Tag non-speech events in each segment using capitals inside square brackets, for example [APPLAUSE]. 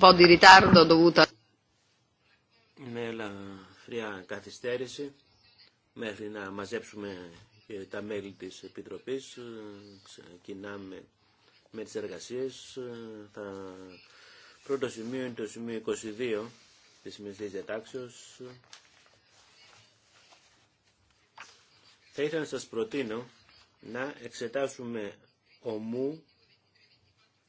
po' di ritardo dovuto... ελαφριά καθυστέρηση, μέχρι να μαζέψουμε τα μέλη της Επιτροπής, ε, ξεκινάμε με τις εργασίες. Ε, θα... Πρώτο σημείο είναι το σημείο 22 της Μεσής Διατάξεως. Θα ήθελα να σας προτείνω να εξετάσουμε ομού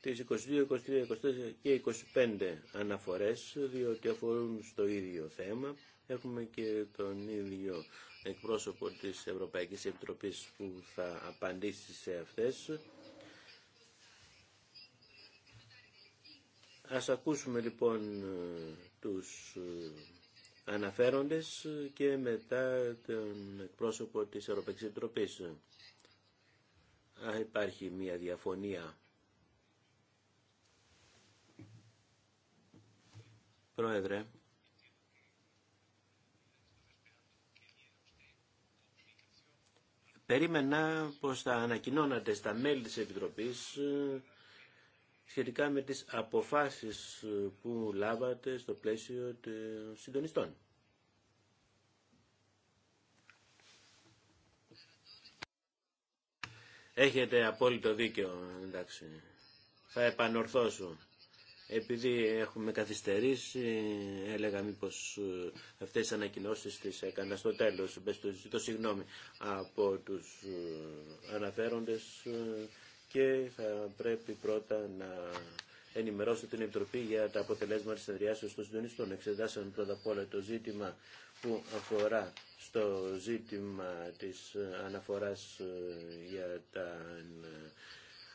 τις 22, 23, 24 και 25 αναφορές, διότι αφορούν στο ίδιο θέμα. Έχουμε και τον ίδιο εκπρόσωπο της Ευρωπαϊκής Επιτροπής που θα απαντήσει σε αυτές. Ας ακούσουμε λοιπόν τους αναφέροντες και μετά τον εκπρόσωπο της Ευρωπαϊκής Επιτροπής. Υπάρχει μια διαφωνία Πρόεδρε, περίμενα πως θα ανακοινώνατε στα μέλη της Επιτροπής ε, σχετικά με τις αποφάσεις ε, που λάβατε στο πλαίσιο των συντονιστών. Έχετε απόλυτο δίκιο, εντάξει. Θα επανορθώσω. Επειδή έχουμε καθυστερήσει, έλεγα μήπω ε, αυτές τι ανακοινώσεις τις έκανα στο τέλο, Το συγγνώμη από τους ε, αναφέροντε, ε, και θα πρέπει πρώτα να ενημερώσω την Επιτροπή για τα αποτελέσματα της συνεδριάσεω των συντονιστών. Εξετάσαμε πρώτα απ' όλα το ζήτημα που αφορά στο ζήτημα της αναφοράς για τα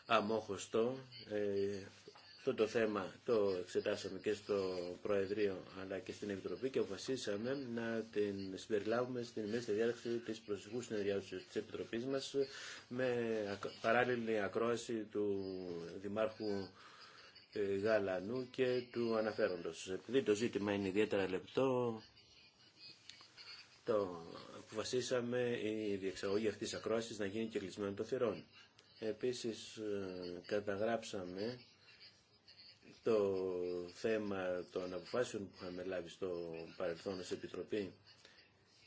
αμόχωστο. Αυτό το θέμα το εξετάσαμε και στο Προεδρείο αλλά και στην Επιτροπή και αποφασίσαμε να την συμπεριλάβουμε στην μέση διάταξη τη προσεχού συνεδριάσεως της Επιτροπή μας με παράλληλη ακρόαση του Δημάρχου ε, Γαλανού και του αναφέροντος. Επειδή το ζήτημα είναι ιδιαίτερα λεπτό, το αποφασίσαμε η διεξαγωγή αυτής τη ακρόασης να γίνει και κλεισμένο των θυρών. Επίσης ε, καταγράψαμε το θέμα των αποφάσεων που είχαμε λάβει στο παρελθόν ως Επιτροπή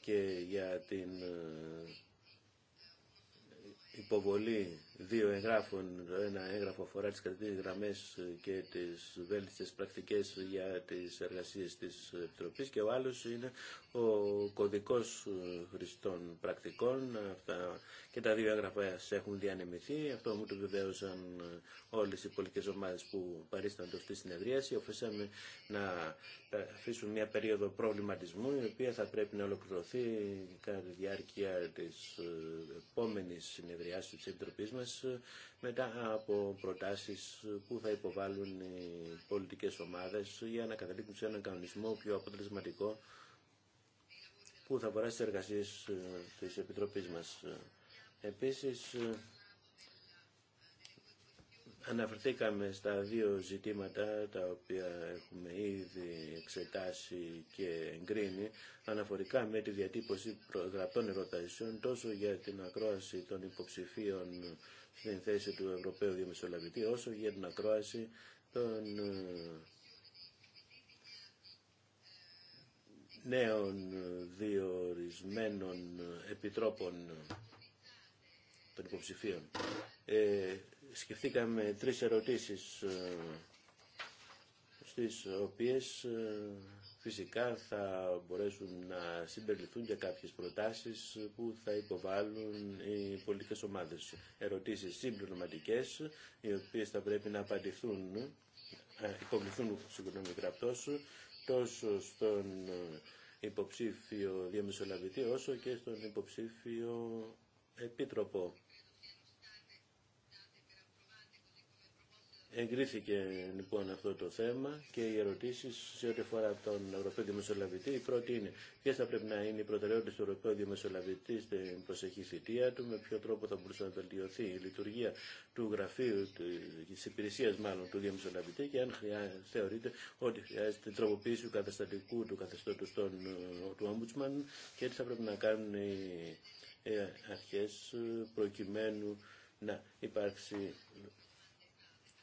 και για την ε, υποβολή δύο εγγράφων. Ένα έγγραφο αφορά τις κρατικές γραμμές και τις βέλτιστες πρακτικές για τις εργασίες της Επιτροπής και ο άλλος είναι ο κωδικός χρηστών πρακτικών. Αυτά και τα δύο έγγραφα έχουν διανεμηθεί. Αυτό μου το βεβαίωσαν όλες οι πολιτικές ομάδες που παρίστανται στη συνεδρίαση. Οφείσαμε να αφήσουμε μια περίοδο προβληματισμού η οποία θα πρέπει να ολοκληρωθεί κατά τη διάρκεια της επόμενης συνεδριάσης της Επιτροπής μα. Ε, μετά από προτάσεις που θα υποβάλουν οι πολιτικές ομάδες για να καταλήξουν σε έναν κανονισμό πιο αποτελεσματικό που θα αφορά στις εργασίες ε, της Επιτροπής μας. Επίσης, ε, Αναφερθήκαμε στα δύο ζητήματα τα οποία έχουμε ήδη εξετάσει και εγκρίνει αναφορικά με τη διατύπωση γραπτών ερωτασιών τόσο για την ακρόαση των υποψηφίων στην θέση του Ευρωπαίου Διαμεσολαβητή όσο για την ακρόαση των ε, νέων διορισμένων επιτρόπων των υποψηφίων. Ε, σκεφτήκαμε τρεις ερωτήσεις ε, στις οποίες ε, φυσικά θα μπορέσουν να συμπεριληφθούν και κάποιες προτάσεις που θα υποβάλουν οι πολιτικές ομάδες. Ερωτήσεις συμπληρωματικές, οι οποίες θα πρέπει να απαντηθούν, υποβληθούν τόσο στον υποψήφιο διαμεσολαβητή, όσο και στον υποψήφιο επίτροπο. Εγκρίθηκε λοιπόν αυτό το θέμα και οι ερωτήσει σε ό,τι αφορά τον Ευρωπαίο Δημοσιολαβητή. Η πρώτη είναι ποιε θα πρέπει να είναι οι προτεραιότητε του Ευρωπαίου Δημοσιολαβητή στην προσεχή θητεία του, με ποιο τρόπο θα μπορούσε να βελτιωθεί η λειτουργία του γραφείου, τη υπηρεσία μάλλον του Δημοσιολαβητή και αν θεωρείται ότι χρειάζεται τροποποίηση του καταστατικού του καθεστώτου του Ombudsman και τι θα πρέπει να κάνουν οι αρχέ προκειμένου να υπάρξει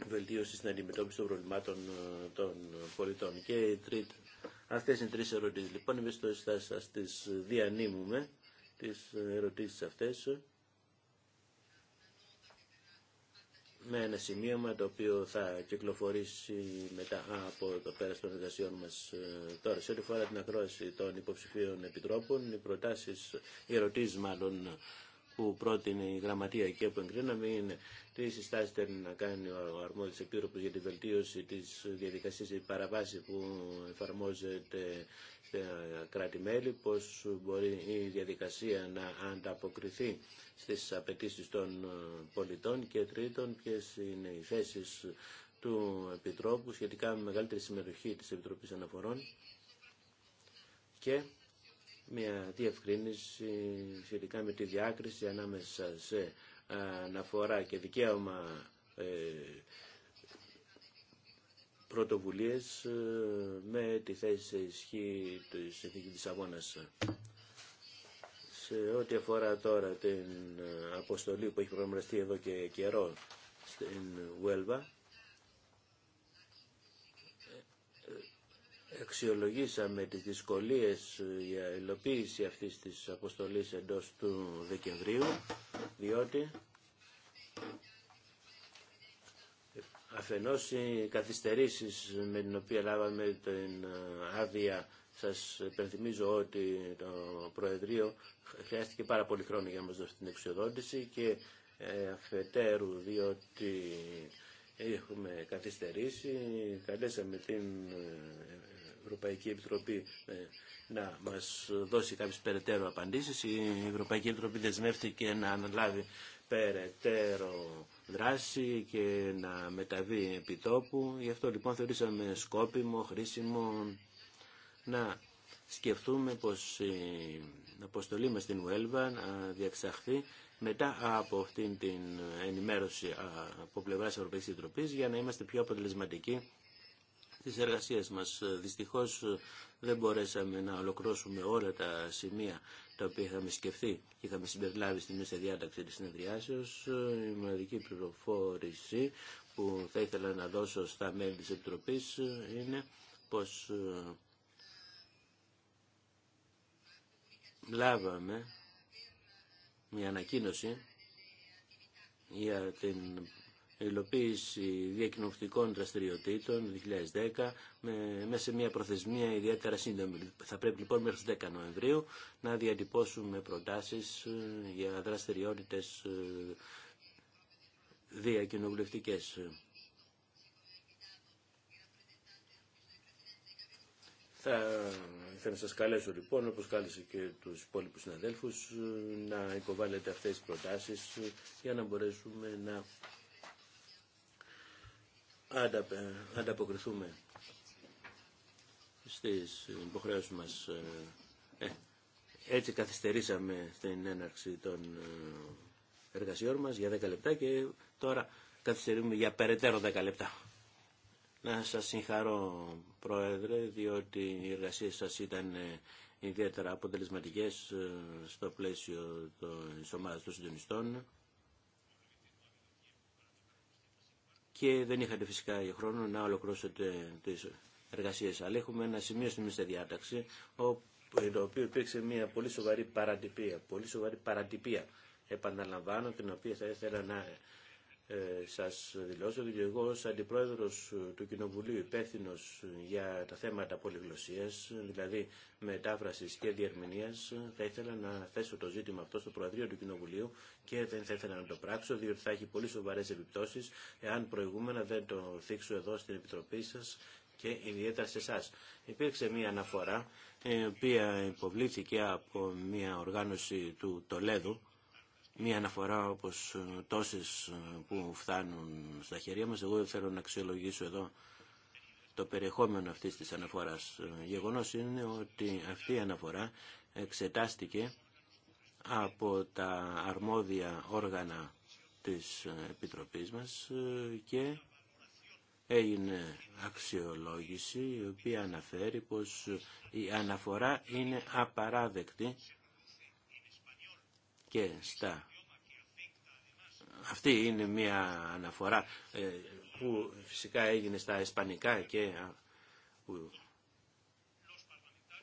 βελτίωση στην αντιμετώπιση των προβλημάτων ε, των πολιτών. Και τρίτη, αυτές είναι τρεις ερωτήσεις. Λοιπόν, εμείς το σας τις διανύμουμε, τις ερωτήσεις αυτές, με ένα σημείωμα το οποίο θα κυκλοφορήσει μετά από το πέρας των εργασιών μας ε, τώρα. Σε ό,τι φορά την ακρόαση των υποψηφίων επιτρόπων, οι προτάσεις, οι ερωτήσεις μάλλον που πρότεινε η γραμματεία και που εγκρίναμε είναι τι συστάσει θέλει να κάνει ο αρμόδιος επίτροπο για τη βελτίωση τη διαδικασία η παραβάση που εφαρμόζεται στα κράτη-μέλη, πώς μπορεί η διαδικασία να ανταποκριθεί στις απαιτήσει των πολιτών και τρίτον ποιε είναι οι θέσει του Επιτρόπου σχετικά με μεγαλύτερη συμμετοχή της Επιτροπής Αναφορών και μια διευκρίνηση σχετικά με τη διάκριση ανάμεσα σε αναφορά και δικαίωμα ε, πρωτοβουλίες ε, με τη θέση σε ισχύ της Εθνικής της Αγώνας. Σε ό,τι αφορά τώρα την αποστολή που έχει προγραμματιστεί εδώ και καιρό στην Βουέλβα, αξιολογήσαμε τις δυσκολίες για υλοποίηση αυτής της αποστολής εντός του Δεκεμβρίου, διότι αφενός οι καθυστερήσεις με την οποία λάβαμε την άδεια σας υπενθυμίζω ότι το Προεδρείο χρειάστηκε πάρα πολύ χρόνο για να μας δώσει την εξοδότηση και ε, αφετέρου διότι έχουμε καθυστερήσει, καλέσαμε την ε, Ευρωπαϊκή Επιτροπή ε, να μας δώσει κάποιες περαιτέρω απαντήσεις. Η Ευρωπαϊκή Επιτροπή δεσμεύτηκε να αναλάβει περαιτέρω δράση και να μεταβεί επιτόπου. Γι' αυτό λοιπόν θεωρήσαμε σκόπιμο, χρήσιμο να σκεφτούμε πως η αποστολή μας στην Ουέλβα να διαξαχθεί μετά από αυτήν την ενημέρωση από πλευράς Ευρωπαϊκής Επιτροπής για να είμαστε πιο αποτελεσματικοί της εργασίας μας. Δυστυχώς ε, δεν μπορέσαμε να ολοκληρώσουμε όλα τα σημεία τα οποία είχαμε σκεφτεί και είχαμε συμπεριλάβει στη μέσα διάταξη της συνεδριάσεως. Ε, η μοναδική πληροφόρηση που θα ήθελα να δώσω στα μέλη της Επιτροπής ε, είναι πως λάβαμε μια ανακοίνωση για την υλοποίηση διακοινοβουλευτικών δραστηριοτήτων 2010 με, μέσα σε μια προθεσμία ιδιαίτερα σύντομη. Θα πρέπει λοιπόν μέχρι τις 10 Νοεμβρίου να διατυπώσουμε προτάσεις ε, για δραστηριότητες ε, διακοινοβουλευτικές. Θα ήθελα να σας καλέσω λοιπόν, όπως κάλεσε και τους υπόλοιπους συναδέλφους, ε, να υποβάλλετε αυτές τις προτάσεις για να μπορέσουμε να ανταποκριθούμε στις υποχρέωσεις μας. Ε, έτσι καθυστερήσαμε στην έναρξη των ε, εργασιών μας για 10 λεπτά και τώρα καθυστερούμε για περαιτέρω 10 λεπτά. Να σας συγχαρώ Πρόεδρε, διότι οι εργασίες σας ήταν ε, ιδιαίτερα αποτελεσματικές ε, στο πλαίσιο της ομάδας των συντονιστών. και δεν είχατε φυσικά χρόνο να ολοκληρώσετε τις εργασίες. Αλλά έχουμε ένα σημείο στην μισή διάταξη, το οποίο υπήρξε μια πολύ σοβαρή παρατυπία, πολύ σοβαρή παρατυπία επαναλαμβάνω, την οποία θα ήθελα να ε, σας δηλώσω ότι εγώ ως αντιπρόεδρος του Κοινοβουλίου υπεύθυνο για τα θέματα πολυγλωσίας, δηλαδή μετάφρασης και διερμηνίας, θα ήθελα να θέσω το ζήτημα αυτό στο Προεδρείο του Κοινοβουλίου και δεν θα ήθελα να το πράξω, διότι θα έχει πολύ σοβαρές επιπτώσεις, εάν προηγούμενα δεν το θίξω εδώ στην Επιτροπή σας και ιδιαίτερα σε εσά. Υπήρξε μία αναφορά, η οποία υποβλήθηκε από μία οργάνωση του Τολέδου, μια αναφορά όπως ε, τόσες ε, που φτάνουν στα χέρια μας. Εγώ θέλω να αξιολογήσω εδώ το περιεχόμενο αυτής της αναφοράς. Ε, γεγονός είναι ότι αυτή η αναφορά εξετάστηκε από τα αρμόδια όργανα της Επιτροπής μας και έγινε αξιολόγηση η οποία αναφέρει πως η αναφορά είναι απαράδεκτη και στα αυτή είναι μια αναφορά ε, που φυσικά έγινε στα ισπανικά και,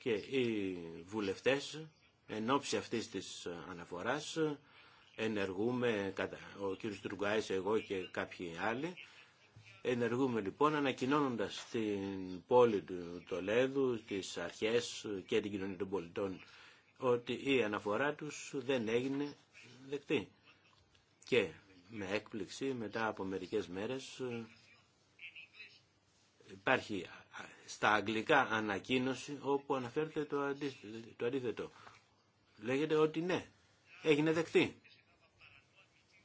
και οι βουλευτές εν ώψη αυτής της αναφοράς ενεργούμε, ο κύριος Τουργκάης, εγώ και κάποιοι άλλοι, ενεργούμε λοιπόν ανακοινώνοντας την πόλη του Τολέδου, τις αρχές και την κοινωνία των πολιτών ότι η αναφορά τους δεν έγινε δεκτή. Και με έκπληξη μετά από μερικές μέρες υπάρχει στα αγγλικά ανακοίνωση όπου αναφέρεται το, το αντίθετο. Λέγεται ότι ναι, έγινε δεκτή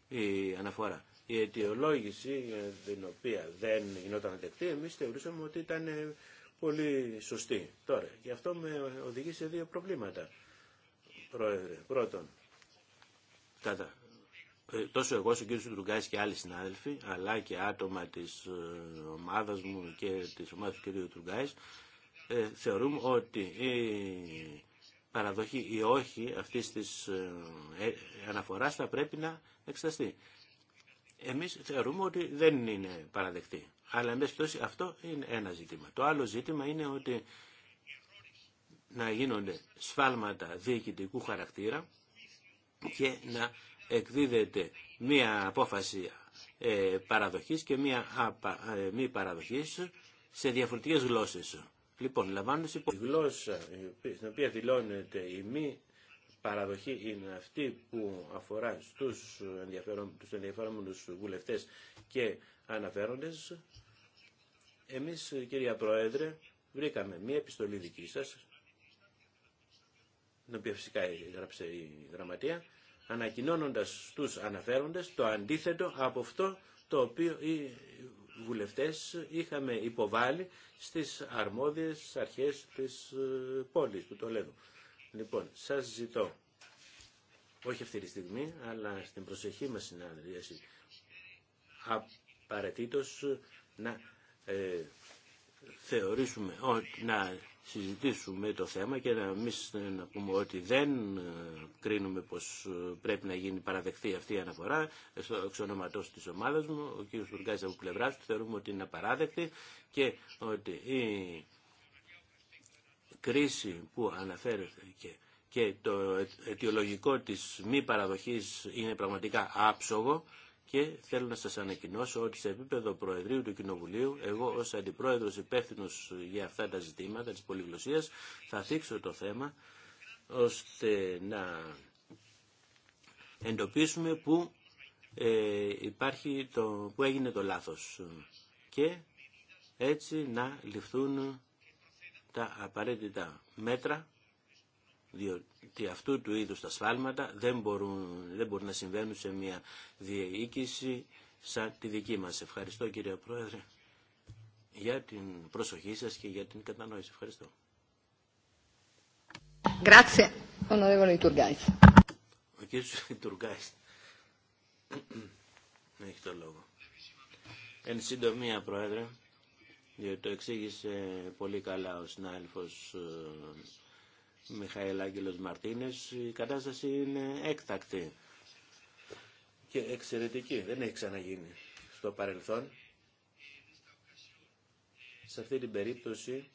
η αναφορά. Η αιτιολόγηση την οποία δεν γινόταν δεκτή, εμείς θεωρούσαμε ότι ήταν ε, πολύ σωστή. Τώρα, και αυτό με οδηγεί σε δύο προβλήματα. Πρόεδρε. Πρώτον, κατά, ε, τόσο εγώ, ο κ. Τουρκάς και άλλοι συνάδελφοι, αλλά και άτομα της ε, ομάδας μου και της ομάδας του κυρίου ε, θεωρούμε ότι η παραδοχή ή όχι αυτής της ε, ε, αναφοράς θα πρέπει να εξεταστεί. Εμείς θεωρούμε ότι δεν είναι παραδεκτή. Αλλά εν αυτό είναι ένα ζήτημα. Το άλλο ζήτημα είναι ότι να γίνονται σφάλματα διοικητικού χαρακτήρα και να εκδίδεται μία απόφαση ε, παραδοχής και μία ε, μη παραδοχής σε διαφορετικές γλώσσες. Λοιπόν, λαμβάνοντας υπόψη. Η γλώσσα στην οποία δηλώνεται η μη παραδοχή είναι αυτή που αφορά στους, τους ενδιαφέρομενους βουλευτές και αναφέροντες. Εμείς, κυρία Πρόεδρε, βρήκαμε μία επιστολή δική σας την οποία φυσικά έγραψε η γραμματεία, ανακοινώνοντας στους αναφέροντες το αντίθετο από αυτό το οποίο οι βουλευτές είχαμε υποβάλει στις αρμόδιες αρχές της ε, πόλης του Τολέδου. Λοιπόν, σας ζητώ, όχι αυτή τη στιγμή, αλλά στην προσεχή μας συνάντηση, απαραίτητος να ε, θεωρήσουμε ότι να συζητήσουμε το θέμα και να μην να πούμε ότι δεν ε, κρίνουμε πως ε, πρέπει να γίνει παραδεκτή αυτή η αναφορά ε, εξ ονόματός της ομάδας μου, ο κ. Τουρκάζης από πλευρά του θεωρούμε ότι είναι απαράδεκτη και ότι η κρίση που αναφέρεται και και το αιτιολογικό της μη παραδοχής είναι πραγματικά άψογο και θέλω να σας ανακοινώσω ότι σε επίπεδο Προεδρείου του Κοινοβουλίου, εγώ ως Αντιπρόεδρος υπεύθυνο για αυτά τα ζητήματα της πολυγλωσσίας, θα θίξω το θέμα ώστε να εντοπίσουμε που, ε, υπάρχει το, που έγινε το λάθος και έτσι να ληφθούν τα απαραίτητα μέτρα διότι αυτού του είδους τα σφάλματα δεν μπορούν, δεν μπορούν να συμβαίνουν σε μια διοίκηση σαν τη δική μας. Ευχαριστώ κύριε Πρόεδρε για την προσοχή σας και για την κατανόηση. Ευχαριστώ. Grazie, onorevole Ο κύριος Τουργκάης έχει το λόγο. Εν συντομία, Πρόεδρε, διότι το εξήγησε πολύ καλά ο συνάδελφος ε, Μιχαήλ Άγγελος Μαρτίνες, η κατάσταση είναι έκτακτη και εξαιρετική. Δεν έχει ξαναγίνει στο παρελθόν. Σε αυτή την περίπτωση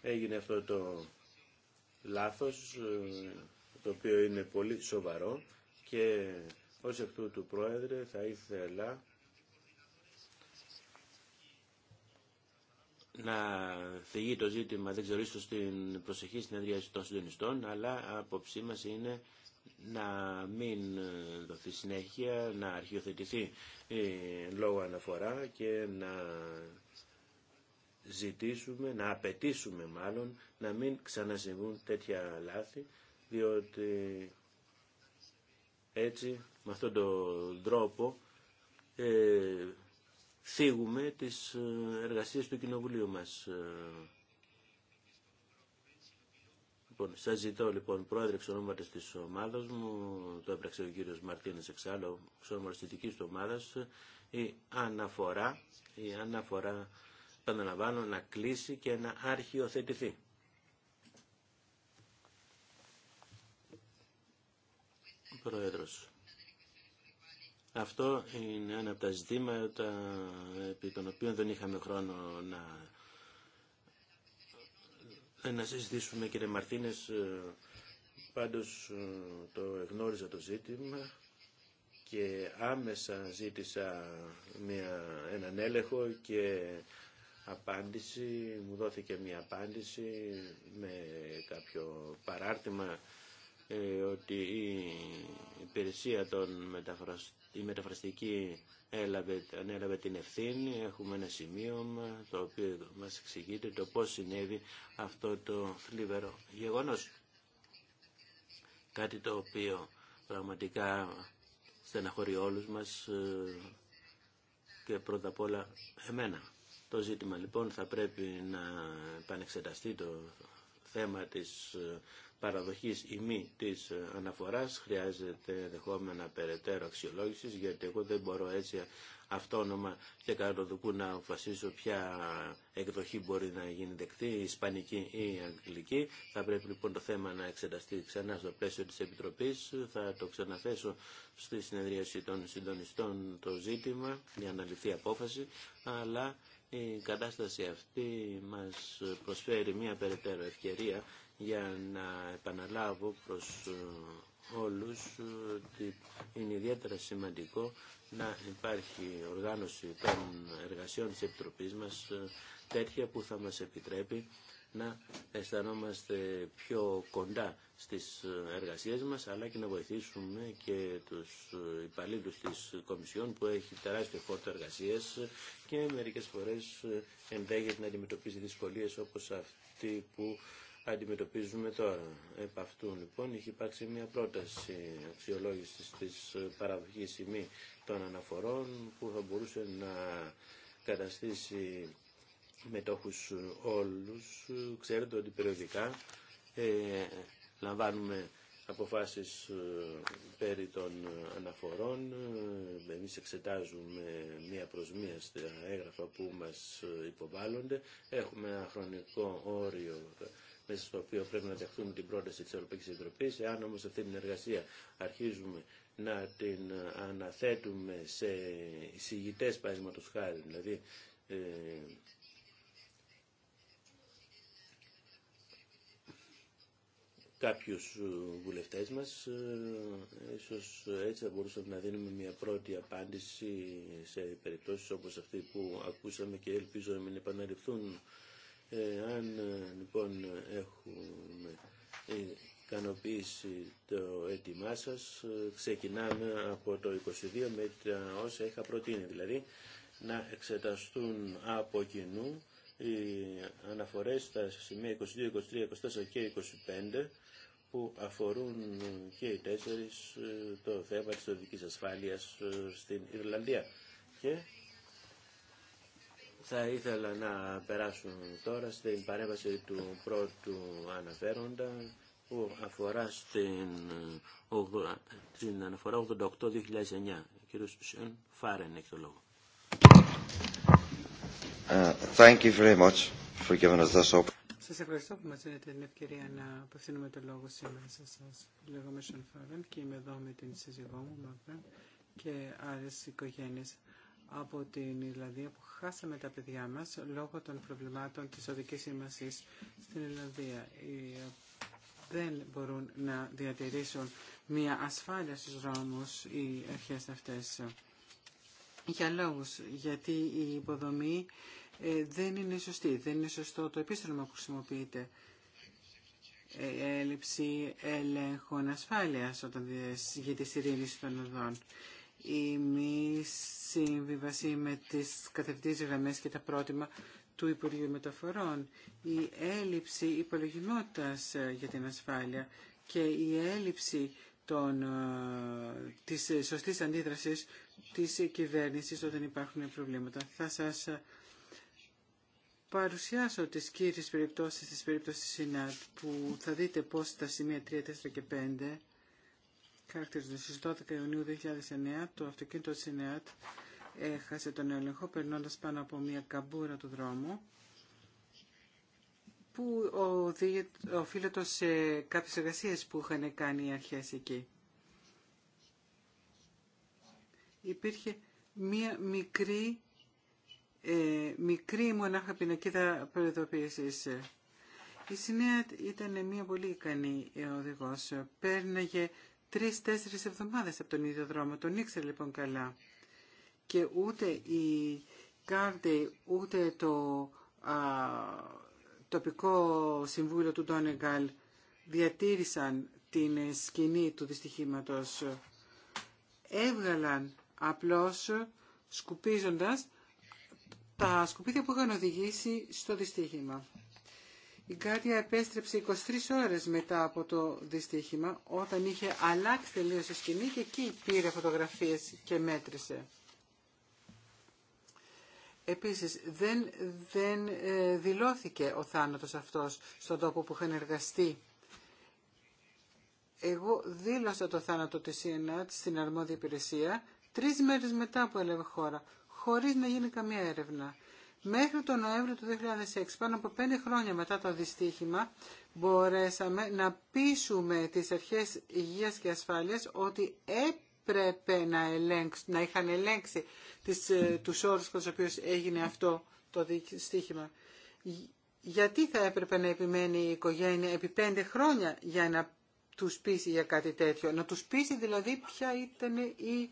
έγινε αυτό το λάθος, το οποίο είναι πολύ σοβαρό και ως εκ τούτου πρόεδρε θα ήθελα να φυγεί το ζήτημα, δεν ξέρω, ίσως στην προσεχή συνεδρίαση των συντονιστών, αλλά απόψή μας είναι να μην δοθεί συνέχεια, να αρχιοθετηθεί λόγω αναφορά και να ζητήσουμε, να απαιτήσουμε μάλλον, να μην ξανασυμβούν τέτοια λάθη, διότι έτσι, με αυτόν τον τρόπο, ε, θίγουμε τις ε, εργασίες του Κοινοβουλίου μας. Ε, λοιπόν, σας ζητώ λοιπόν πρόεδρε εξ ονόματος της ομάδας μου, το έπραξε ο κύριος Μαρτίνης εξάλλου, εξ της του ομάδας, η αναφορά, η αναφορά, επαναλαμβάνω, να κλείσει και να αρχιοθετηθεί. Πρόεδρος. Αυτό είναι ένα από τα ζητήματα επί των οποίων δεν είχαμε χρόνο να, να συζητήσουμε κύριε Μαρτίνες. Πάντως το εγνώριζα το ζήτημα και άμεσα ζήτησα μια, έναν έλεγχο και απάντηση, μου δόθηκε μια απάντηση με κάποιο παράρτημα ε, ότι η υπηρεσία των μεταφραστών η μεταφραστική έλαβε, ανέλαβε την ευθύνη. Έχουμε ένα σημείωμα το οποίο μας εξηγείται το πώς συνέβη αυτό το θλιβερό γεγονός. Κάτι το οποίο πραγματικά στεναχωρεί όλους μας ε, και πρώτα απ' όλα εμένα. Το ζήτημα λοιπόν θα πρέπει να επανεξεταστεί το θέμα της ε, παραδοχής ή μη της ε, αναφοράς χρειάζεται δεχόμενα περαιτέρω αξιολόγηση γιατί εγώ δεν μπορώ έτσι αυτόνομα και καρδοδοκού να αποφασίσω ποια εκδοχή μπορεί να γίνει δεκτή, η ισπανική ή η αγγλική. Θα πρέπει λοιπόν το θέμα να εξεταστεί ξανά στο πλαίσιο της Επιτροπής. Θα το ξαναθέσω στη συνεδρίαση των συντονιστών το ζήτημα για να απόφαση, αλλά η κατάσταση αυτή μας προσφέρει μια περαιτέρω ευκαιρία για να επαναλάβω προς ε, όλους ε, ότι είναι ιδιαίτερα σημαντικό να υπάρχει οργάνωση των εργασιών της Επιτροπής μας ε, τέτοια που θα μας επιτρέπει να αισθανόμαστε πιο κοντά στις εργασίες μας αλλά και να βοηθήσουμε και τους υπαλλήλους της Κομισιόν που έχει τεράστιο φόρτο εργασίες και μερικές φορές ενδέχεται να αντιμετωπίζει δυσκολίες όπως αυτή που αντιμετωπίζουμε τώρα. Επ' αυτού λοιπόν έχει υπάρξει μια πρόταση αξιολόγηση της ε, παραγωγή ημί των αναφορών που θα μπορούσε να καταστήσει μετόχους όλους. Ξέρετε ότι περιοδικά ε, λαμβάνουμε αποφάσεις ε, περί των αναφορών. Εμείς εξετάζουμε μία προς μία στα έγγραφα που μας υποβάλλονται. Έχουμε ένα χρονικό όριο μέσα στο οποίο πρέπει να δεχτούμε την πρόταση της Ευρωπαϊκής Επιτροπής. Εάν όμως αυτή την εργασία αρχίζουμε να την ε, αναθέτουμε σε εισηγητέ παραδείγματος χάρη, δηλαδή ε, κάποιους ε, βουλευτές μας, ε, ίσως έτσι θα μπορούσαμε να δίνουμε μια πρώτη απάντηση σε περιπτώσεις όπως αυτή που ακούσαμε και ελπίζω να μην επαναληφθούν ε, αν ε, λοιπόν έχουμε ικανοποιήσει το έτοιμά σας, ε, ξεκινάμε από το 22 με τα όσα είχα προτείνει, δηλαδή να εξεταστούν από κοινού οι αναφορές στα σημεία 22, 23, 24 και 25 που αφορούν και οι τέσσερις το θέμα της οδικής ασφάλειας στην Ιρλανδία. Και θα ήθελα να περάσω τώρα στην παρέμβαση του πρώτου αναφέροντα που αφορά στην, αναφορά 88-2009. Ο κύριος Σιον Φάρεν έχει το λόγο. Uh, Σας ευχαριστώ που μας δίνετε την ευκαιρία να απευθύνουμε το λόγο σήμερα σε εσάς. Λέγομαι Σιον Φάρεν και είμαι εδώ με την σύζυγό μου και άλλες οικογένειες από την Ιρλανδία που χάσαμε τα παιδιά μας λόγω των προβλημάτων της οδικής σήμασης στην Ιρλανδία. Δεν μπορούν να διατηρήσουν μια ασφάλεια στους δρόμους οι αρχές αυτές. Για λόγους, γιατί η υποδομή ε, δεν είναι σωστή, δεν είναι σωστό το επίστρωμα που χρησιμοποιείται. Ε, έλλειψη ελέγχων ασφάλειας όταν για τη σιρήνηση των οδών η μη σύμβιβαση με τις κατευθύνσεις γραμμές και τα πρότυμα του Υπουργείου Μεταφορών, η έλλειψη υπολογιμότητας ε, για την ασφάλεια και η έλλειψη των, ε, της σωστής αντίδρασης της κυβέρνησης όταν υπάρχουν προβλήματα. Θα σας ε, παρουσιάσω τις κύριες περιπτώσεις της περίπτωσης ΣΥΝΑΤ που θα δείτε πώς τα σημεία 3, 4 και 5 χαρακτηρίζονται. Στις 12 Ιουνίου 2009 το αυτοκίνητο της έχασε τον έλεγχο περνώντας πάνω από μια καμπούρα του δρόμου που οφείλεται σε κάποιες εργασίες που είχαν κάνει οι αρχές εκεί. Υπήρχε μία μικρή, ε, μικρή μονάχα πινακίδα προειδοποίησης. Η Σινέατ ήταν μία πολύ ικανή ε, οδηγός. Πέρναγε Τρει-τέσσερι εβδομάδες από τον ίδιο δρόμο. Τον ήξερε λοιπόν καλά. Και ούτε η Κάρντε, ούτε το τοπικό συμβούλιο του Ντόνεγκαλ διατήρησαν την σκηνή του δυστυχήματος. Έβγαλαν απλώς σκουπίζοντας τα σκουπίδια που είχαν οδηγήσει στο δυστύχημα. Η Κάρτια επέστρεψε 23 ώρες μετά από το δυστύχημα, όταν είχε αλλάξει τελείως η σκηνή και εκεί πήρε φωτογραφίες και μέτρησε. Επίσης, δεν, δεν ε, δηλώθηκε ο θάνατος αυτός στον τόπο που είχαν εργαστεί. Εγώ δήλωσα το θάνατο της ΕΝΑΤ στην αρμόδια υπηρεσία τρεις μέρες μετά που έλαβε χώρα, χωρίς να γίνει καμία έρευνα. Μέχρι τον Νοέμβριο του 2006, πάνω από πέντε χρόνια μετά το δυστύχημα, μπορέσαμε να πείσουμε τις αρχές υγείας και ασφάλειας ότι έπρεπε να, ελέγξουν, να είχαν ελέγξει τις, ε, τους όρους προς τους οποίους έγινε αυτό το δυστύχημα. Γιατί θα έπρεπε να επιμένει η οικογένεια επί πέντε χρόνια για να τους πείσει για κάτι τέτοιο. Να τους πείσει δηλαδή ποια ήταν η,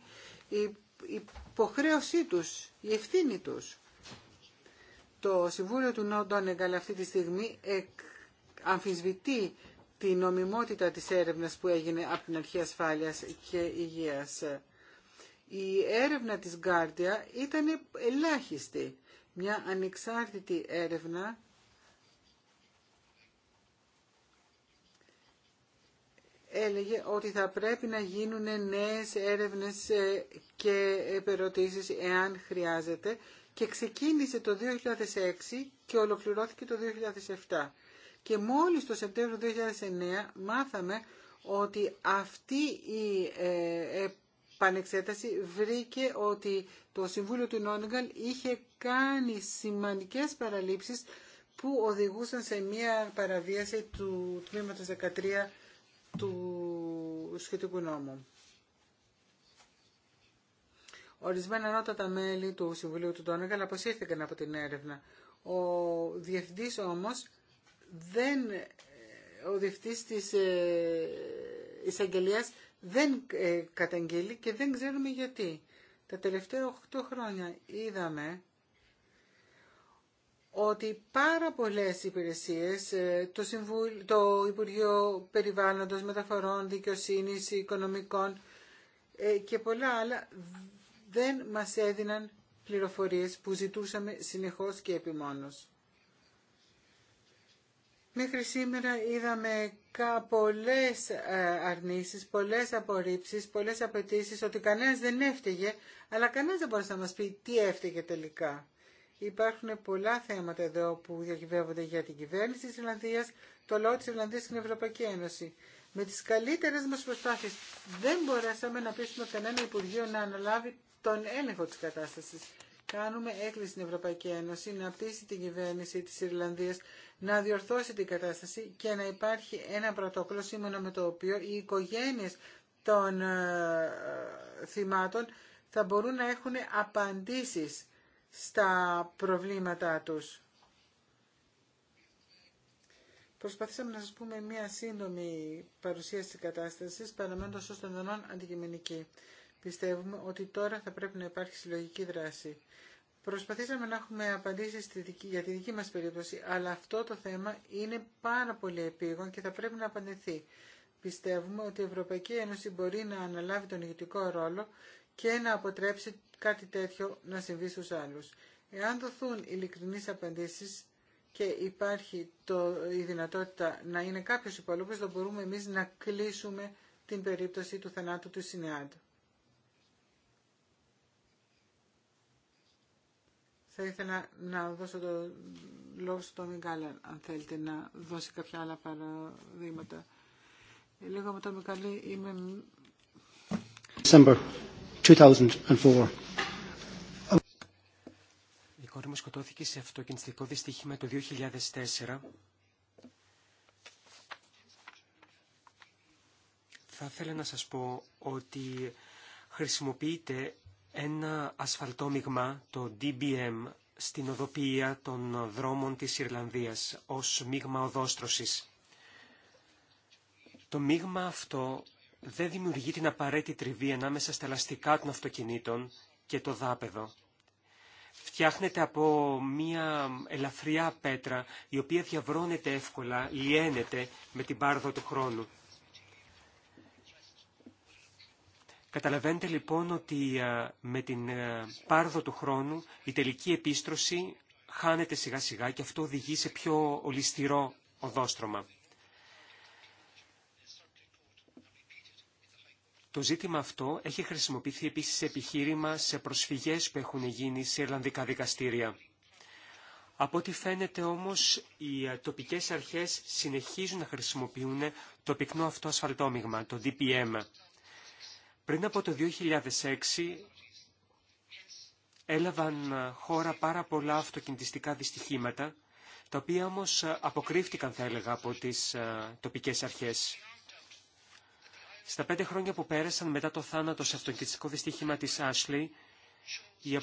η υποχρέωσή τους, η ευθύνη τους. Το Συμβούλιο του Ανεγκαλ αυτή τη στιγμή αμφισβητεί την νομιμότητα της έρευνας που έγινε από την Αρχή Ασφάλειας και Υγείας. Η έρευνα της Γκάρντια ήταν ελάχιστη. Μια ανεξάρτητη έρευνα έλεγε ότι θα πρέπει να γίνουν νέες έρευνες ε, και επερωτήσεις εάν χρειάζεται και ξεκίνησε το 2006 και ολοκληρώθηκε το 2007. Και μόλις το Σεπτέμβριο 2009 μάθαμε ότι αυτή η ε, βρήκε ότι το Συμβούλιο του Νόνιγκαλ είχε κάνει σημαντικές παραλήψεις που οδηγούσαν σε μία παραβίαση του τμήματος 13 του σχετικού νόμου. Ορισμένα ανώτατα μέλη του Συμβουλίου του Τόνεγκαλ αποσύρθηκαν από την έρευνα. Ο διευθυντής όμως δεν, ο διευθυντής της ε, εισαγγελίας δεν ε, καταγγείλει και δεν ξέρουμε γιατί. Τα τελευταία 8 χρόνια είδαμε ότι πάρα πολλές υπηρεσίες, ε, το, το Υπουργείο Περιβάλλοντος, Μεταφορών, Δικαιοσύνης, Οικονομικών και πολλά άλλα δεν μας έδιναν πληροφορίες που ζητούσαμε συνεχώς και επιμόνως. Μέχρι σήμερα είδαμε κα πολλές ε, αρνήσεις, πολλές απορρίψεις, πολλές απαιτήσει ότι κανένας δεν έφταιγε, αλλά κανένας δεν μπορούσε να μας πει τι έφταιγε τελικά. Υπάρχουν πολλά θέματα εδώ που διακυβεύονται για την κυβέρνηση της Ιρλανδίας, το λαό της Ιρλανδίας στην Ευρωπαϊκή Ένωση. Με τις καλύτερες μας προσπάθειες δεν μπορέσαμε να πείσουμε κανένα Υπουργείο να αναλάβει τον έλεγχο της κατάστασης. Κάνουμε έκκληση στην Ευρωπαϊκή Ένωση να πείσει την κυβέρνηση της Ιρλανδίας να διορθώσει την κατάσταση και να υπάρχει ένα πρωτόκολλο σύμφωνα με το οποίο οι οικογένειες των ε, θυμάτων θα μπορούν να έχουν απαντήσεις στα προβλήματά τους. Προσπαθήσαμε να σας πούμε μια σύντομη παρουσίαση της κατάστασης, παραμένοντας ως των αντικειμενική. Πιστεύουμε ότι τώρα θα πρέπει να υπάρχει συλλογική δράση. Προσπαθήσαμε να έχουμε απαντήσεις για τη δική μας περίπτωση, αλλά αυτό το θέμα είναι πάρα πολύ επίγον και θα πρέπει να απαντηθεί. Πιστεύουμε ότι η Ευρωπαϊκή Ένωση μπορεί να αναλάβει τον ηγετικό ρόλο και να αποτρέψει κάτι τέτοιο να συμβεί στους άλλους. Εάν δοθούν ειλικρινείς απαντήσεις και υπάρχει το, η δυνατότητα να είναι κάποιος υπόλοιπος, θα μπορούμε εμείς να κλείσουμε την περίπτωση του θανάτου του Σινεάντου. Θα ήθελα να δώσω το λόγο στον Μικάλα, αν θέλετε να δώσει κάποια άλλα παραδείγματα. λίγο με τον Μικάλη, είμαι... December 2004. Η κόρη μου σκοτώθηκε σε αυτοκινηστικό δυστύχημα το 2004. Θα ήθελα να σας πω ότι χρησιμοποιείται ένα ασφαλτόμιγμα, το DBM, στην οδοποιία των δρόμων της Ιρλανδίας ως μείγμα οδόστρωσης. Το μείγμα αυτό δεν δημιουργεί την απαραίτητη τριβή ανάμεσα στα ελαστικά των αυτοκινήτων και το δάπεδο. Φτιάχνεται από μία ελαφριά πέτρα η οποία διαβρώνεται εύκολα, λιένεται με την πάρδο του χρόνου. Καταλαβαίνετε λοιπόν ότι με την πάρδο του χρόνου η τελική επίστρωση χάνεται σιγά σιγά και αυτό οδηγεί σε πιο ολισθηρό οδόστρωμα. Το ζήτημα αυτό έχει χρησιμοποιηθεί επίσης σε επιχείρημα σε προσφυγές που έχουν γίνει σε Ιρλανδικά δικαστήρια. Από ό,τι φαίνεται όμως οι τοπικές αρχές συνεχίζουν να χρησιμοποιούν το πυκνό αυτό ασφαλτόμιγμα, το DPM. Πριν από το 2006 έλαβαν ε, χώρα πάρα πολλά αυτοκινητιστικά δυστυχήματα, τα οποία όμως ε, αποκρύφτηκαν, θα έλεγα, από τις ε, τοπικές αρχές. Στα πέντε χρόνια που πέρασαν μετά το θάνατο σε αυτοκινητιστικό δυστύχημα της Ashley, οι,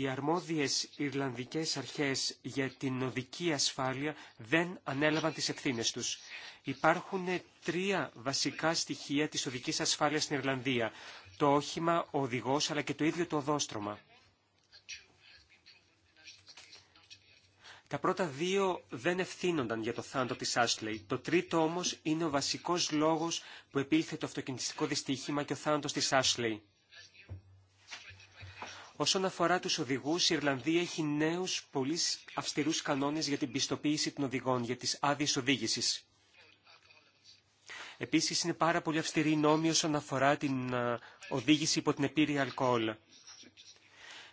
οι αρμόδιες Ιρλανδικές αρχές για την οδική ασφάλεια δεν ανέλαβαν τις ευθύνες τους. Υπάρχουν τρία βασικά στοιχεία της οδικής ασφάλειας στην Ιρλανδία. Το όχημα, ο οδηγός, αλλά και το ίδιο το οδόστρωμα. Τα πρώτα δύο δεν ευθύνονταν για το θάνατο της Άσλεϊ. Το τρίτο όμως είναι ο βασικός λόγος που επήλθε το αυτοκινητιστικό δυστύχημα και ο θάνατος της Άσλεϊ. Όσον αφορά τους οδηγούς, η Ιρλανδία έχει νέους πολύ αυστηρούς κανόνες για την πιστοποίηση των οδηγών, για τις άδειες οδήγησης. Επίσης είναι πάρα πολύ αυστηρή νόμοι όσον αφορά την οδήγηση υπό την επίρρη αλκοόλ.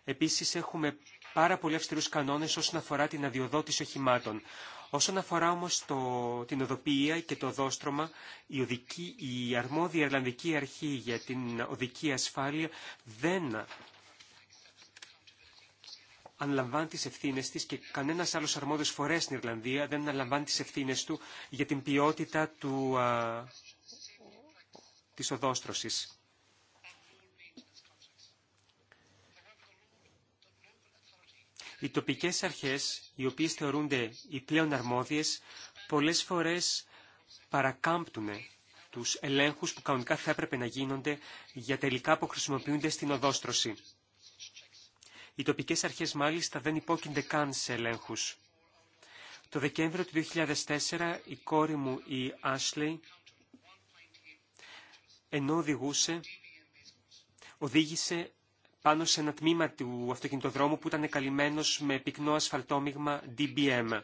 Επίσης έχουμε πάρα πολύ αυστηρούς κανόνες όσον αφορά την αδειοδότηση οχημάτων. Όσον αφορά όμως την οδοποιία και το δόστρωμα, η, οδική, η αρμόδια Ιρλανδική Αρχή για την οδική ασφάλεια δεν αναλαμβάνει τι ευθύνε τη και κανένα άλλο αρμόδιο φορέα στην Ιρλανδία δεν αναλαμβάνει τι ευθύνε του για την ποιότητα του, οδόστρωση. της οδόστρωσης. Οι τοπικές αρχές, οι οποίες θεωρούνται οι πλέον αρμόδιες, πολλές φορές παρακάμπτουν τους ελέγχους που κανονικά θα έπρεπε να γίνονται για τελικά που χρησιμοποιούνται στην οδόστρωση. Οι τοπικές αρχές μάλιστα δεν υπόκεινται καν σε ελέγχους. Το Δεκέμβριο του 2004 η κόρη μου η Άσλεϊ ενώ οδηγούσε οδήγησε πάνω σε ένα τμήμα του αυτοκινητοδρόμου που ήταν καλυμμένος με πυκνό ασφαλτόμιγμα DBM.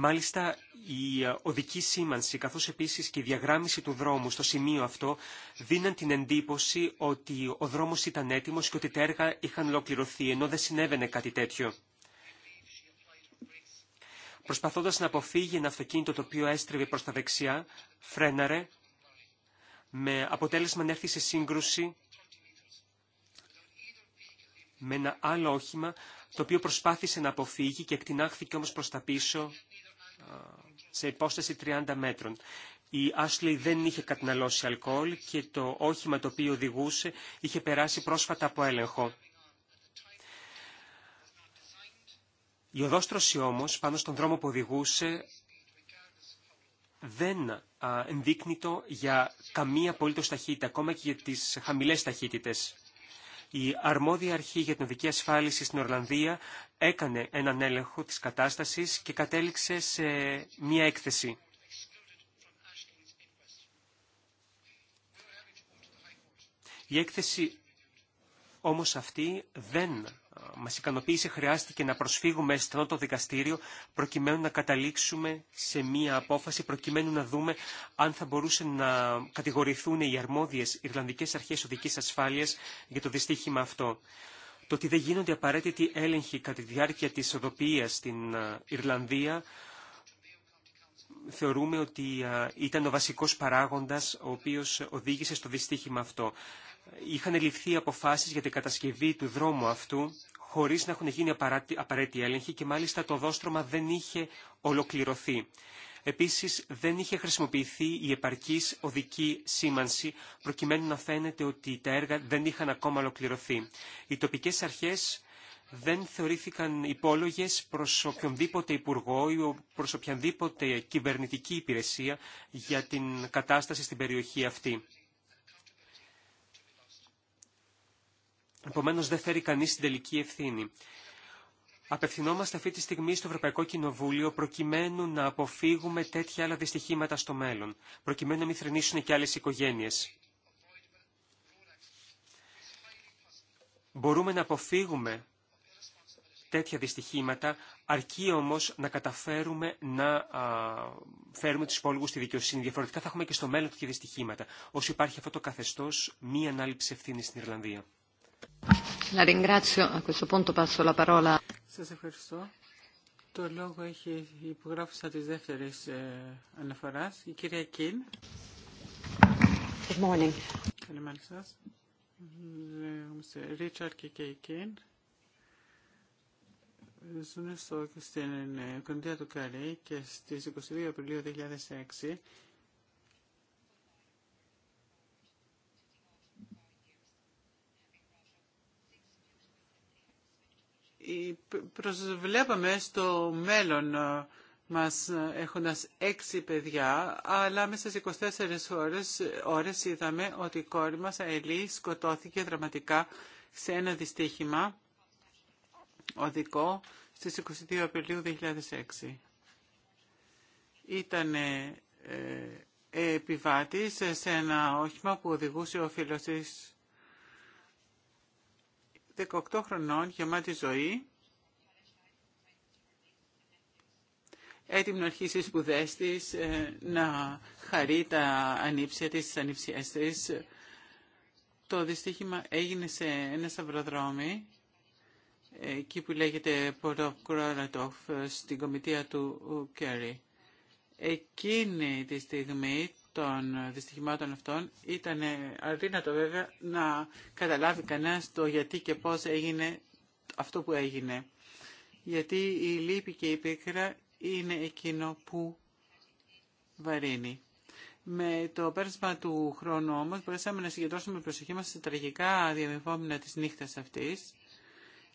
Μάλιστα, η ε, οδική σήμανση, καθώς επίσης και η διαγράμμιση του δρόμου στο σημείο αυτό, δίναν την εντύπωση ότι ο δρόμος ήταν έτοιμος και ότι τα έργα είχαν ολοκληρωθεί, ενώ δεν συνέβαινε κάτι τέτοιο. Προσπαθώντας να αποφύγει ένα αυτοκίνητο το οποίο έστρεβε προς τα δεξιά, φρέναρε, με αποτέλεσμα να έρθει σε σύγκρουση με ένα άλλο όχημα, το οποίο προσπάθησε να αποφύγει και εκτινάχθηκε όμως προς τα πίσω σε υπόσταση 30 μέτρων. Η Ashley δεν είχε καταναλώσει αλκοόλ και το όχημα το οποίο οδηγούσε είχε περάσει πρόσφατα από έλεγχο. Η οδόστρωση όμως πάνω στον δρόμο που οδηγούσε δεν ενδείκνυτο για καμία απολύτως ταχύτητα, ακόμα και για τις χαμηλές ταχύτητες. Η αρμόδια αρχή για την οδική ασφάλιση στην Ορλανδία έκανε έναν έλεγχο της κατάστασης και κατέληξε σε μία έκθεση. Η έκθεση όμως αυτή δεν μας ικανοποίησε χρειάστηκε να προσφύγουμε στο το δικαστήριο προκειμένου να καταλήξουμε σε μία απόφαση, προκειμένου να δούμε αν θα μπορούσε να κατηγορηθούν οι αρμόδιες Ιρλανδικές Αρχές Οδικής Ασφάλειας για το δυστύχημα αυτό. Το ότι δεν γίνονται απαραίτητοι έλεγχοι κατά τη διάρκεια της οδοποίησης στην Ιρλανδία θεωρούμε ότι ήταν ο βασικός παράγοντας ο οποίος οδήγησε στο δυστύχημα αυτό. Είχαν ληφθεί αποφάσεις για την κατασκευή του δρόμου αυτού χωρίς να έχουν γίνει απαραίτητοι έλεγχοι και μάλιστα το δόστρωμα δεν είχε ολοκληρωθεί. Επίσης δεν είχε χρησιμοποιηθεί η επαρκής οδική σήμανση προκειμένου να φαίνεται ότι τα έργα δεν είχαν ακόμα ολοκληρωθεί. Οι τοπικές αρχές δεν θεωρήθηκαν υπόλογες προς οποιονδήποτε υπουργό ή προς οποιανδήποτε κυβερνητική υπηρεσία για την κατάσταση στην περιοχή αυτή. Επομένως δεν φέρει κανείς την τελική ευθύνη. Απευθυνόμαστε αυτή τη στιγμή στο Ευρωπαϊκό Κοινοβούλιο προκειμένου να αποφύγουμε τέτοια άλλα δυστυχήματα στο μέλλον, προκειμένου να μην θρυνήσουν και άλλες οικογένειες. Μπορούμε να αποφύγουμε τέτοια δυστυχήματα, αρκεί όμως να καταφέρουμε να α, φέρουμε τους υπόλοιπους στη δικαιοσύνη. Διαφορετικά θα έχουμε και στο μέλλον τέτοια δυστυχήματα, όσο υπάρχει αυτό το καθεστώς μη ανάληψη ευθύνη στην Ιρλανδία. Σας ευχαριστώ. Το λόγο έχει υπογράφησα τη δεύτερη ε, αναφοράς, η κυρία Κιν. Good morning. Καλημέρα σα. Λέγομαι Ρίτσαρ και Κέι Κιν. Ζουν στην ε, Κοντία του Καρή και στι 22 Απριλίου 2006 Ε, προσβλέπαμε στο μέλλον ε, μας ε, έχοντας έξι παιδιά, αλλά μέσα στις 24 ώρες, ώρες είδαμε ότι η κόρη μας Αελή σκοτώθηκε δραματικά σε ένα δυστύχημα οδικό στις 22 Απριλίου 2006. Ήταν επιβάτης σε ένα όχημα που οδηγούσε ο φίλος της 18 χρονών, γεμάτη ζωή, έτοιμη να αρχίσει σπουδέ τη, ε, να χαρεί τα ανήψια της, τις ανήψιές της. Το δυστύχημα έγινε σε ένα σταυροδρόμι, εκεί που λέγεται Ποροκρόρατοφ, στην κομιτεία του Κέρι. Εκείνη τη στιγμή των δυστυχημάτων αυτών ήταν αδύνατο βέβαια να καταλάβει κανένας το γιατί και πώς έγινε αυτό που έγινε. Γιατί η λύπη και η πίκρα είναι εκείνο που βαρύνει. Με το πέρασμα του χρόνου όμως μπορέσαμε να συγκεντρώσουμε προσοχή μας στα τραγικά διαμεφόμενα της νύχτας αυτής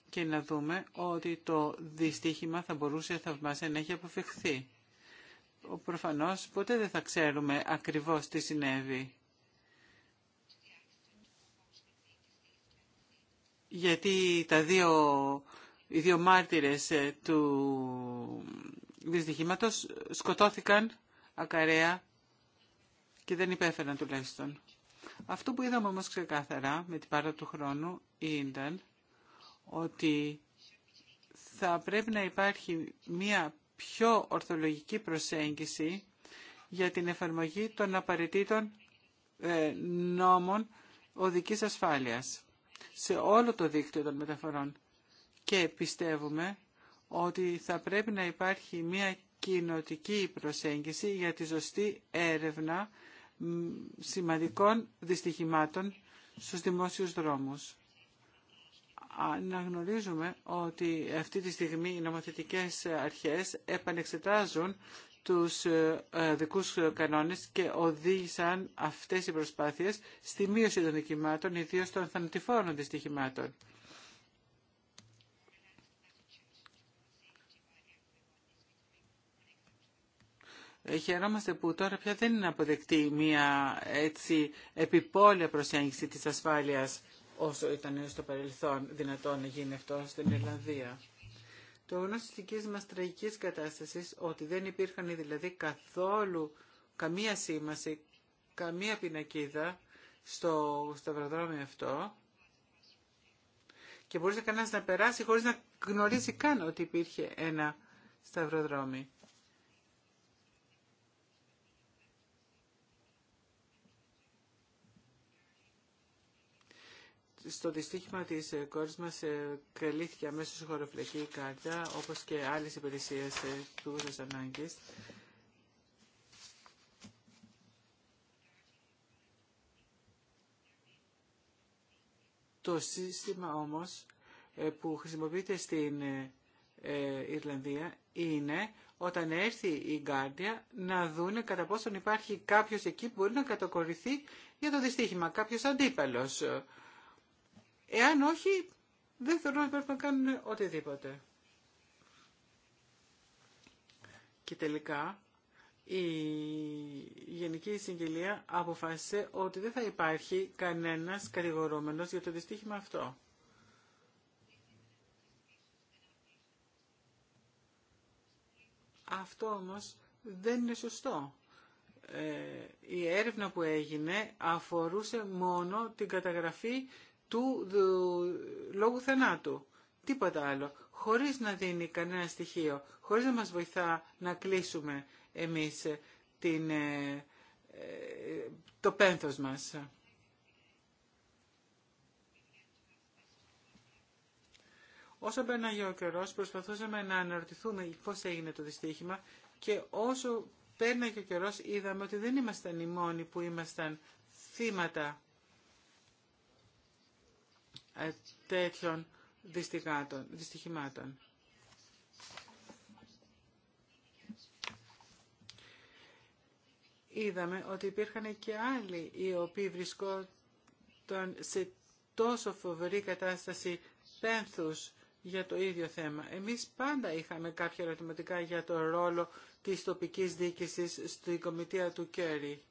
και να δούμε ότι το δυστύχημα θα μπορούσε θαυμάσια να έχει αποφευχθεί προφανώς ποτέ δεν θα ξέρουμε ακριβώς τι συνέβη. Γιατί τα δύο, οι δύο μάρτυρες ε, του δυστυχήματος σκοτώθηκαν ακαρέα και δεν υπέφεραν τουλάχιστον. Αυτό που είδαμε όμως ξεκάθαρα με την πάρα του χρόνου ήταν ότι θα πρέπει να υπάρχει μία πιο ορθολογική προσέγγιση για την εφαρμογή των απαραίτητων ε, νόμων οδικής ασφάλειας σε όλο το δίκτυο των μεταφορών. Και πιστεύουμε ότι θα πρέπει να υπάρχει μια κοινοτική προσέγγιση για τη ζωστή έρευνα σημαντικών δυστυχημάτων στους δημόσιους δρόμους αναγνωρίζουμε ότι αυτή τη στιγμή οι νομοθετικές αρχές επανεξετάζουν τους ε, δικούς κανόνες και οδήγησαν αυτές οι προσπάθειες στη μείωση των δικημάτων, ιδίως των θανατηφόρων δυστυχημάτων. Ε, χαιρόμαστε που τώρα πια δεν είναι αποδεκτή μια έτσι επιπόλαια προσέγγιση της ασφάλειας όσο ήταν στο παρελθόν δυνατόν να γίνει αυτό στην Ιρλανδία. Το γνώση μας τραγικής κατάστασης, ότι δεν υπήρχαν δηλαδή καθόλου καμία σήμαση, καμία πινακίδα στο σταυροδρόμιο αυτό και μπορούσε κανένας να περάσει χωρίς να γνωρίζει καν ότι υπήρχε ένα σταυροδρόμι. στο δυστύχημα της ε, κόρη μας ε, κρελήθηκε αμέσως η χωροφυλακή κάρτα, όπως και άλλες υπηρεσίες ε, του ανάγκης. Το σύστημα όμως που χρησιμοποιείται στην Ιρλανδία είναι όταν έρθει η Γκάρντια να δούνε κατά πόσον υπάρχει κάποιος εκεί που μπορεί να κατακορυθεί για το δυστύχημα, κάποιος αντίπαλος. Εάν όχι, δεν θέλω να πρέπει να κάνουν οτιδήποτε. Και τελικά η Γενική Συγγελία αποφάσισε ότι δεν θα υπάρχει κανένας κατηγορούμενος για το δυστύχημα αυτό. Αυτό όμως δεν είναι σωστό. Ε, η έρευνα που έγινε αφορούσε μόνο την καταγραφή του λόγου θανάτου. Τίποτα άλλο. Χωρίς να δίνει κανένα στοιχείο, χωρίς να μας βοηθά να κλείσουμε εμείς ε, την, ε, ε, το πένθος μας. Όσο μπαίναγε ο καιρό, προσπαθούσαμε να αναρωτηθούμε πώ έγινε το δυστύχημα και όσο πέρναγε ο καιρό, είδαμε ότι δεν ήμασταν οι μόνοι που ήμασταν θύματα ε, τέτοιων δυστυχημάτων. Είδαμε ότι υπήρχαν και άλλοι οι οποίοι βρισκόταν σε τόσο φοβερή κατάσταση πένθους για το ίδιο θέμα. Εμείς πάντα είχαμε κάποια ερωτηματικά για το ρόλο της τοπικής διοίκησης στην Κομιτεία του Κέρι.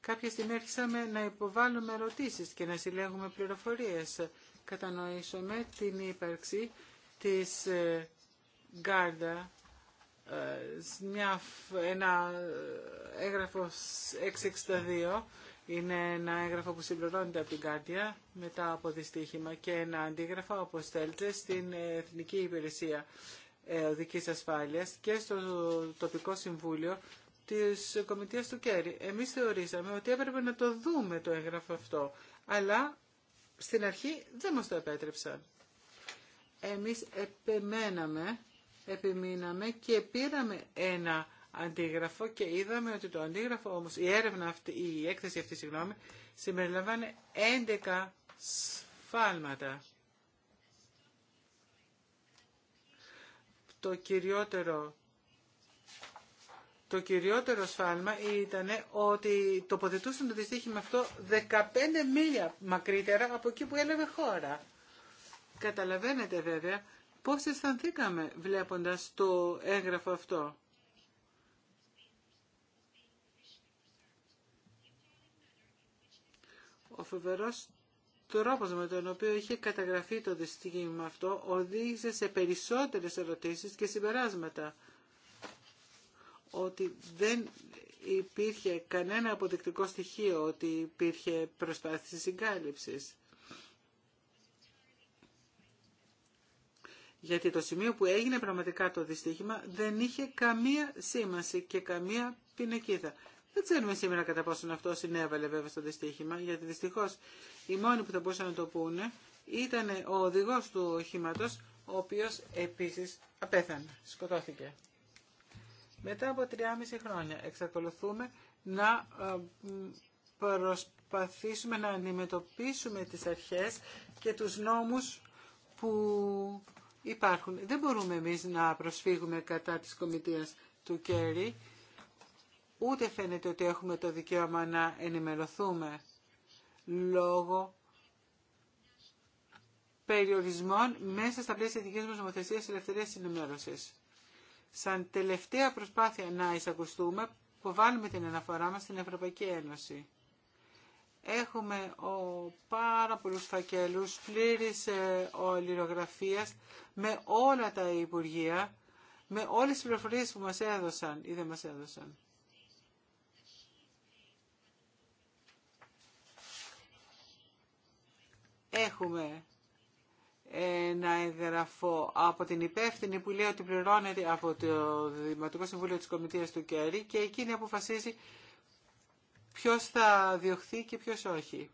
Κάποια στιγμή άρχισαμε να υποβάλλουμε ερωτήσεις και να συλλέγουμε πληροφορίες. Κατανοήσαμε την ύπαρξη της ε, Γκάρντα, ε, μια, ένα ε, έγγραφο 662, είναι ένα έγγραφο που συμπληρώνεται από την Γκάρντια μετά από δυστύχημα και ένα αντίγραφο θέλετε, στην Εθνική Υπηρεσία Οδικής Ασφάλειας και στο τοπικό συμβούλιο της Κομιτείας του Κέρι. Εμείς θεωρήσαμε ότι έπρεπε να το δούμε το έγγραφο αυτό, αλλά στην αρχή δεν μας το επέτρεψαν. Εμείς επεμέναμε, επιμείναμε και πήραμε ένα αντίγραφο και είδαμε ότι το αντίγραφο όμως, η έρευνα αυτή, η έκθεση αυτή, συγγνώμη, συμπεριλαμβάνει 11 σφάλματα. Το κυριότερο το κυριότερο σφάλμα ήταν ότι τοποθετούσαν το δυστύχημα αυτό 15 μίλια μακρύτερα από εκεί που έλαβε χώρα. Καταλαβαίνετε βέβαια πώς αισθανθήκαμε βλέποντας το έγγραφο αυτό. Ο φοβερός τρόπος με τον οποίο είχε καταγραφεί το δυστύχημα αυτό οδήγησε σε περισσότερες ερωτήσεις και συμπεράσματα ότι δεν υπήρχε κανένα αποδεικτικό στοιχείο ότι υπήρχε προσπάθηση συγκάλυψης. Γιατί το σημείο που έγινε πραγματικά το δυστύχημα δεν είχε καμία σήμαση και καμία πινεκίδα. Δεν ξέρουμε σήμερα κατά πόσον αυτό συνέβαλε βέβαια στο δυστύχημα, γιατί δυστυχώ οι μόνοι που θα μπορούσαν να το πούνε ήταν ο οδηγό του οχήματο, ο οποίο επίση απέθανε, σκοτώθηκε. Μετά από 3,5 χρόνια εξακολουθούμε να ε, προσπαθήσουμε να αντιμετωπίσουμε τις αρχές και τους νόμους που υπάρχουν. Δεν μπορούμε εμείς να προσφύγουμε κατά της Κομιτείας του Κέρι, ούτε φαίνεται ότι έχουμε το δικαίωμα να ενημερωθούμε λόγω περιορισμών μέσα στα πλαίσια δικής μας νομοθεσίας ελευθερίας ενημέρωσης σαν τελευταία προσπάθεια να εισακουστούμε, που βάλουμε την αναφορά μας στην Ευρωπαϊκή Ένωση. Έχουμε ο, πάρα πολλούς φακελούς πλήρης ε, ολυρογραφίας με όλα τα Υπουργεία, με όλες τις πληροφορίες που μας έδωσαν ή δεν μας έδωσαν. Έχουμε να εγγραφώ από την υπεύθυνη που λέει ότι πληρώνεται από το Δημοτικό Συμβούλιο της Κομιτείας του Κερί και εκείνη αποφασίζει ποιος θα διωχθεί και ποιος όχι.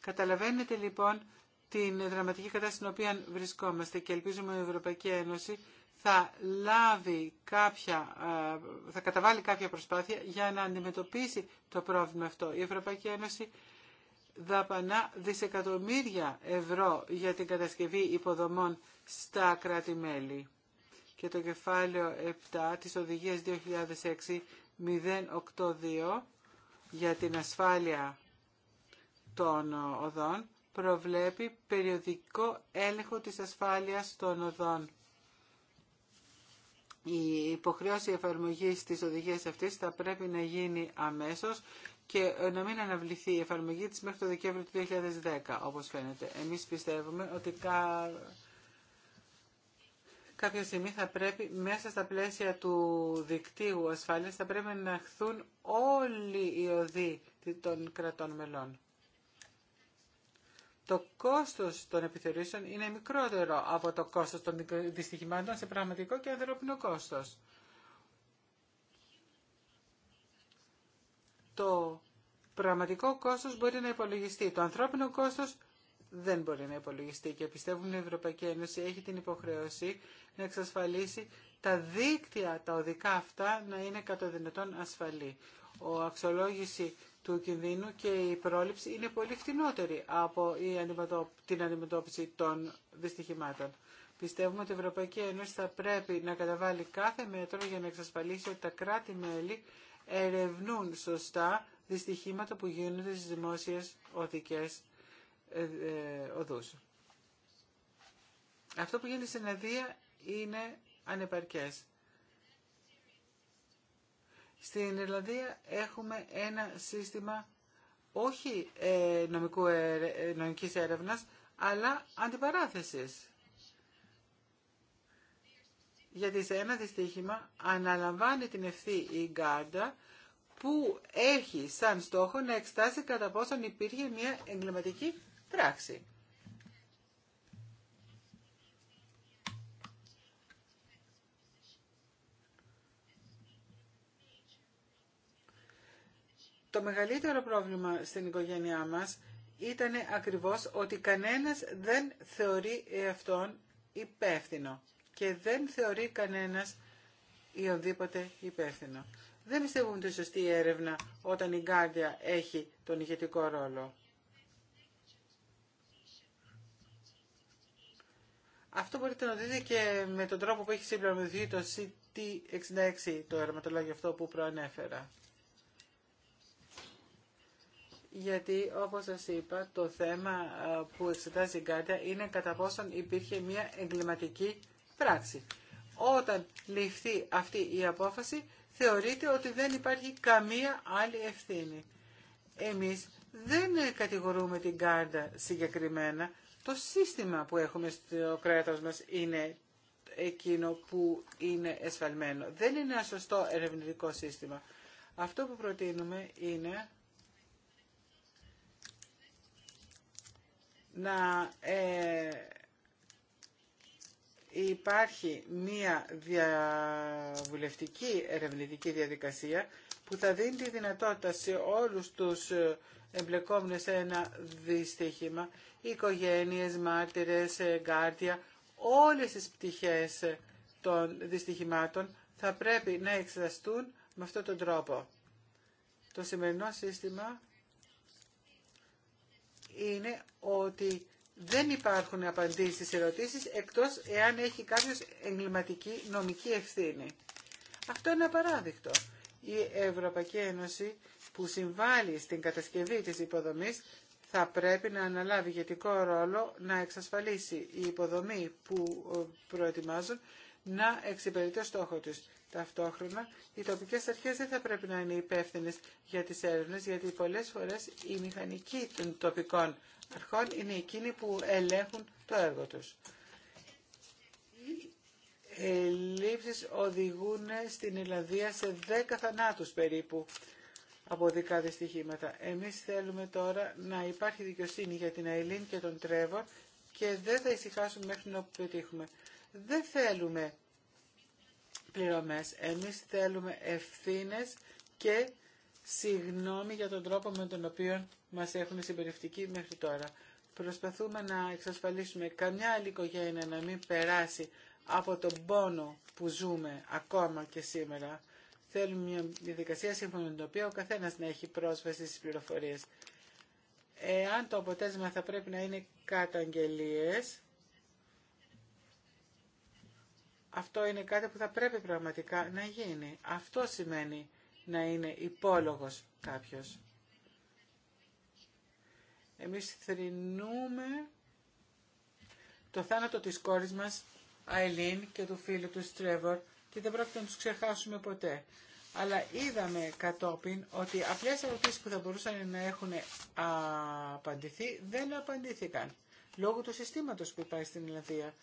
Καταλαβαίνετε λοιπόν την δραματική κατάσταση στην οποία βρισκόμαστε και ελπίζουμε η Ευρωπαϊκή Ένωση θα λάβει κάποια, θα καταβάλει κάποια προσπάθεια για να αντιμετωπίσει το πρόβλημα αυτό. Η Ευρωπαϊκή Ένωση δαπανά δισεκατομμύρια ευρώ για την κατασκευή υποδομών στα κράτη-μέλη. Και το κεφάλαιο 7 της Οδηγίας 2006-082 για την ασφάλεια των οδών προβλέπει περιοδικό έλεγχο της ασφάλειας των οδών. Η υποχρέωση εφαρμογής της οδηγίας αυτής θα πρέπει να γίνει αμέσως και ε, να μην αναβληθεί η εφαρμογή της μέχρι το Δεκέμβριο του 2010, όπως φαίνεται. Εμείς πιστεύουμε ότι κα... κάποια στιγμή θα πρέπει μέσα στα πλαίσια του δικτύου ασφάλειας θα πρέπει να χθούν όλοι οι οδοί των κρατών μελών. Το κόστος των επιθεωρήσεων είναι μικρότερο από το κόστος των δυστυχημάτων σε πραγματικό και ανθρωπινό κόστος. Το πραγματικό κόστος μπορεί να υπολογιστεί. Το ανθρώπινο κόστος δεν μπορεί να υπολογιστεί και πιστεύουμε ότι η Ευρωπαϊκή Ένωση έχει την υποχρέωση να εξασφαλίσει τα δίκτυα, τα οδικά αυτά να είναι κατά δυνατόν ασφαλή. Ο αξιολόγηση του κινδύνου και η πρόληψη είναι πολύ φτηνότερη από την αντιμετώπιση των δυστυχημάτων. Πιστεύουμε ότι η Ευρωπαϊκή Ένωση θα πρέπει να καταβάλει κάθε μέτρο για να εξασφαλίσει ότι τα κράτη-μέλη ερευνούν σωστά δυστυχήματα που γίνονται στις δημόσιες οδικές ε, ε, οδούς. Αυτό που γίνεται στην Αδία είναι ανεπαρκές. Στην Ιρλανδία έχουμε ένα σύστημα όχι ε, νομικού, νομικής έρευνας, αλλά αντιπαράθεσης γιατί σε ένα δυστύχημα αναλαμβάνει την ευθύ η γκάρντα που έχει σαν στόχο να εξτάσει κατά πόσον υπήρχε μια εγκληματική πράξη. Το μεγαλύτερο πρόβλημα στην οικογένειά μας ήταν ακριβώς ότι κανένας δεν θεωρεί εαυτόν υπεύθυνο και δεν θεωρεί κανένας ή οδήποτε υπεύθυνο. Δεν πιστεύουμε τη σωστή έρευνα όταν η οδηποτε υπευθυνο δεν πιστευουμε ότι σωστη έχει τον ηγετικό ρόλο. Αυτό μπορείτε να δείτε και με τον τρόπο που έχει συμπληρωθεί το CT66, το ερωματολογιό αυτό που προανέφερα. Γιατί, όπως σας είπα, το θέμα ε, που εξετάζει η Γκάρδια είναι κατά πόσον υπήρχε μια εγκληματική πράξη. Όταν ληφθεί αυτή η απόφαση, θεωρείται ότι δεν υπάρχει καμία άλλη ευθύνη. Εμείς δεν κατηγορούμε την κάρτα συγκεκριμένα. Το σύστημα που έχουμε στο κράτος μας είναι εκείνο που είναι εσφαλμένο. Δεν είναι ένα σωστό ερευνητικό σύστημα. Αυτό που προτείνουμε είναι να ε, υπάρχει μία διαβουλευτική ερευνητική διαδικασία που θα δίνει τη δυνατότητα σε όλους τους ε, εμπλεκόμενους σε ένα δυστύχημα, οικογένειες, μάρτυρες, εγκάρτια, όλες τις πτυχές ε, των δυστυχημάτων θα πρέπει να εξεταστούν με αυτόν τον τρόπο. Το σημερινό σύστημα είναι ότι δεν υπάρχουν απαντήσεις στις ερωτήσεις εκτός εάν έχει κάποιος εγκληματική νομική ευθύνη. Αυτό είναι απαράδεικτο. Η Ευρωπαϊκή Ένωση που συμβάλλει στην κατασκευή της υποδομής θα πρέπει να αναλάβει ηγετικό ρόλο να εξασφαλίσει η υποδομή που ε, προετοιμάζουν να εξυπηρετεί το στόχο τους. Ταυτόχρονα, οι τοπικές αρχές δεν θα πρέπει να είναι υπεύθυνε για τις έρευνες, γιατί πολλές φορές η μηχανική των τοπικών αρχών είναι εκείνοι που ελέγχουν το έργο τους. Οι ελλείψεις οδηγούν στην Ιρλανδία σε 10 θανάτους περίπου από δικά δυστυχήματα. Εμείς θέλουμε τώρα να υπάρχει δικαιοσύνη για την Αιλίν και τον Τρέβο και δεν θα ησυχάσουμε μέχρι να πετύχουμε. Δεν θέλουμε πληρωμές. Εμείς θέλουμε ευθύνες και συγνώμη για τον τρόπο με τον οποίο μας έχουν συμπεριφτική μέχρι τώρα. Προσπαθούμε να εξασφαλίσουμε καμιά άλλη οικογένεια να μην περάσει από τον πόνο που ζούμε ακόμα και σήμερα. Θέλουμε μια διαδικασία σύμφωνα με την οποία ο καθένας να έχει πρόσβαση στις πληροφορίες. Εάν το αποτέλεσμα θα πρέπει να είναι καταγγελίες, αυτό είναι κάτι που θα πρέπει πραγματικά να γίνει. Αυτό σημαίνει να είναι υπόλογος κάποιος. Εμείς θρυνούμε το θάνατο της κόρης μας, Αιλίν, και του φίλου του Τρέβορ και δεν πρόκειται να τους ξεχάσουμε ποτέ. Αλλά είδαμε κατόπιν ότι απλές ερωτήσεις που θα μπορούσαν να έχουν απαντηθεί δεν απαντήθηκαν. Λόγω του συστήματος που υπάρχει στην Ελλαδία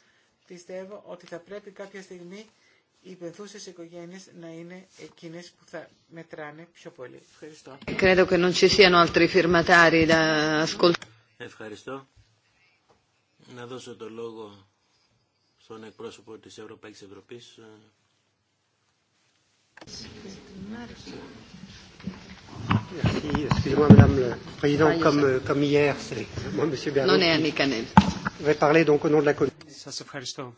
Πιστεύω ότι θα πρέπει κάποια στιγμή οι πεθούσες οικογένειες να είναι εκείνες που θα μετράνε πιο πολύ. Ευχαριστώ. Ευχαριστώ. Να δώσω το λόγο στον εκπρόσωπο της Ευρωπαϊκής Ευρωπής. Σας ευχαριστώ.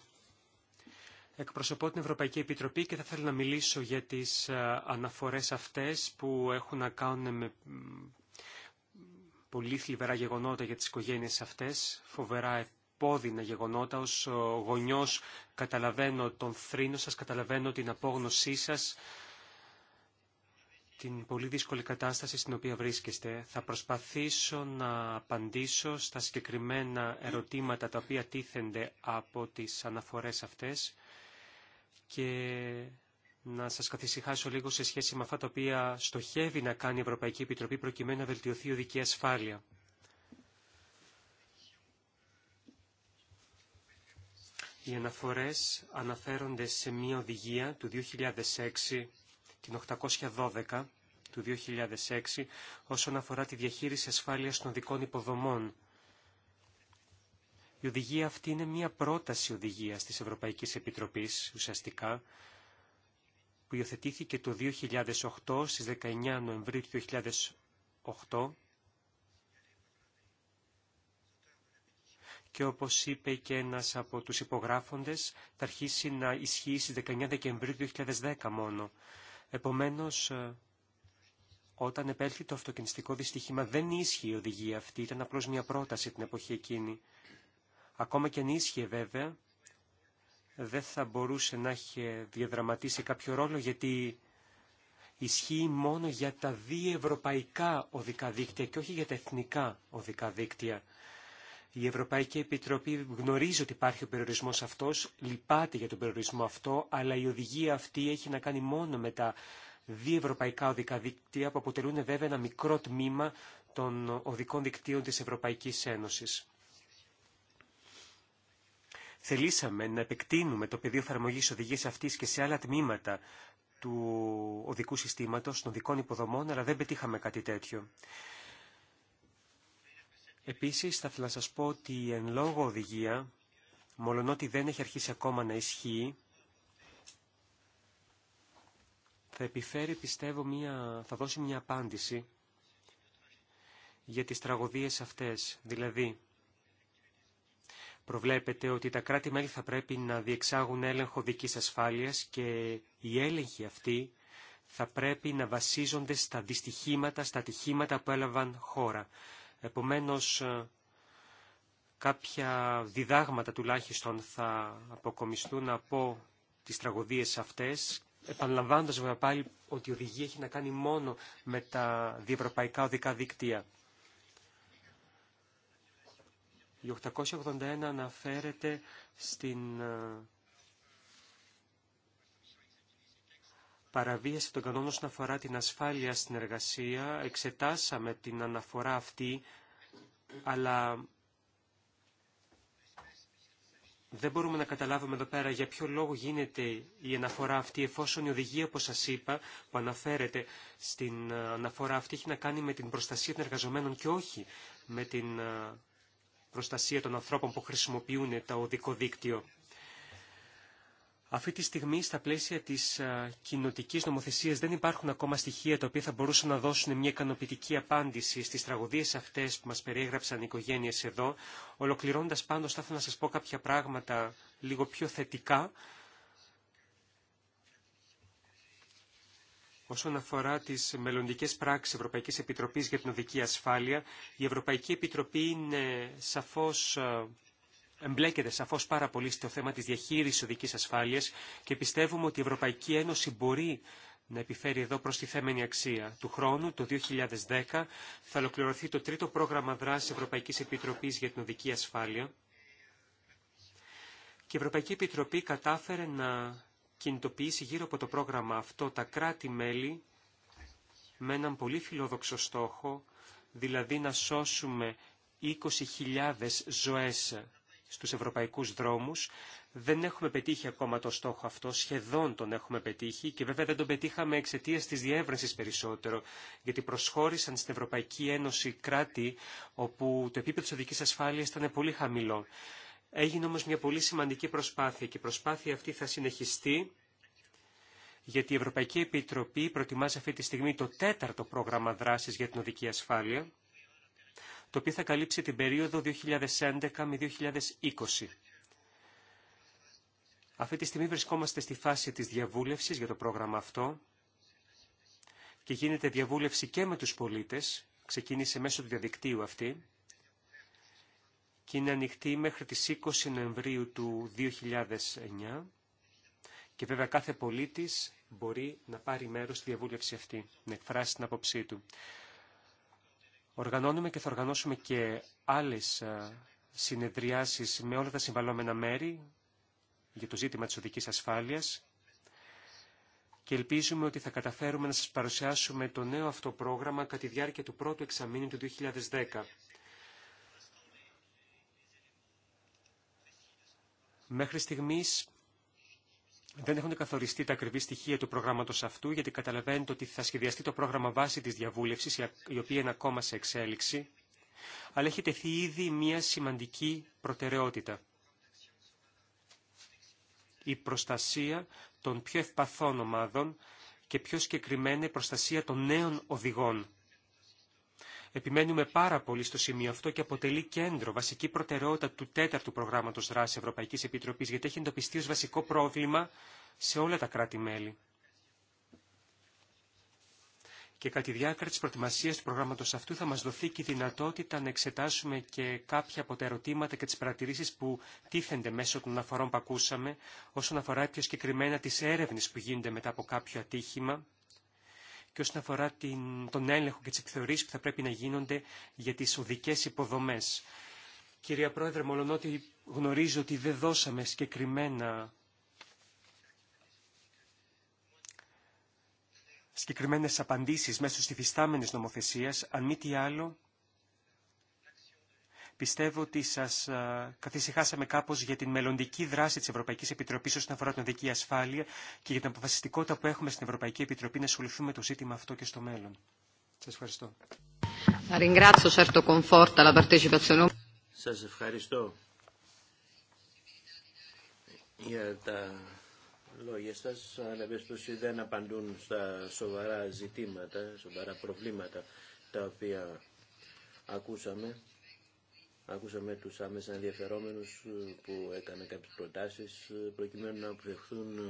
Εκπροσωπώ την Ευρωπαϊκή Επιτροπή και θα θέλω να μιλήσω για τις ε, αναφορές αυτές που έχουν να κάνουν με πολύ θλιβερά γεγονότα για τις οικογένειες αυτές, φοβερά επώδυνα γεγονότα. Ως ε, γονιός καταλαβαίνω τον θρήνο σας, καταλαβαίνω την απόγνωσή σας, την πολύ δύσκολη κατάσταση στην οποία βρίσκεστε. Θα προσπαθήσω να απαντήσω στα συγκεκριμένα ερωτήματα τα οποία τίθενται από τις αναφορές αυτές και να σας καθησυχάσω λίγο σε σχέση με αυτά τα οποία στοχεύει να κάνει η Ευρωπαϊκή Επιτροπή προκειμένου να βελτιωθεί η οδική ασφάλεια. Οι αναφορές αναφέρονται σε μία οδηγία του 2006, την 812 του 2006, όσον αφορά τη διαχείριση ασφάλειας των δικών υποδομών η οδηγία αυτή είναι μια πρόταση οδηγίας της Ευρωπαϊκής Επιτροπής ουσιαστικά που υιοθετήθηκε το 2008 στις 19 Νοεμβρίου 2008 και όπως είπε και ένας από τους υπογράφοντες θα αρχίσει να ισχύει στις 19 Δεκεμβρίου 2010 μόνο. Επομένως, ε, όταν επέλθει το αυτοκινηστικό δυστύχημα δεν ίσχυε η οδηγία αυτή, ήταν απλώς μια πρόταση την εποχή εκείνη. Ακόμα και αν ίσχυε βέβαια, δεν θα μπορούσε να έχει διαδραματίσει κάποιο ρόλο γιατί ισχύει μόνο για τα διευρωπαϊκά οδικά δίκτυα και όχι για τα εθνικά οδικά δίκτυα. Η Ευρωπαϊκή Επιτροπή γνωρίζει ότι υπάρχει ο περιορισμός αυτός, λυπάται για τον περιορισμό αυτό, αλλά η οδηγία αυτή έχει να κάνει μόνο με τα διευρωπαϊκά οδικά δίκτυα που αποτελούν βέβαια ένα μικρό τμήμα των οδικών δικτύων της Ευρωπαϊκής Ένωσης. Θελήσαμε να επεκτείνουμε το πεδίο εφαρμογή οδηγία αυτή και σε άλλα τμήματα του οδικού συστήματος, των δικών υποδομών, αλλά δεν πετύχαμε κάτι τέτοιο. Επίσης, θα ήθελα να σας πω ότι η εν λόγω οδηγία, μολονότι δεν έχει αρχίσει ακόμα να ισχύει, θα επιφέρει, πιστεύω, μια, θα δώσει μια απάντηση για τις τραγωδίες αυτές. Δηλαδή, προβλέπεται ότι τα κράτη-μέλη θα πρέπει να διεξάγουν έλεγχο δικής ασφάλειας και οι έλεγχοι αυτοί θα πρέπει να βασίζονται στα δυστυχήματα, στα ατυχήματα που έλαβαν χώρα. Επομένως, ε, κάποια διδάγματα τουλάχιστον θα αποκομιστούν από τις τραγωδίες αυτές, επαναλαμβάνοντας βέβαια πάλι ότι η οδηγία έχει να κάνει μόνο με τα διευρωπαϊκά οδικά δίκτυα. Η 881 αναφέρεται στην ε, παραβίαση των κανόνων όσον αφορά την ασφάλεια στην εργασία. Εξετάσαμε την αναφορά αυτή, αλλά δεν μπορούμε να καταλάβουμε εδώ πέρα για ποιο λόγο γίνεται η αναφορά αυτή, εφόσον η οδηγία, όπως σας είπα, που αναφέρεται στην ε, αναφορά αυτή, έχει να κάνει με την προστασία των εργαζομένων και όχι με την ε, προστασία των ανθρώπων που χρησιμοποιούν το οδικό δίκτυο. Αυτή τη στιγμή στα πλαίσια της κοινοτική νομοθεσίας δεν υπάρχουν ακόμα στοιχεία τα οποία θα μπορούσαν να δώσουν μια ικανοποιητική απάντηση στις τραγωδίες αυτές που μας περιέγραψαν οι οικογένειες εδώ. Ολοκληρώνοντας πάντως θα ήθελα να σας πω κάποια πράγματα λίγο πιο θετικά Όσον αφορά τι μελλοντικέ πράξει Ευρωπαϊκή Επιτροπή για την Οδική Ασφάλεια, η Ευρωπαϊκή Επιτροπή είναι σαφώ ε, εμπλέκεται σαφώ πάρα πολύ στο θέμα τη διαχείριση οδική ασφάλεια και πιστεύουμε ότι η Ευρωπαϊκή Ένωση μπορεί να επιφέρει εδώ τη θέμενη αξία. Του χρόνου, το 2010, θα ολοκληρωθεί το τρίτο πρόγραμμα δράση Ευρωπαϊκή Επιτροπή για την Οδική Ασφάλεια και η Ευρωπαϊκή Επιτροπή κατάφερε να κινητοποιήσει γύρω από το πρόγραμμα αυτό τα κράτη-μέλη με έναν πολύ φιλόδοξο στόχο, δηλαδή να σώσουμε 20.000 ζωές στους ευρωπαϊκούς δρόμους. Δεν έχουμε πετύχει ακόμα το στόχο αυτό, σχεδόν τον έχουμε πετύχει και βέβαια δεν τον πετύχαμε εξαιτία της διεύρυνσης περισσότερο, γιατί προσχώρησαν στην Ευρωπαϊκή Ένωση κράτη όπου το επίπεδο της οδικής ασφάλειας ήταν πολύ χαμηλό. Έγινε όμως μια πολύ σημαντική προσπάθεια και η προσπάθεια αυτή θα συνεχιστεί γιατί η Ευρωπαϊκή Επιτροπή προτιμάζει αυτή τη στιγμή το τέταρτο πρόγραμμα δράσης για την οδική ασφάλεια, το οποίο θα καλύψει την περίοδο 2011 με 2020. Αυτή τη στιγμή βρισκόμαστε στη φάση της διαβούλευσης για το πρόγραμμα αυτό και γίνεται διαβούλευση και με τους πολίτες, ξεκίνησε μέσω του διαδικτύου αυτή, και είναι ανοιχτή μέχρι τις 20 Νοεμβρίου του 2009 και βέβαια κάθε πολίτης μπορεί να πάρει μέρος στη διαβούλευση αυτή, να εκφράσει την άποψή του. Οργανώνουμε και θα οργανώσουμε και άλλες συνεδριάσεις με όλα τα συμβαλώμενα μέρη για το ζήτημα της οδικής ασφάλειας και ελπίζουμε ότι θα καταφέρουμε να σας παρουσιάσουμε το νέο αυτό πρόγραμμα κατά τη διάρκεια του πρώτου εξαμήνου του 2010. Μέχρι στιγμής δεν έχουν καθοριστεί τα ακριβή στοιχεία του προγράμματος αυτού, γιατί καταλαβαίνετε ότι θα σχεδιαστεί το πρόγραμμα βάση της διαβούλευσης, η οποία είναι ακόμα σε εξέλιξη, αλλά έχει τεθεί ήδη μια σημαντική προτεραιότητα. Η προστασία των πιο ευπαθών ομάδων και πιο συγκεκριμένα η προστασία των νέων οδηγών Επιμένουμε πάρα πολύ στο σημείο αυτό και αποτελεί κέντρο, βασική προτεραιότητα του τέταρτου προγράμματο δράση Ευρωπαϊκή Επιτροπή, γιατί έχει εντοπιστεί ω βασικό πρόβλημα σε όλα τα κράτη-μέλη. Και κατά τη διάρκεια τη προετοιμασία του προγράμματο αυτού θα μα δοθεί και η δυνατότητα να εξετάσουμε και κάποια από τα ερωτήματα και τι παρατηρήσει που τίθενται μέσω των αναφορών που ακούσαμε όσον αφορά πιο συγκεκριμένα τις έρευνε που γίνονται μετά από κάποιο ατύχημα και όσον αφορά την, τον έλεγχο και τις επιθεωρήσεις που θα πρέπει να γίνονται για τις οδικές υποδομές. Κυρία Πρόεδρε, μολονότι γνωρίζω ότι δεν δώσαμε συγκεκριμένα συγκεκριμένες απαντήσεις μέσω της φυστάμενης νομοθεσίας, αν μη τι άλλο, Πιστεύω ότι σας ε, καθησυχάσαμε κάπως για την μελλοντική δράση της Ευρωπαϊκής Επιτροπής όσον αφορά την οδική ασφάλεια και για την αποφασιστικότητα που έχουμε στην Ευρωπαϊκή Επιτροπή να ασχοληθούμε το ζήτημα αυτό και στο μέλλον. Σας ευχαριστώ. Σας ευχαριστώ για τα λόγια σας, αλλά ευαίσθητος δεν απαντούν στα σοβαρά ζητήματα, σοβαρά προβλήματα τα οποία ακούσαμε Ακούσαμε τους άμεσα ενδιαφερόμενους ε, που έκαναν κάποιες προτάσεις ε, προκειμένου να αποφευχθούν ε,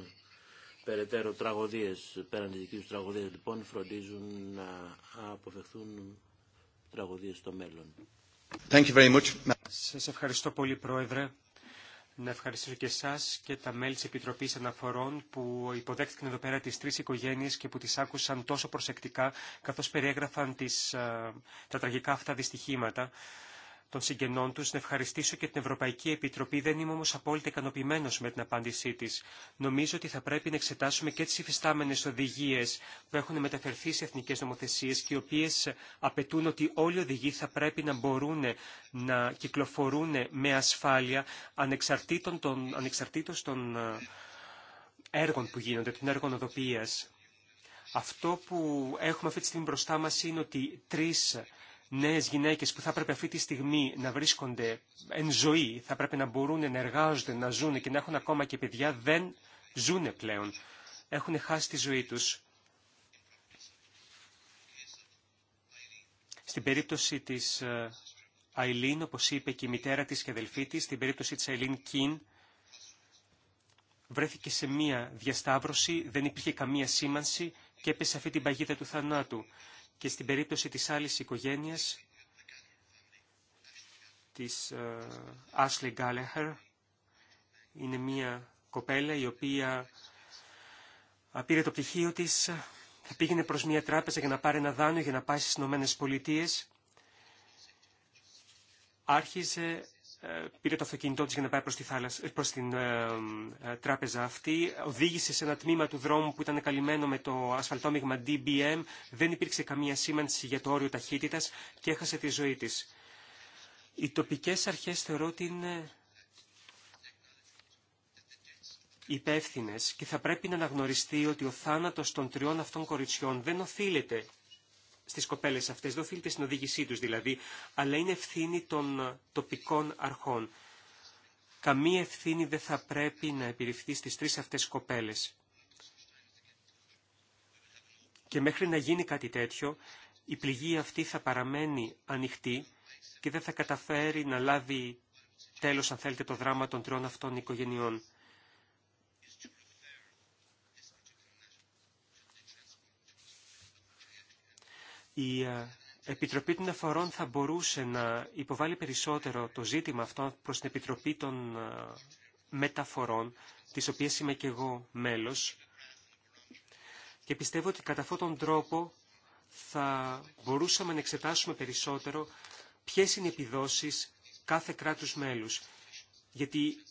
περαιτέρω τραγωδίες. Πέραν της δικής τους τραγωδίας λοιπόν φροντίζουν να αποφευχθούν τραγωδίες στο μέλλον. Thank you very much. Σας ευχαριστώ πολύ Πρόεδρε. Να ευχαριστήσω και εσά και τα μέλη τη Επιτροπή Αναφορών που υποδέχτηκαν εδώ πέρα τι τρει οικογένειε και που τι άκουσαν τόσο προσεκτικά, καθώ περιέγραφαν τις, τα τραγικά αυτά δυστυχήματα των συγγενών τους, να ευχαριστήσω και την Ευρωπαϊκή Επιτροπή. Δεν είμαι όμως απόλυτα ικανοποιημένο με την απάντησή της. Νομίζω ότι θα πρέπει να εξετάσουμε και τις υφιστάμενες οδηγίες που έχουν μεταφερθεί σε εθνικές νομοθεσίες και οι οποίες απαιτούν ότι όλοι οι οδηγοί θα πρέπει να μπορούν να κυκλοφορούν με ασφάλεια ανεξαρτήτων των, ανεξαρτήτως των ε, έργων που γίνονται, των έργων οδοποίησης. Αυτό που έχουμε αυτή τη στιγμή μπροστά μα είναι ότι τρεις νέες γυναίκες που θα πρέπει αυτή τη στιγμή να βρίσκονται εν ζωή, θα πρέπει να μπορούν να εργάζονται, να ζουν και να έχουν ακόμα και παιδιά, δεν ζουν πλέον. Έχουν χάσει τη ζωή τους. Στην περίπτωση της ε, Αιλίν, όπως είπε και η μητέρα της και αδελφή της, στην περίπτωση της Αιλίν Κιν, βρέθηκε σε μία διασταύρωση, δεν υπήρχε καμία σήμανση και έπεσε αυτή την παγίδα του θανάτου και στην περίπτωση της άλλης οικογένειας, της ε, Ashley Gallagher, είναι μια κοπέλα η οποία πήρε το πτυχίο της, θα ε, πήγαινε προς μια τράπεζα για να πάρει ένα δάνειο για να πάει στις Ηνωμένε Πολιτείε. Άρχιζε πήρε το αυτοκίνητό της για να πάει προς, τη θάλασσα, ε, προς την ε, ε, τράπεζα αυτή, οδήγησε σε ένα τμήμα του δρόμου που ήταν καλυμμένο με το ασφαλτόμιγμα DBM, δεν υπήρξε καμία σήμανση για το όριο ταχύτητας και έχασε τη ζωή της. Οι τοπικές αρχές θεωρώ ότι είναι υπεύθυνε και θα πρέπει να αναγνωριστεί ότι ο θάνατος των τριών αυτών κοριτσιών δεν οφείλεται στις κοπέλες αυτές, δεν οφείλεται στην οδήγησή τους δηλαδή, αλλά είναι ευθύνη των ε, τοπικών αρχών. Καμία ευθύνη δεν θα πρέπει να επιρριφθεί στις τρεις αυτές κοπέλες. Και μέχρι να γίνει κάτι τέτοιο, η πληγή αυτή θα παραμένει ανοιχτή και δεν θα καταφέρει να λάβει τέλος, αν θέλετε, το δράμα των τριών αυτών οικογενειών. Η ε, Επιτροπή των Αφορών θα μπορούσε να υποβάλει περισσότερο το ζήτημα αυτό προς την Επιτροπή των ε, Μεταφορών, της οποίας είμαι και εγώ μέλος. Και πιστεύω ότι κατά αυτόν τον τρόπο θα μπορούσαμε να εξετάσουμε περισσότερο ποιες είναι οι επιδόσεις κάθε κράτους μέλους. Γιατί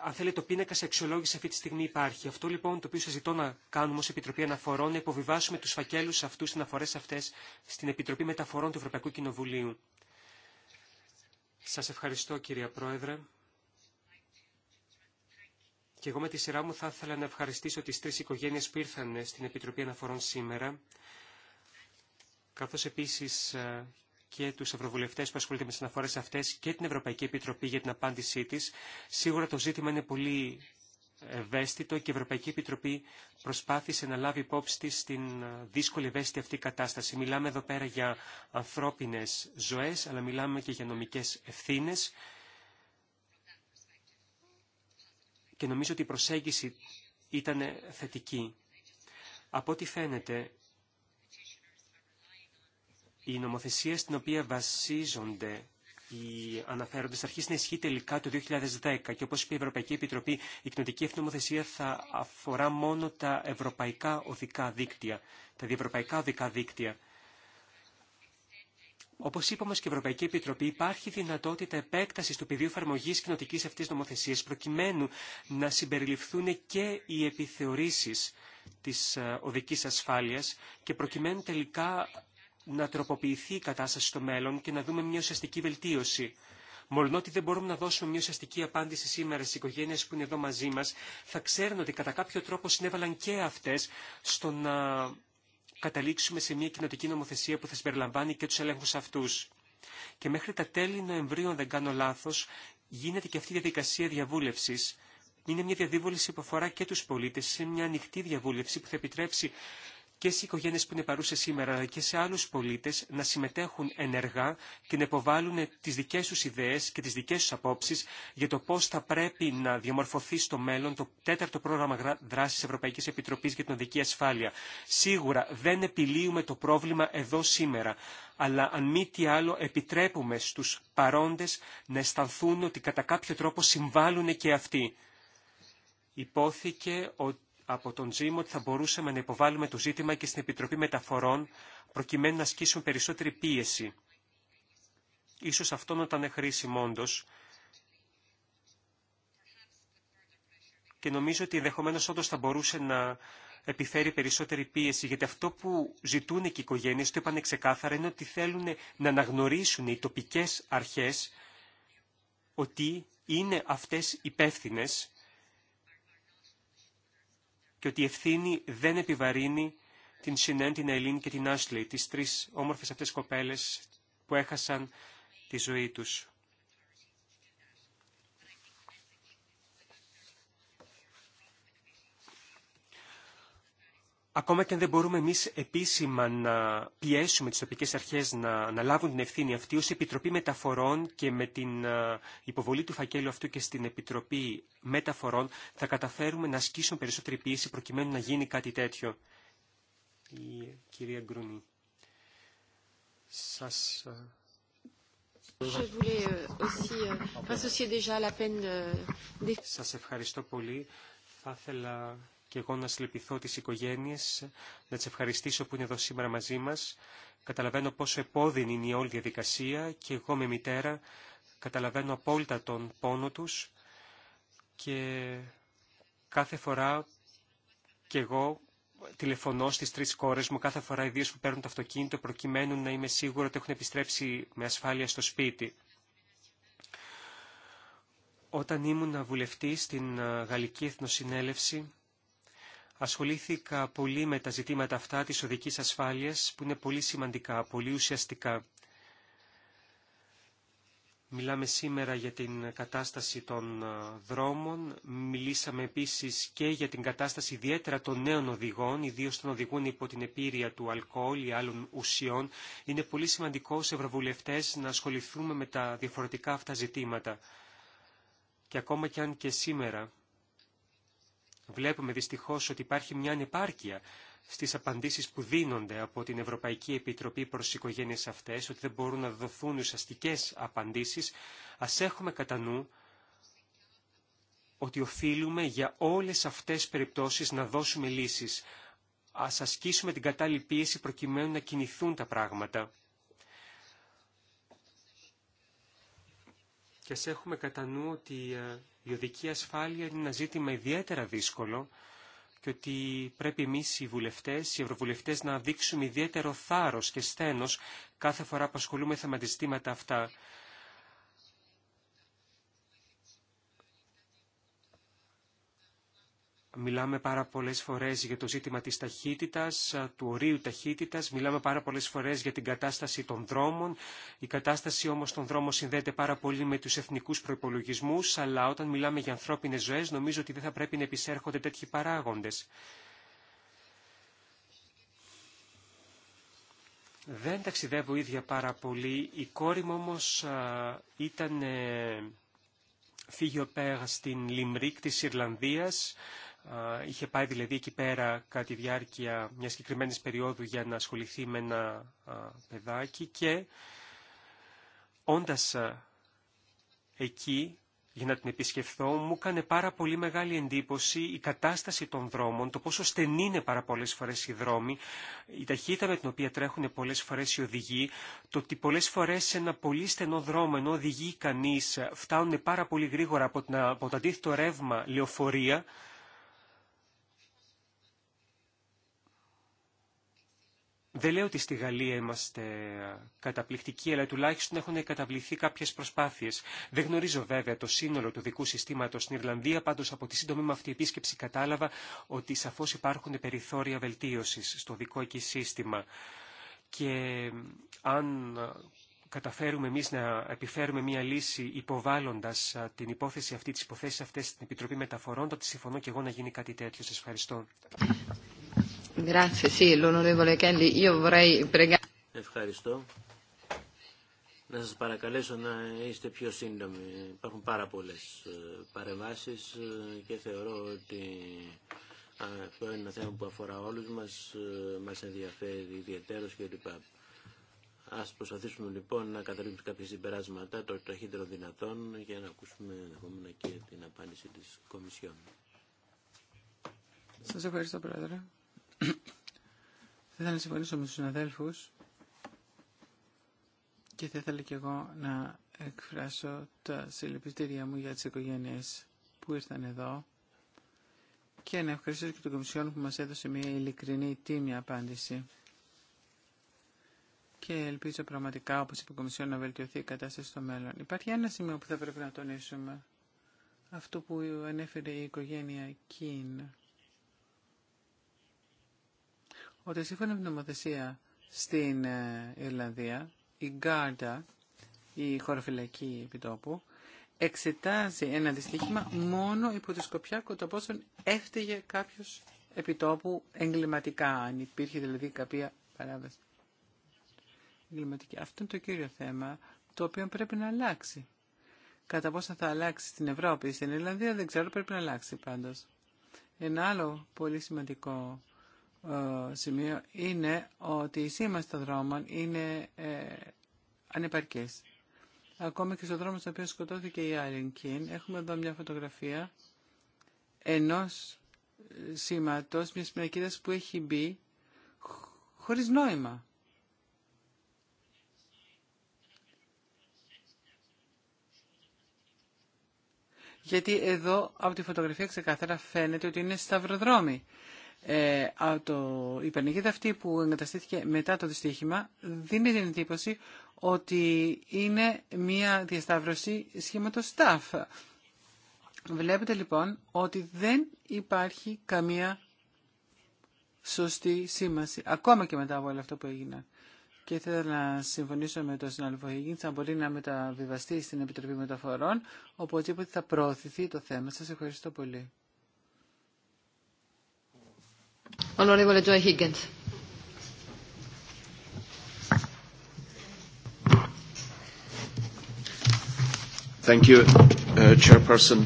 αν θέλετε, το πίνακα αξιολόγηση αυτή τη στιγμή υπάρχει. Αυτό λοιπόν το οποίο σα ζητώ να κάνουμε ω Επιτροπή Αναφορών, να υποβιβάσουμε του φακέλου αυτού, τι αναφορέ αυτέ, στην Επιτροπή Μεταφορών του Ευρωπαϊκού Κοινοβουλίου. Σα ευχαριστώ, κυρία Πρόεδρε. Και εγώ με τη σειρά μου θα ήθελα να ευχαριστήσω τι τρει οικογένειε που ήρθαν στην Επιτροπή Αναφορών σήμερα, καθώ επίση ε, και του Ευρωβουλευτέ που ασχολούνται με τι αναφορέ αυτέ και την Ευρωπαϊκή Επιτροπή για την απάντησή τη. Σίγουρα το ζήτημα είναι πολύ ευαίσθητο και η Ευρωπαϊκή Επιτροπή προσπάθησε να λάβει υπόψη τη την δύσκολη ευαίσθητη αυτή κατάσταση. Μιλάμε εδώ πέρα για ανθρώπινες ζωές, αλλά μιλάμε και για νομικέ ευθύνες. Και νομίζω ότι η προσέγγιση ήταν θετική. Από ό,τι φαίνεται, η νομοθεσία στην οποία βασίζονται οι αναφέροντες θα αρχίσει να ισχύει τελικά το 2010 και όπως είπε η Ευρωπαϊκή Επιτροπή η κοινωτική αυτή νομοθεσία θα αφορά μόνο τα ευρωπαϊκά οδικά δίκτυα, τα διευρωπαϊκά οδικά δίκτυα. Όπω είπα όμω και η Ευρωπαϊκή Επιτροπή, υπάρχει δυνατότητα επέκταση του πεδίου εφαρμογή κοινοτική αυτή νομοθεσία, προκειμένου να συμπεριληφθούν και οι επιθεωρήσει τη ε, οδική ασφάλεια και προκειμένου τελικά να τροποποιηθεί η κατάσταση στο μέλλον και να δούμε μια ουσιαστική βελτίωση. ότι δεν μπορούμε να δώσουμε μια ουσιαστική απάντηση σήμερα στι οικογένειε που είναι εδώ μαζί μα, θα ξέρουν ότι κατά κάποιο τρόπο συνέβαλαν και αυτέ στο να καταλήξουμε σε μια κοινοτική νομοθεσία που θα συμπεριλαμβάνει και του ελέγχου αυτού. Και μέχρι τα τέλη Νοεμβρίου, αν δεν κάνω λάθο, γίνεται και αυτή η διαδικασία διαβούλευση. Είναι μια διαβούλευση που αφορά και του πολίτε. Είναι μια ανοιχτή διαβούλευση που θα επιτρέψει και σε οικογένειε που είναι παρούσε σήμερα, αλλά και σε άλλου πολίτε να συμμετέχουν ενεργά και να υποβάλουν τι δικέ του ιδέε και τι δικέ του απόψει για το πώ θα πρέπει να διαμορφωθεί στο μέλλον το τέταρτο πρόγραμμα δράσης Ευρωπαϊκή Επιτροπή για την Οδική Ασφάλεια. Σίγουρα δεν επιλύουμε το πρόβλημα εδώ σήμερα, αλλά αν μη τι άλλο επιτρέπουμε στου παρόντε να αισθανθούν ότι κατά κάποιο τρόπο συμβάλλουν και αυτοί. Υπόθηκε ότι από τον Τζίμ ότι θα μπορούσαμε να υποβάλουμε το ζήτημα και στην Επιτροπή Μεταφορών προκειμένου να ασκήσουν περισσότερη πίεση. Ίσως αυτό να ήταν χρήσιμο όντω. Και νομίζω ότι ενδεχομένω όντω θα μπορούσε να επιφέρει περισσότερη πίεση, γιατί αυτό που ζητούν και οι οικογένειε το είπαν ξεκάθαρα, είναι ότι θέλουν να αναγνωρίσουν οι τοπικέ αρχέ ότι είναι αυτές υπεύθυνε και ότι η ευθύνη δεν επιβαρύνει την Σινέν, την και την Άσλι, τις τρεις όμορφες αυτές κοπέλες που έχασαν τη ζωή τους. Ακόμα και αν δεν μπορούμε εμεί επίσημα να πιέσουμε τις τοπικέ αρχές να, να λάβουν την ευθύνη αυτή ω Επιτροπή Μεταφορών και με την ε, υποβολή του φακέλου αυτού και στην Επιτροπή Μεταφορών θα καταφέρουμε να ασκήσουμε περισσότερη πίεση προκειμένου να γίνει κάτι τέτοιο. Η ε, κυρία Γκρουνή. ευχαριστώ πολύ. Θα ήθελα και εγώ να συλληπιθώ τις οικογένειες, να τις ευχαριστήσω που είναι εδώ σήμερα μαζί μας. Καταλαβαίνω πόσο επώδυνη είναι η όλη διαδικασία και εγώ με μητέρα καταλαβαίνω απόλυτα τον πόνο τους και κάθε φορά και εγώ τηλεφωνώ στις τρεις κόρες μου κάθε φορά δύο που παίρνουν το αυτοκίνητο προκειμένου να είμαι σίγουρο ότι έχουν επιστρέψει με ασφάλεια στο σπίτι. Όταν ήμουν βουλευτή στην ε, Γαλλική Εθνοσυνέλευση ασχολήθηκα πολύ με τα ζητήματα αυτά της οδικής ασφάλειας που είναι πολύ σημαντικά, πολύ ουσιαστικά. Μιλάμε σήμερα για την κατάσταση των ε, δρόμων, μιλήσαμε επίσης και για την κατάσταση ιδιαίτερα των νέων οδηγών, ιδίως των οδηγών υπό την επίρρεια του αλκοόλ ή άλλων ουσιών. Είναι πολύ σημαντικό ως ευρωβουλευτές να ασχοληθούμε με τα διαφορετικά αυτά ζητήματα. Και ακόμα και αν και σήμερα Βλέπουμε δυστυχώς ότι υπάρχει μια ανεπάρκεια στις απαντήσεις που δίνονται από την Ευρωπαϊκή Επιτροπή προς οικογένειες αυτές, ότι δεν μπορούν να δοθούν ουσιαστικέ απαντήσεις. Ας έχουμε κατά νου ότι οφείλουμε για όλες αυτές τις περιπτώσεις να δώσουμε λύσεις. Ας ασκήσουμε την κατάλληλη πίεση προκειμένου να κινηθούν τα πράγματα. Και ας έχουμε κατά νου ότι ε, η οδική ασφάλεια είναι ένα ζήτημα ιδιαίτερα δύσκολο και ότι πρέπει εμείς οι βουλευτές, οι ευρωβουλευτές να δείξουμε ιδιαίτερο θάρρος και σθένος κάθε φορά που ασχολούμε με αυτά. Μιλάμε πάρα πολλές φορές για το ζήτημα της ταχύτητας, του ορίου ταχύτητας, μιλάμε πάρα πολλές φορές για την κατάσταση των δρόμων. Η κατάσταση όμως των δρόμων συνδέεται πάρα πολύ με τους εθνικούς προϋπολογισμούς, αλλά όταν μιλάμε για ανθρώπινες ζωές νομίζω ότι δεν θα πρέπει να επισέρχονται τέτοιοι παράγοντες. Δεν ταξιδεύω ίδια πάρα πολύ. Η κόρη μου όμως ήταν ε, φύγιο πέρα στην Λιμρίκ της Ιρλανδίας είχε πάει δηλαδή εκεί πέρα κατά τη διάρκεια μια συγκεκριμένη περίοδου για να ασχοληθεί με ένα παιδάκι και όντας εκεί για να την επισκεφθώ, μου έκανε πάρα πολύ μεγάλη εντύπωση η κατάσταση των δρόμων, το πόσο στενή είναι πάρα πολλές φορές οι δρόμοι, η ταχύτητα με την οποία τρέχουν πολλές φορές οι οδηγοί, το ότι πολλές φορές σε ένα πολύ στενό δρόμο, ενώ οδηγεί κανείς, φτάνουν πάρα πολύ γρήγορα από το αντίθετο ρεύμα λεωφορεία, Δεν λέω ότι στη Γαλλία είμαστε καταπληκτικοί, αλλά τουλάχιστον έχουν καταβληθεί κάποιες προσπάθειες. Δεν γνωρίζω βέβαια το σύνολο του δικού συστήματος στην Ιρλανδία, πάντως από τη σύντομη με αυτή η επίσκεψη κατάλαβα ότι σαφώς υπάρχουν περιθώρια βελτίωσης στο δικό εκεί σύστημα. Και αν καταφέρουμε εμείς να επιφέρουμε μια λύση υποβάλλοντας την υπόθεση αυτή, τις υποθέσεις αυτές στην Επιτροπή Μεταφορών, τότε συμφωνώ και εγώ να γίνει κάτι τέτοιο. Σας ευχαριστώ. Ευχαριστώ. Να σας παρακαλέσω να είστε πιο σύντομοι. Υπάρχουν πάρα πολλές ε, παρεμβάσεις ε, και θεωρώ ότι αυτό είναι ένα θέμα που αφορά όλους μας, ε, μας ενδιαφέρει ιδιαίτερος κλπ. Ας προσπαθήσουμε λοιπόν να καταλήξουμε κάποια συμπεράσματα το ταχύτερο δυνατόν για να ακούσουμε ενδεχόμενα και την απάντηση της Κομισιόν. Σας ευχαριστώ Πρόεδρε. Θα ήθελα να συμφωνήσω με τους συναδέλφους και θα ήθελα και εγώ να εκφράσω τα συλληπιτήριά μου για τις οικογένειες που ήρθαν εδώ και να ευχαριστήσω και τον Κομισιόν που μας έδωσε μια ειλικρινή τίμια απάντηση. Και ελπίζω πραγματικά, όπω είπε η Κομισιόν, να βελτιωθεί η κατάσταση στο μέλλον. Υπάρχει ένα σημείο που θα πρέπει να τονίσουμε. Αυτό που ανέφερε η οικογένεια Κίν ότι σύμφωνα με την νομοθεσία στην ε, Ιρλανδία, η Γκάρντα, η χωροφυλακή επιτόπου, εξετάζει ένα δυστύχημα μόνο υπό τη σκοπιά κατά πόσον έφταιγε κάποιος επιτόπου εγκληματικά, αν υπήρχε δηλαδή κάποια παράβαση. Εγκληματική. Αυτό είναι το κύριο θέμα, το οποίο πρέπει να αλλάξει. Κατά πόσο θα αλλάξει στην Ευρώπη ή στην Ιρλανδία δεν ξέρω, πρέπει να αλλάξει πάντως. Ένα άλλο πολύ σημαντικό ε, σημείο είναι ότι οι σήμανση των δρόμων είναι ε, ανεπαρκής. Ακόμη και στο δρόμο στον οποίο σκοτώθηκε η Άριν Κιν, έχουμε εδώ μια φωτογραφία ενός σήματος, μιας πινακίδας που έχει μπει χωρίς νόημα. Γιατί εδώ από τη φωτογραφία ξεκάθαρα φαίνεται ότι είναι σταυροδρόμοι. Ε, η πανηγίδα αυτή που εγκαταστήθηκε μετά το δυστύχημα δίνει την εντύπωση ότι είναι μια διασταύρωση σχήματος staff. Βλέπετε λοιπόν ότι δεν υπάρχει καμία σωστή σήμαση, ακόμα και μετά από όλα αυτό που έγινε. Και θέλω να συμφωνήσω με τον συνάδελφο Higgins, αν μπορεί να μεταβιβαστεί στην Επιτροπή Μεταφορών, οπότε θα προωθηθεί το θέμα. Σας ευχαριστώ πολύ. Onorevole Joy Higgins. Thank you, uh, Chairperson.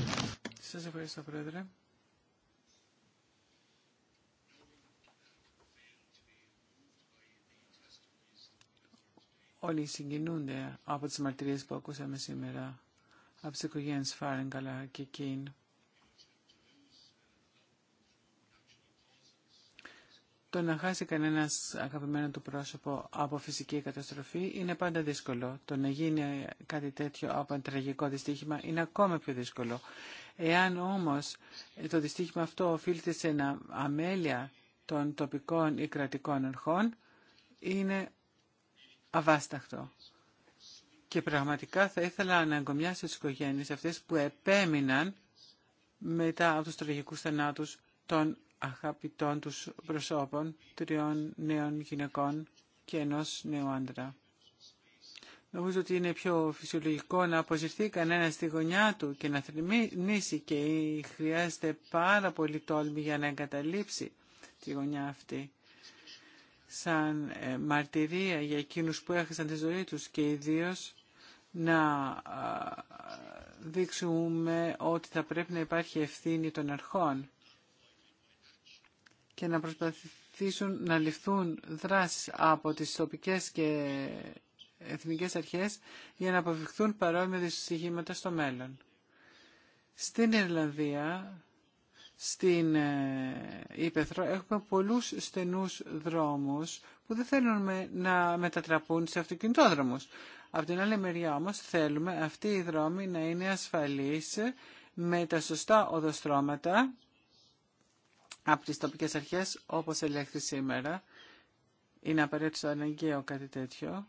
Σας ευχαριστώ, Πρόεδρε. Όλοι συγκινούνται από τις μαρτυρίες που ακούσαμε σήμερα από τις οικογένειες Φάρεν, αλλά και εκείν Το να χάσει κανένας αγαπημένο του πρόσωπο από φυσική καταστροφή είναι πάντα δύσκολο. Το να γίνει κάτι τέτοιο από ένα τραγικό δυστύχημα είναι ακόμα πιο δύσκολο. Εάν όμως το δυστύχημα αυτό οφείλεται σε ένα αμέλεια των τοπικών ή κρατικών αρχών, είναι αβάσταχτο. Και πραγματικά θα ήθελα να εγκομιάσω τις οικογένειες αυτές που επέμειναν μετά από τους τραγικούς θανάτους των αγαπητών τους προσώπων τριών νέων γυναικών και ενός νέου άντρα. Νομίζω ότι είναι πιο φυσιολογικό να αποζηθεί κανένα στη γωνιά του και να θρυμνήσει και χρειάζεται πάρα πολύ τόλμη για να εγκαταλείψει τη γωνιά αυτή. Σαν ε, μαρτυρία για εκείνους που έχασαν τη ζωή τους και ιδίως να δείξουμε ότι θα πρέπει να υπάρχει ευθύνη των αρχών και να προσπαθήσουν να ληφθούν δράσεις από τις τοπικές και εθνικές αρχές για να αποφευχθούν παρόμοια δυστυχήματα στο μέλλον. Στην Ιρλανδία, στην ε, Ήπεθρο, έχουμε πολλούς στενούς δρόμους που δεν θέλουν να μετατραπούν σε αυτοκινητόδρομους. Από την άλλη μεριά όμως θέλουμε αυτοί οι δρόμοι να είναι ασφαλείς με τα σωστά οδοστρώματα από τις τοπικές αρχές, όπως ελέγχθη σήμερα. Είναι απαραίτητο αναγκαίο κάτι τέτοιο.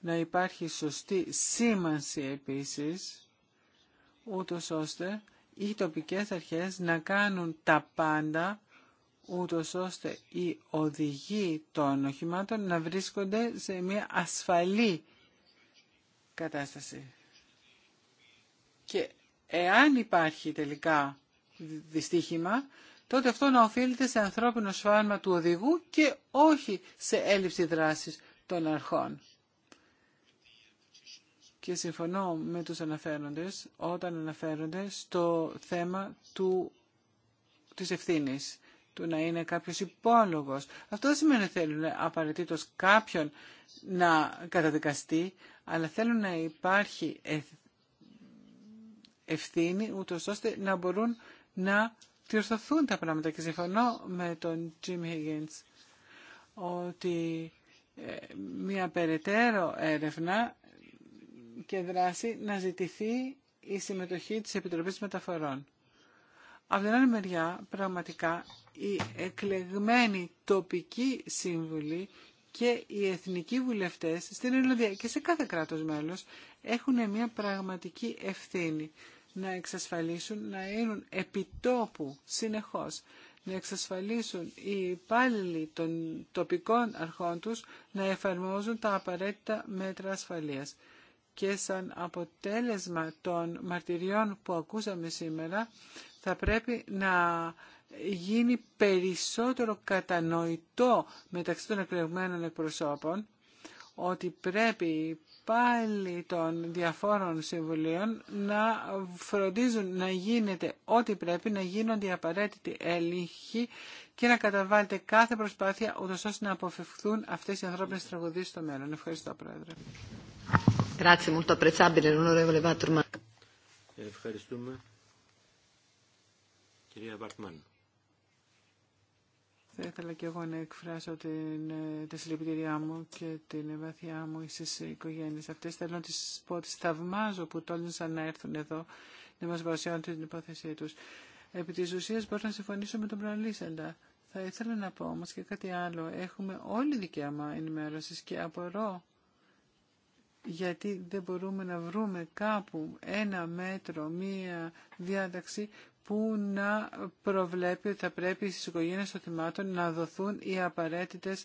Να υπάρχει σωστή σήμανση επίσης, ούτως ώστε οι τοπικές αρχές να κάνουν τα πάντα ούτως ώστε οι οδηγοί των οχημάτων να βρίσκονται σε μια ασφαλή κατάσταση. Και εάν υπάρχει τελικά δυστύχημα, τότε αυτό να οφείλεται σε ανθρώπινο σφάλμα του οδηγού και όχι σε έλλειψη δράσης των αρχών. Και συμφωνώ με τους αναφέροντες όταν αναφέρονται στο θέμα του, της ευθύνης του να είναι κάποιος υπόλογος. Αυτό δεν σημαίνει ότι θέλουν απαραίτητο κάποιον να καταδικαστεί, αλλά θέλουν να υπάρχει ευθύνη, ούτως ώστε να μπορούν να διορθωθούν τα πράγματα και συμφωνώ με τον Τζιμ Higgins ότι ε, μια περαιτέρω έρευνα και δράση να ζητηθεί η συμμετοχή της Επιτροπής Μεταφορών. Από την άλλη μεριά, πραγματικά, οι εκλεγμένοι τοπικοί σύμβουλοι και οι εθνικοί βουλευτές στην Ελλοδία και σε κάθε κράτος μέλος έχουν μια πραγματική ευθύνη να εξασφαλίσουν να είναι επιτόπου συνεχώς, να εξασφαλίσουν οι υπάλληλοι των τοπικών αρχών τους να εφαρμόζουν τα απαραίτητα μέτρα ασφαλείας. Και σαν αποτέλεσμα των μαρτυριών που ακούσαμε σήμερα, θα πρέπει να γίνει περισσότερο κατανοητό μεταξύ των εκλεγμένων εκπροσώπων ότι πρέπει πάλι των διαφόρων συμβουλίων να φροντίζουν να γίνεται ό,τι πρέπει, να γίνονται οι απαραίτητοι έλεγχοι και να καταβάλλεται κάθε προσπάθεια ούτως ώστε να αποφευχθούν αυτές οι ανθρώπινες τραγωδίε στο μέλλον. Ευχαριστώ, Πρόεδρε. Ευχαριστούμε. Κυρία Βαρτμάν. Θα ήθελα και εγώ να εκφράσω την, ε, τα συλληπιτήριά μου και την ευαθιά μου στι οικογένειες αυτές. Θέλω να τις πω ότι θαυμάζω που τόλμησαν να έρθουν εδώ να μας παρουσιάσουν την υπόθεσή τους. Επί της ουσίας μπορώ να συμφωνήσω με τον προαλήσαντα. Θα ήθελα να πω όμως και κάτι άλλο. Έχουμε όλοι δικαίωμα ενημέρωση και απορώ γιατί δεν μπορούμε να βρούμε κάπου ένα μέτρο, μία διάταξη που να προβλέπει ότι θα πρέπει στις οικογένειες των θυμάτων να δοθούν οι απαραίτητες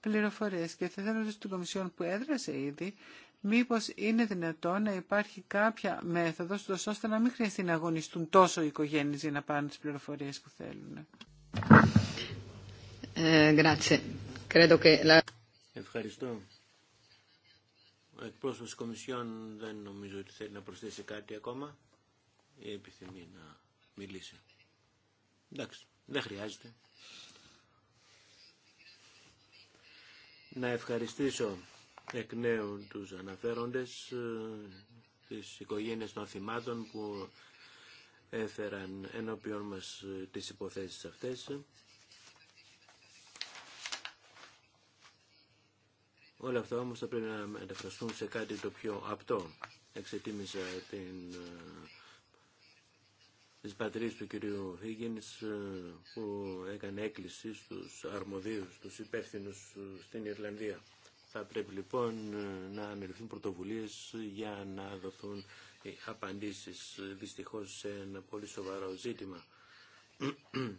πληροφορίες. Και θα ήθελα να ρωτήσω την Κομισιόν που έδρασε ήδη, μήπως είναι δυνατόν να υπάρχει κάποια μέθοδος ώστε να μην χρειαστεί να αγωνιστούν τόσο οι οικογένειες για να πάρουν τις πληροφορίες που θέλουν. Ε, Ευχαριστώ. Ο εκπρόσωπος της Κομισιόν δεν νομίζω ότι θέλει να προσθέσει κάτι ακόμα. Η επιθυμεί να Εντάξει, δεν χρειάζεται. Να ευχαριστήσω εκ νέου τους αναφέροντες ε, τις οικογένειες των θυμάτων που έφεραν ενώπιον μας ε, τις υποθέσεις αυτές. Όλα αυτά όμως θα πρέπει να μεταφραστούν σε κάτι το πιο απτό. Εξετίμησα την ε, της πατρίς του κυρίου Higgins ε, που έκανε έκκληση στους αρμοδίους, στους υπεύθυνους ε, στην Ιρλανδία. Θα πρέπει λοιπόν ε, να αναλυθούν πρωτοβουλίες για να δοθούν απαντήσεις δυστυχώς σε ένα πολύ σοβαρό ζήτημα. [CLEARS THROAT]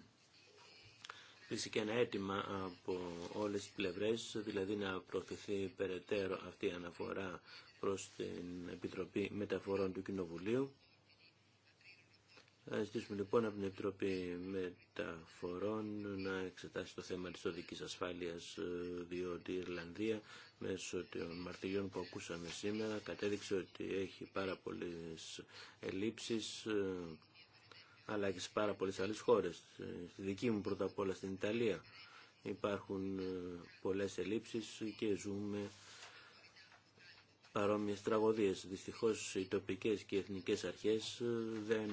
Φυσικά ένα αίτημα από όλες τις πλευρές, δηλαδή να προωθηθεί περαιτέρω αυτή η αναφορά προς την Επιτροπή Μεταφορών του Κοινοβουλίου Ζητήσουμε λοιπόν από την Επιτροπή Μεταφορών να εξετάσει το θέμα της οδικής ασφάλειας, ε, διότι η Ιρλανδία μέσω των μαρτυριών που ακούσαμε σήμερα κατέδειξε ότι έχει πάρα πολλές ελλείψεις, ε, αλλά και σε πάρα πολλές άλλες χώρες. Ε, στη δική μου πρώτα απ' όλα στην Ιταλία υπάρχουν πολλές ελλείψεις και ζούμε παρόμοιες τραγωδίες. Δυστυχώς οι τοπικές και οι εθνικές αρχές δεν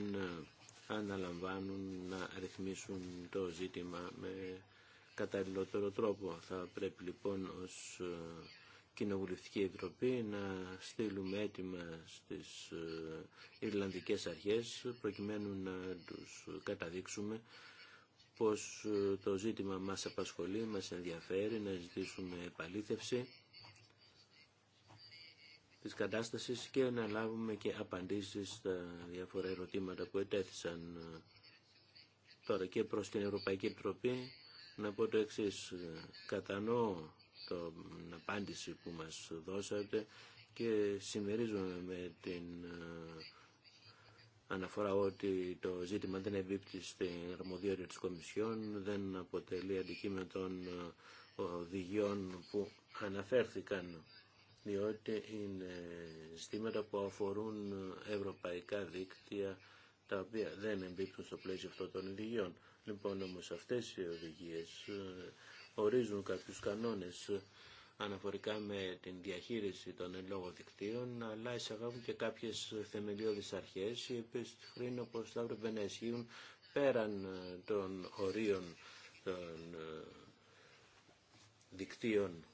αναλαμβάνουν να ρυθμίσουν το ζήτημα με καταλληλότερο τρόπο. Θα πρέπει λοιπόν ως ε, Κοινοβουλευτική Επιτροπή να στείλουμε έτοιμα στις ε, Ιρλανδικές Αρχές προκειμένου να τους καταδείξουμε πως ε, το ζήτημα μας απασχολεί, μας ενδιαφέρει, να ζητήσουμε επαλήθευση της κατάστασης και να λάβουμε και απαντήσεις στα διάφορα ερωτήματα που ετέθησαν ε, τώρα και προς την Ευρωπαϊκή Επιτροπή. Να πω το εξή ε, κατανοώ την απάντηση που μας δώσατε και συμμερίζομαι με την ε, αναφορά ότι το ζήτημα δεν εμπίπτει στην αρμοδιότητα της Κομισιόν, δεν αποτελεί αντικείμενο των οδηγιών που αναφέρθηκαν διότι είναι στήματα που αφορούν ευρωπαϊκά δίκτυα τα οποία δεν εμπίπτουν στο πλαίσιο αυτών των οδηγιών. Λοιπόν όμως αυτές οι οδηγίες ε, ορίζουν κάποιους κανόνες ε, αναφορικά με την διαχείριση των εν λόγω δικτύων, αλλά εισαγάγουν και κάποιες θεμελιώδεις αρχές, οι οποίες χρήνουν όπως θα έπρεπε να ισχύουν πέραν ε, των ορίων των δικτύων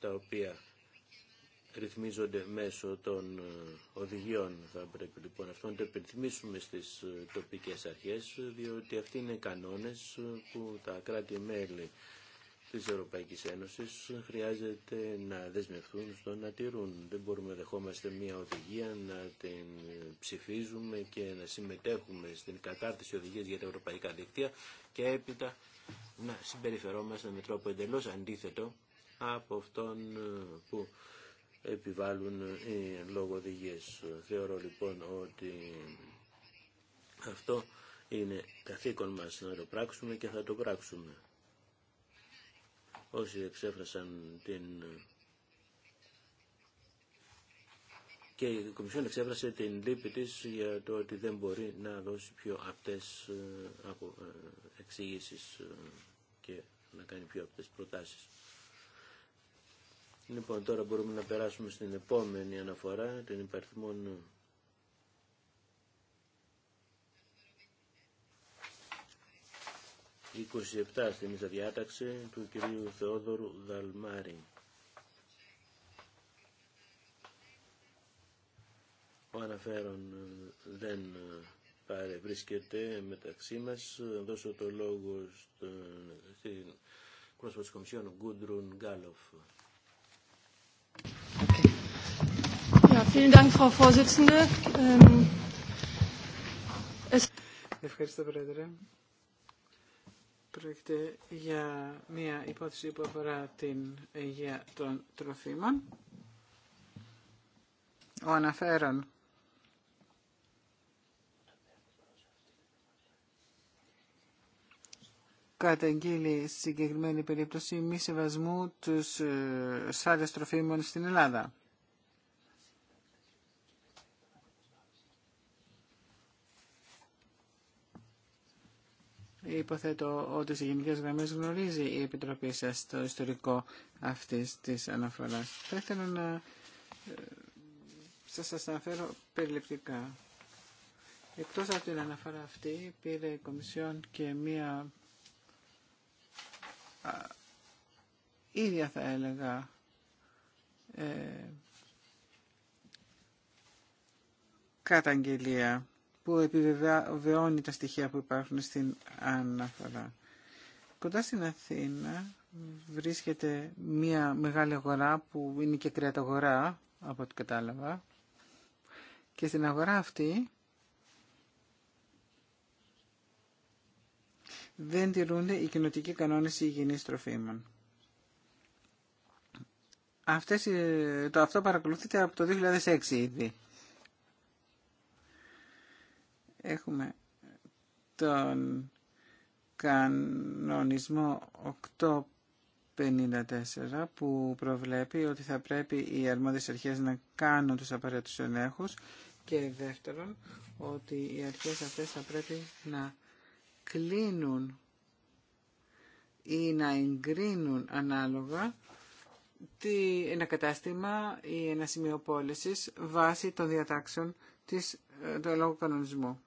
τα οποία ρυθμίζονται μέσω των ε, οδηγιών. Θα πρέπει λοιπόν αυτό να το στις ε, τοπικές αρχές, διότι αυτοί είναι κανόνες ε, που τα κράτη-μέλη της Ευρωπαϊκής Ένωσης χρειάζεται να δεσμευτούν στο να τηρούν. Δεν μπορούμε να δεχόμαστε μια οδηγία να την ψηφίζουμε και να συμμετέχουμε στην κατάρτιση οδηγίας για τα ευρωπαϊκά δικτύα και έπειτα να συμπεριφερόμαστε με τρόπο εντελώς αντίθετο από αυτόν που επιβάλλουν οι ε, λόγω Θεωρώ λοιπόν ότι αυτό είναι καθήκον μας να το πράξουμε και θα το πράξουμε. Όσοι εξέφρασαν την... Και η Κομισιόν εξέφρασε την λύπη της για το ότι δεν μπορεί να δώσει πιο απτές ε, ε, εξηγήσεις και να κάνει πιο απτές προτάσεις. Λοιπόν, τώρα μπορούμε να περάσουμε στην επόμενη αναφορά, την υπαριθμόν 27 στην ίδια διάταξη του κυρίου Θεόδωρου Δαλμάρη. Ο αναφέρον ε, δεν ε, παρευρίσκεται μεταξύ μας. Δώσω το λόγο στην πρόσφατη Κομισιόν Γκούντρουν Γκάλοφ. Ähm, Ευχαριστώ, Πρόεδρε. Πρόκειται για μια υπόθεση που αφορά την υγεία των τροφίμων. Ο αναφέρον καταγγείλει συγκεκριμένη περίπτωση μη σεβασμού τους ε, σάδες τροφίμων στην Ελλάδα. Υποθέτω ότι σε γενικέ γραμμέ γνωρίζει η Επιτροπή σα το ιστορικό αυτή τη αναφορά. Θα ήθελα να ε, σα αναφέρω περιληπτικά. Εκτό από την αναφορά αυτή, πήρε η Κομισιόν και μία ίδια θα έλεγα ε, καταγγελία που επιβεβαιώνει τα στοιχεία που υπάρχουν στην αναφορά. Κοντά στην Αθήνα βρίσκεται μια μεγάλη αγορά που είναι και κρεατογορά, από ό,τι κατάλαβα και στην αγορά αυτή δεν τηρούνται οι κοινοτικοί κανόνες υγιεινής τροφίμων. Αυτές, ε, το αυτό παρακολουθείται από το 2006 ήδη. Έχουμε τον κανονισμό 854 που προβλέπει ότι θα πρέπει οι αρμόδιες αρχές να κάνουν τους απαραίτητους ενέχους και δεύτερον ότι οι αρχές αυτές θα πρέπει να κλείνουν ή να εγκρίνουν ανάλογα τι, ένα κατάστημα ή ένα σημείο πώληση βάσει των διατάξεων της, ε, του λόγου κανονισμού.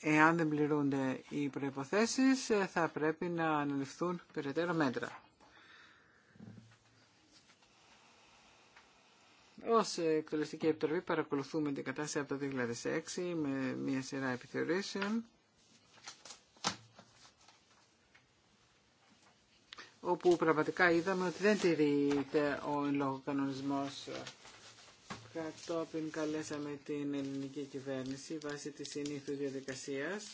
Εάν δεν πληρούνται οι προϋποθέσεις, ε, θα πρέπει να αναλυφθούν περαιτέρω μέτρα. Ως Εκτελεστική Επιτροπή παρακολουθούμε την κατάσταση από το 2006 με μια σειρά επιθεωρήσεων όπου πραγματικά είδαμε ότι δεν τηρείται ο λόγω κανονισμός. Κατόπιν καλέσαμε την ελληνική κυβέρνηση βάσει της συνήθου διαδικασίας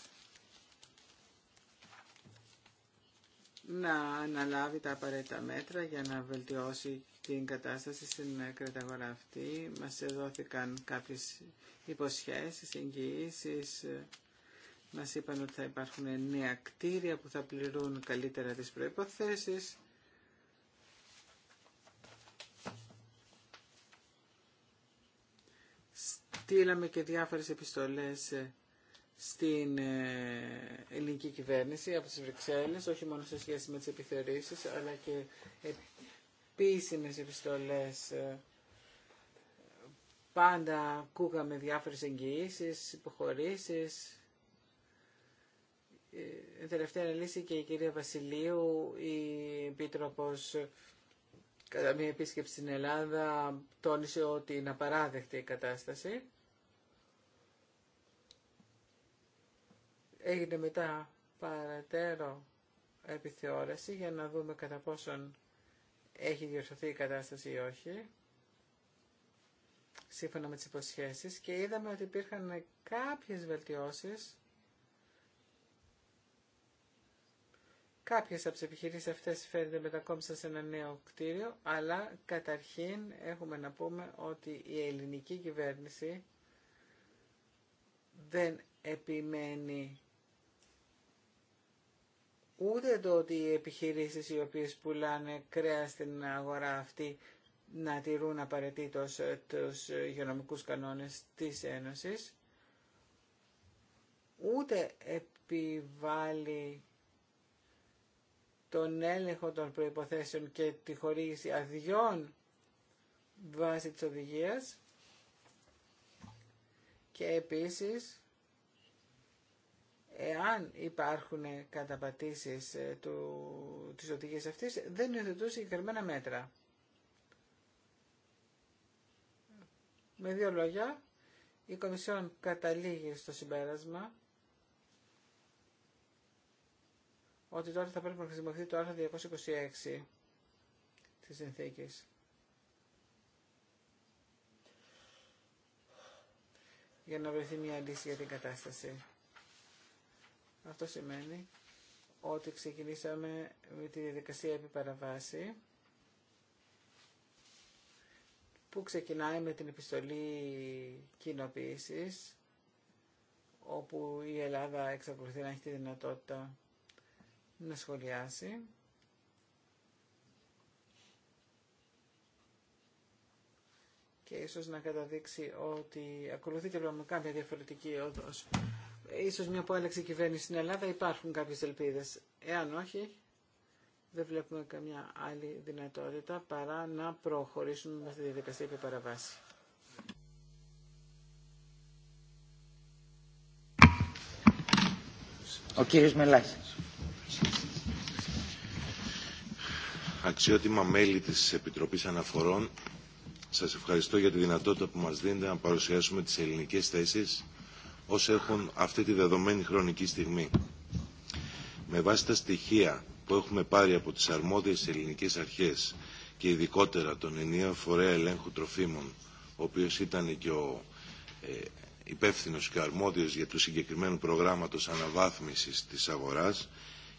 να αναλάβει τα απαραίτητα μέτρα για να βελτιώσει την κατάσταση στην κρεταγορά αυτή. Μας δόθηκαν κάποιες υποσχέσεις, εγγυήσεις. Μας είπαν ότι θα υπάρχουν νέα κτίρια που θα πληρούν καλύτερα τις προϋποθέσεις. Στείλαμε και διάφορες επιστολές στην ε, ελληνική κυβέρνηση από τις Βρυξέλλες, όχι μόνο σε σχέση με τις επιθεωρήσεις, αλλά και επίσημες επιστολές. Ε, πάντα ακούγαμε διάφορες εγγυήσεις, υποχωρήσεις. Η ε, τελευταία λύση και η κυρία Βασιλείου, η Επίτροπος κατά μία επίσκεψη στην Ελλάδα, τόνισε ότι είναι απαράδεκτη η κατάσταση. Έγινε μετά παρατέρω επιθεώρηση για να δούμε κατά πόσον έχει διορθωθεί η κατάσταση ή όχι, σύμφωνα με τις υποσχέσεις, και είδαμε ότι υπήρχαν κάποιες βελτιώσεις, Κάποιες από τις επιχειρήσεις αυτές φαίνεται μετακόμισαν σε ένα νέο κτίριο, αλλά καταρχήν έχουμε να πούμε ότι η ελληνική κυβέρνηση δεν επιμένει ούτε το ότι οι επιχειρήσεις οι οποίες πουλάνε κρέα στην αγορά αυτή να τηρούν απαραίτητο ε, τους ε, υγειονομικούς κανόνες της Ένωσης, ούτε επιβάλλει τον έλεγχο των προϋποθέσεων και τη χορήγηση αδειών βάσει της οδηγίας και επίσης εάν υπάρχουν καταπατήσεις ε, του, της οδηγίας αυτής, δεν υιοθετούν συγκεκριμένα μέτρα. Με δύο λόγια, η Κομισιόν καταλήγει στο συμπέρασμα ότι τώρα θα πρέπει να χρησιμοποιηθεί το άρθρο 226 της συνθήκης. για να βρεθεί μια λύση για την κατάσταση. Αυτό σημαίνει ότι ξεκινήσαμε με τη διαδικασία επιπαραβάση που ξεκινάει με την επιστολή κοινοποίηση όπου η Ελλάδα εξακολουθεί να έχει τη δυνατότητα να σχολιάσει. και ίσως να καταδείξει ότι ακολουθεί με κάποια διαφορετική όδος ίσως μια που άλλαξε η κυβέρνηση στην Ελλάδα υπάρχουν κάποιες ελπίδες. Εάν όχι, δεν βλέπουμε καμιά άλλη δυνατότητα παρά να προχωρήσουμε με τη διαδικασία επί παραβάση. Ο κύριος Μελάς. Αξιότιμα μέλη της Επιτροπής Αναφορών, σας ευχαριστώ για τη δυνατότητα που μας δίνετε να παρουσιάσουμε τις ελληνικές θέσεις όσοι έχουν αυτή τη δεδομένη χρονική στιγμή. Με βάση τα στοιχεία που έχουμε πάρει από τις αρμόδιες ελληνικές αρχές και ειδικότερα τον ενιαίο φορέα ελέγχου τροφίμων, ο οποίος ήταν και ο ε, υπεύθυνος και αρμόδιος για του συγκεκριμένου προγράμματος αναβάθμισης της αγοράς,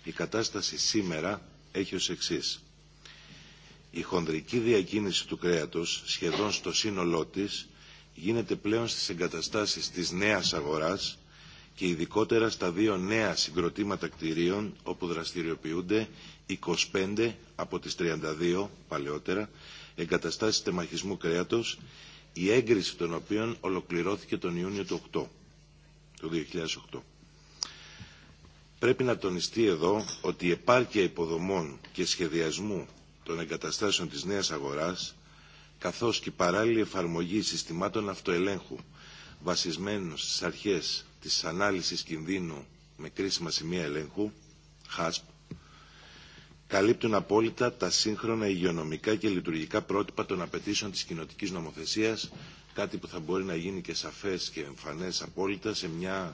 η κατάσταση σήμερα έχει ως εξής. Η χονδρική διακίνηση του κρέατος σχεδόν στο σύνολό της γίνεται πλέον στις εγκαταστάσεις της νέας αγοράς και ειδικότερα στα δύο νέα συγκροτήματα κτηρίων όπου δραστηριοποιούνται 25 από τις 32 παλαιότερα εγκαταστάσεις τεμαχισμού κρέατος η έγκριση των οποίων ολοκληρώθηκε τον Ιούνιο του 8, το 2008. Πρέπει να τονιστεί εδώ ότι η επάρκεια υποδομών και σχεδιασμού των εγκαταστάσεων της νέας αγοράς καθώς και η παράλληλη εφαρμογή συστημάτων αυτοελέγχου βασισμένου στις αρχές της ανάλυσης κινδύνου με κρίσιμα σημεία ελέγχου, HASP, καλύπτουν απόλυτα τα σύγχρονα υγειονομικά και λειτουργικά πρότυπα των απαιτήσεων της κοινοτική νομοθεσίας, κάτι που θα μπορεί να γίνει και σαφές και εμφανές απόλυτα σε μια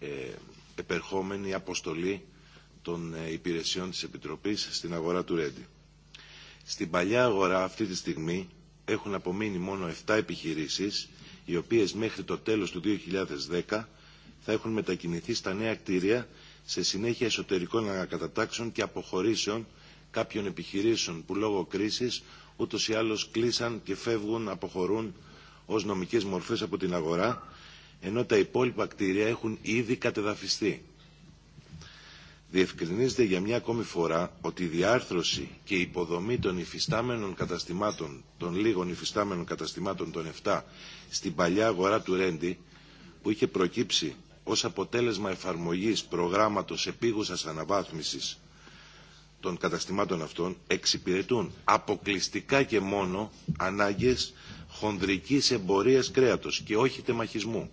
ε, επερχόμενη αποστολή των ε, υπηρεσιών της Επιτροπής στην αγορά του Ρέντι. Στην παλιά αγορά αυτή τη στιγμή έχουν απομείνει μόνο 7 επιχειρήσεις, οι οποίες μέχρι το τέλος του 2010 θα έχουν μετακινηθεί στα νέα κτίρια σε συνέχεια εσωτερικών ανακατατάξεων και αποχωρήσεων κάποιων επιχειρήσεων που λόγω κρίσης ούτως ή άλλως κλείσαν και φεύγουν, αποχωρούν ως νομικές μορφές από την αγορά, ενώ τα υπόλοιπα κτίρια έχουν ήδη κατεδαφιστεί διευκρινίζεται για μια ακόμη φορά ότι η διάρθρωση και η υποδομή των υφιστάμενων καταστημάτων, των λίγων υφιστάμενων καταστημάτων των 7 στην παλιά αγορά του Ρέντι, που είχε προκύψει ως αποτέλεσμα εφαρμογής προγράμματος επίγουσας αναβάθμισης των καταστημάτων αυτών, εξυπηρετούν αποκλειστικά και μόνο ανάγκες χονδρικής εμπορίας κρέατος και όχι τεμαχισμού.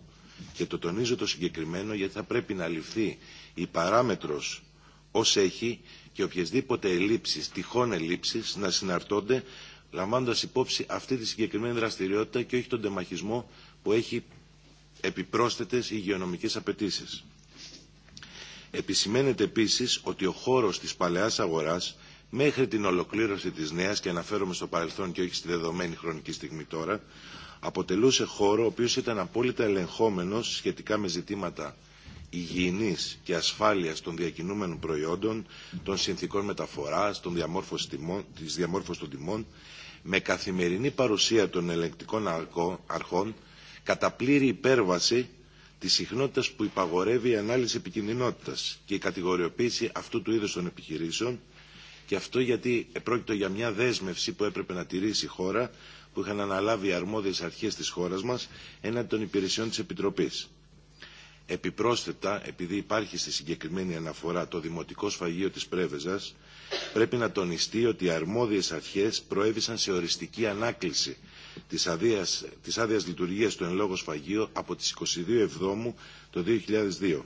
Και το τονίζω το συγκεκριμένο γιατί θα πρέπει να ληφθεί η παράμετρος ως έχει και οποιασδήποτε ελλείψεις, τυχόν ελλείψεις, να συναρτώνται λαμβάνοντας υπόψη αυτή τη συγκεκριμένη δραστηριότητα και όχι τον τεμαχισμό που έχει επιπρόσθετες υγειονομικές απαιτήσει. Επισημαίνεται επίσης ότι ο χώρος της παλαιάς αγοράς μέχρι την ολοκλήρωση της νέας και αναφέρομαι στο παρελθόν και όχι στη δεδομένη χρονική στιγμή τώρα αποτελούσε χώρο ο οποίος ήταν απόλυτα ελεγχόμενος σχετικά με ζητήματα υγιεινής και ασφάλειας των διακινούμενων προϊόντων, των συνθήκων μεταφοράς, των διαμόρφωσης τιμών, της διαμόρφωσης των τιμών, με καθημερινή παρουσία των ελεγκτικών αρχών, κατά πλήρη υπέρβαση της συχνότητας που υπαγορεύει η ανάλυση επικινδυνότητας και η κατηγοριοποίηση αυτού του είδους των επιχειρήσεων, και αυτό γιατί πρόκειται για μια δέσμευση που έπρεπε να τηρήσει η χώρα, που είχαν αναλάβει οι αρμόδιες αρχές της χώρας μας, έναντι των υπηρεσιών της Επιτροπής. Επιπρόσθετα, επειδή υπάρχει στη συγκεκριμένη αναφορά το Δημοτικό Σφαγείο της Πρέβεζας, πρέπει να τονιστεί ότι οι αρμόδιες αρχές προέβησαν σε οριστική ανάκληση της άδειας, της άδειας λειτουργίας του εν λόγω σφαγείου από τις 22 Εβδόμου το 2002.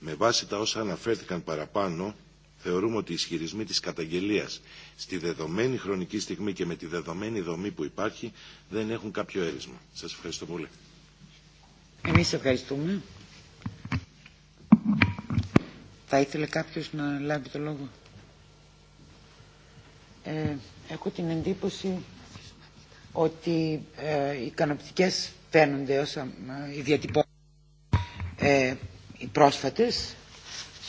Με βάση τα όσα αναφέρθηκαν παραπάνω, θεωρούμε ότι οι ισχυρισμοί της καταγγελίας στη δεδομένη χρονική στιγμή και με τη δεδομένη δομή που υπάρχει δεν έχουν κάποιο έρισμα. Σας ευχαριστώ πολύ. Εμείς ευχαριστούμε. Θα ήθελε κάποιος να λάβει το λόγο. Ε, έχω την εντύπωση ότι ε, ικανοποιητικές φαίνονται όσα ε, οι διατυπώσεις ε, οι πρόσφατες.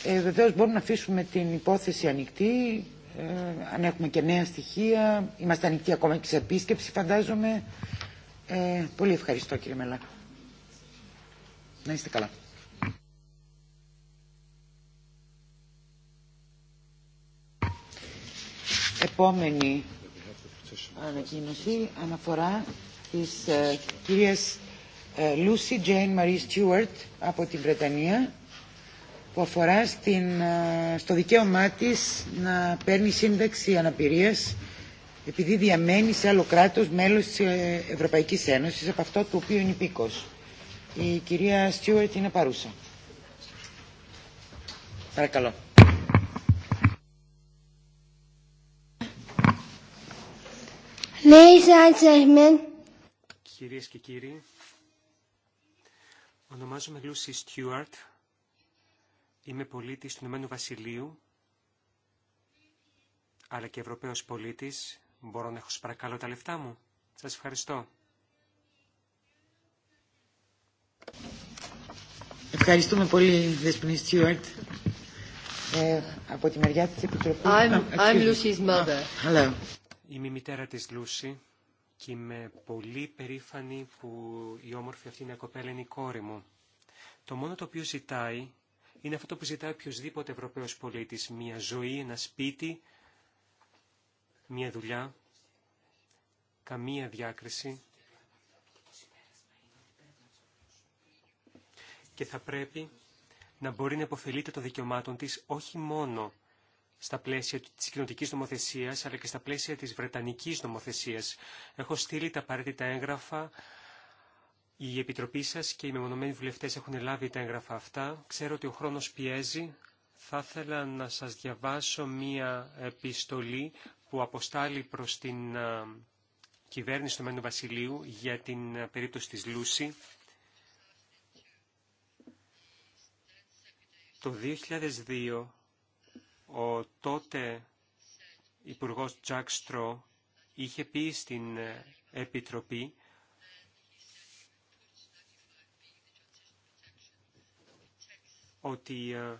Ε, βεβαίως μπορούμε να αφήσουμε την υπόθεση ανοιχτή ε, αν έχουμε και νέα στοιχεία. Είμαστε ανοιχτοί ακόμα και σε επίσκεψη φαντάζομαι. Ε, πολύ ευχαριστώ κύριε Μελάκα. Να είστε καλά. Επόμενη ανακοίνωση αναφορά της ε, κυρίας ε, Lucy Jane Marie Stewart από την Βρετανία που αφορά στην, ε, στο δικαίωμά της να παίρνει σύνταξη αναπηρίας επειδή διαμένει σε άλλο κράτος μέλος της ε, Ευρωπαϊκής Ένωσης από αυτό το οποίο είναι υπήκος. Η κυρία Στιούαρτ είναι παρούσα. Παρακαλώ. Κυρίες και κύριοι, ονομάζομαι λούση Στιούαρτ, είμαι πολίτης του Ηνωμένου Βασιλείου, αλλά και Ευρωπαίος πολίτης. Μπορώ να έχω παρακαλώ τα λεφτά μου. Σας ευχαριστώ. Ευχαριστούμε πολύ, Δεσποινή Στιούαρτ. Ε, από τη μεριά της Επιτροπής. Είμαι η μητέρα της Λούση και είμαι πολύ περήφανη που η όμορφη αυτή είναι κοπέλα είναι η κόρη μου. Το μόνο το οποίο ζητάει είναι αυτό που ζητάει οποιοδήποτε Ευρωπαίος πολίτης. Μια ζωή, ένα σπίτι, μια δουλειά, καμία διάκριση και θα πρέπει να μπορεί να υποφελείται των δικαιωμάτων της όχι μόνο στα πλαίσια της κοινοτικής νομοθεσίας, αλλά και στα πλαίσια της βρετανικής νομοθεσίας. Έχω στείλει τα απαραίτητα έγγραφα, η Επιτροπή σας και οι μεμονωμένοι βουλευτές έχουν λάβει τα έγγραφα αυτά. Ξέρω ότι ο χρόνος πιέζει. Θα ήθελα να σας διαβάσω μία επιστολή που αποστάλει προς την ε, κυβέρνηση του Μένου Βασιλείου για την ε, περίπτωση της Λούση. Το 2002 ο τότε Υπουργός Τζακ Στρό είχε πει στην ε, Επιτροπή ότι ε,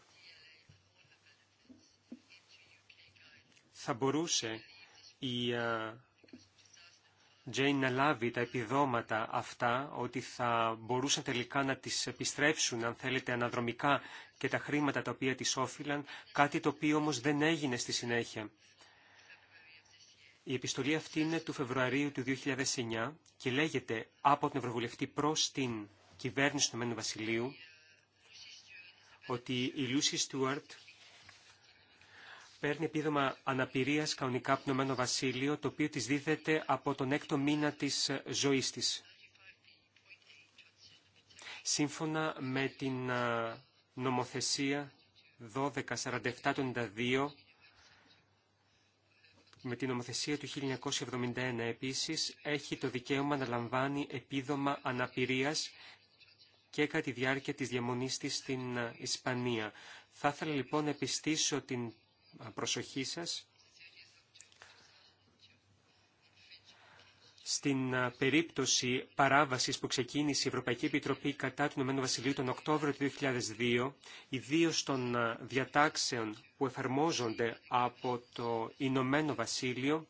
θα μπορούσε η ε, Τζέιν να λάβει τα επιδόματα αυτά, ότι θα μπορούσαν τελικά να τις επιστρέψουν, αν θέλετε, αναδρομικά και τα χρήματα τα οποία της όφυλαν, κάτι το οποίο όμως δεν έγινε στη συνέχεια. Η επιστολή αυτή είναι του Φεβρουαρίου του 2009 και λέγεται από τον Ευρωβουλευτή προς την κυβέρνηση του Μένου Βασιλείου ότι η Λούση Στούαρτ παίρνει επίδομα αναπηρίας κανονικά από το Ηνωμένο Βασίλειο, το οποίο της δίδεται από τον έκτο μήνα της ζωής της. Σύμφωνα με την νομοθεσία 1247-92 με την νομοθεσία του 1971 επίσης έχει το δικαίωμα να λαμβάνει επίδομα αναπηρίας και κατά τη διάρκεια της διαμονής της στην ε, Ισπανία. Θα ήθελα λοιπόν να επιστήσω την ε, προσοχή σας στην περίπτωση παράβασης που ξεκίνησε η Ευρωπαϊκή Επιτροπή κατά του Ηνωμένου Βασιλείου τον Οκτώβριο του 2002, ιδίω των διατάξεων που εφαρμόζονται από το Ηνωμένο Βασίλειο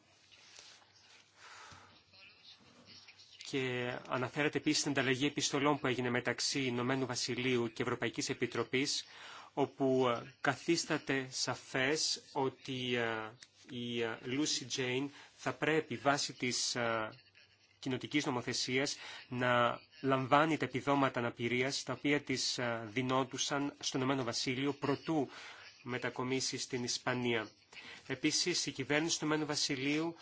και αναφέρεται επίσης στην ανταλλαγή επιστολών που έγινε μεταξύ Ηνωμένου Βασιλείου και Ευρωπαϊκής Επιτροπής, όπου καθίσταται σαφές ότι η Lucy Τζέιν θα πρέπει βάσει της κοινοτική νομοθεσία να λαμβάνει τα επιδόματα αναπηρία τα οποία τη ε, δινόντουσαν στον Ηνωμένο Βασίλειο προτού μετακομίσει στην Ισπανία. Επίση, η κυβέρνηση του Ηνωμένου Βασιλείου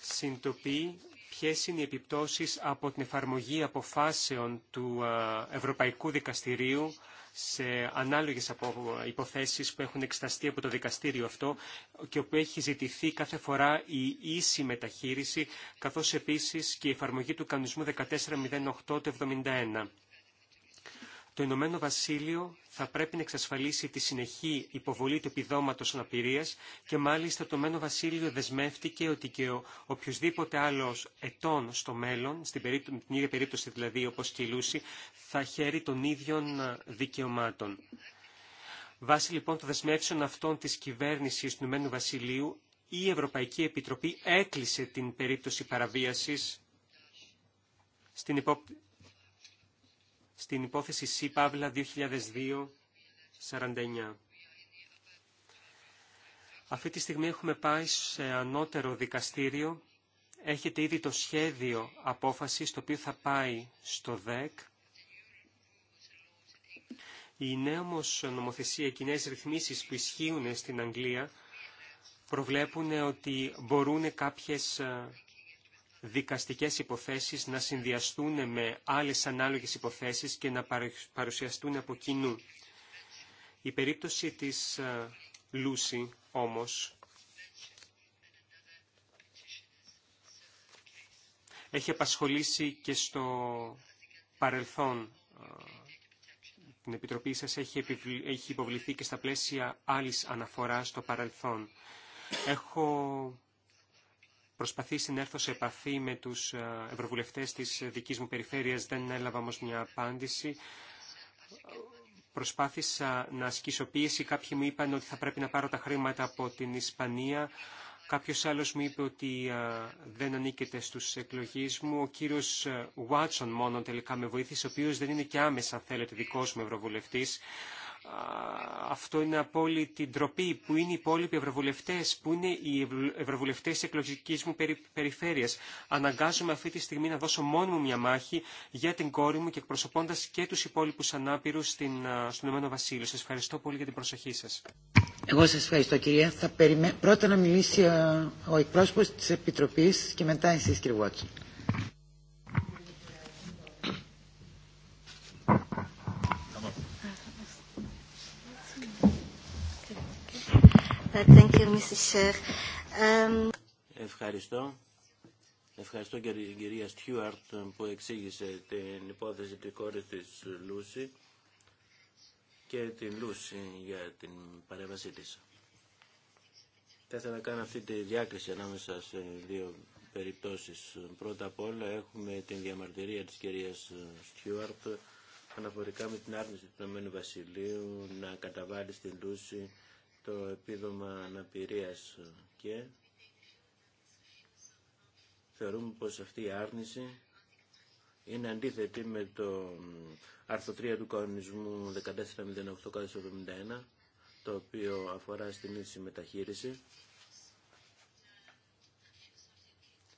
συνειδητοποιεί ποιε είναι οι επιπτώσει από την εφαρμογή αποφάσεων του ε, Ευρωπαϊκού Δικαστηρίου σε ανάλογες υποθέσεις που έχουν εξεταστεί από το δικαστήριο αυτό και όπου έχει ζητηθεί κάθε φορά η ίση μεταχείριση καθώς επίσης και η εφαρμογή του κανονισμού 1408 του 71. Το Ηνωμένο Βασίλειο θα πρέπει να εξασφαλίσει τη συνεχή υποβολή του επιδόματος αναπηρίας και μάλιστα το Ηνωμένο Βασίλειο δεσμεύτηκε ότι και ο οποιοδήποτε άλλος ετών στο μέλλον, στην ίδια περίπτωση δηλαδή όπως και η Λούση, θα χαίρει των ίδιων δικαιωμάτων. Βάσει λοιπόν των δεσμεύσεων αυτών της κυβέρνησης του Ηνωμένου Βασιλείου, η Ευρωπαϊκή Επιτροπή έκλεισε την περίπτωση παραβίασης στην, στην υπόθεση C. Παύλα 2002-49. Αυτή τη στιγμή έχουμε πάει σε ανώτερο δικαστήριο. Έχετε ήδη το σχέδιο απόφασης το οποίο θα πάει στο ΔΕΚ. Η νέα όμως νομοθεσία οι νέες ρυθμίσεις που ισχύουν στην Αγγλία προβλέπουν ότι μπορούν κάποιες ε, δικαστικές υποθέσεις να συνδυαστούν με άλλες ανάλογες υποθέσεις και να παρουσιαστούν από κοινού. Η περίπτωση της ε, Λούση όμως έχει απασχολήσει και στο παρελθόν. Ε, την Επιτροπή σας έχει υποβληθεί και στα πλαίσια άλλης αναφοράς στο παρελθόν. Έχω προσπαθήσει να έρθω σε επαφή με τους ε, ευρωβουλευτές της δικής μου περιφέρειας, δεν έλαβα όμως μια απάντηση. Προσπάθησα να ασκήσω πίεση, κάποιοι μου είπαν ότι θα πρέπει να πάρω τα χρήματα από την Ισπανία. Κάποιος άλλος μου είπε ότι ε, δεν ανήκεται στους εκλογείς μου. Ο κύριος Βάτσον ε, μόνο τελικά με βοήθησε, ο οποίος δεν είναι και άμεσα, θέλετε, δικός μου ευρωβουλευτής αυτό είναι απόλυτη ντροπή που είναι οι υπόλοιποι ευρωβουλευτέ, που είναι οι ευρωβουλευτέ τη εκλογική μου περιφέρεια. Αναγκάζομαι αυτή τη στιγμή να δώσω μόνο μια μάχη για την κόρη μου και εκπροσωπώντα και του υπόλοιπου ανάπηρου στον Ηνωμένο Βασίλειο. Σα ευχαριστώ πολύ για την προσοχή σα. Εγώ σα ευχαριστώ, κυρία. Θα περιμέ... Πρώτα να μιλήσει ο εκπρόσωπο τη Επιτροπή και μετά εσεί, κύριε Βότσον. Um, Ευχαριστώ. Ευχαριστώ και την κυρία Στιούαρτ ε, που εξήγησε την υπόθεση της κόρης της Λούση και την Λούση για την παρέμβασή της. Θα ήθελα να κάνω αυτή τη διάκριση ανάμεσα σε δύο περιπτώσεις. Πρώτα απ' όλα έχουμε την διαμαρτυρία της κυρίας Στιούαρτ αναφορικά με την άρνηση του Ηνωμένου Βασιλείου να καταβάλει στην Λούση το επίδομα αναπηρίας και θεωρούμε πως αυτή η άρνηση είναι αντίθετη με το άρθρο 3 του κανονισμού 1408-71 το οποίο αφορά στην ίση μεταχείριση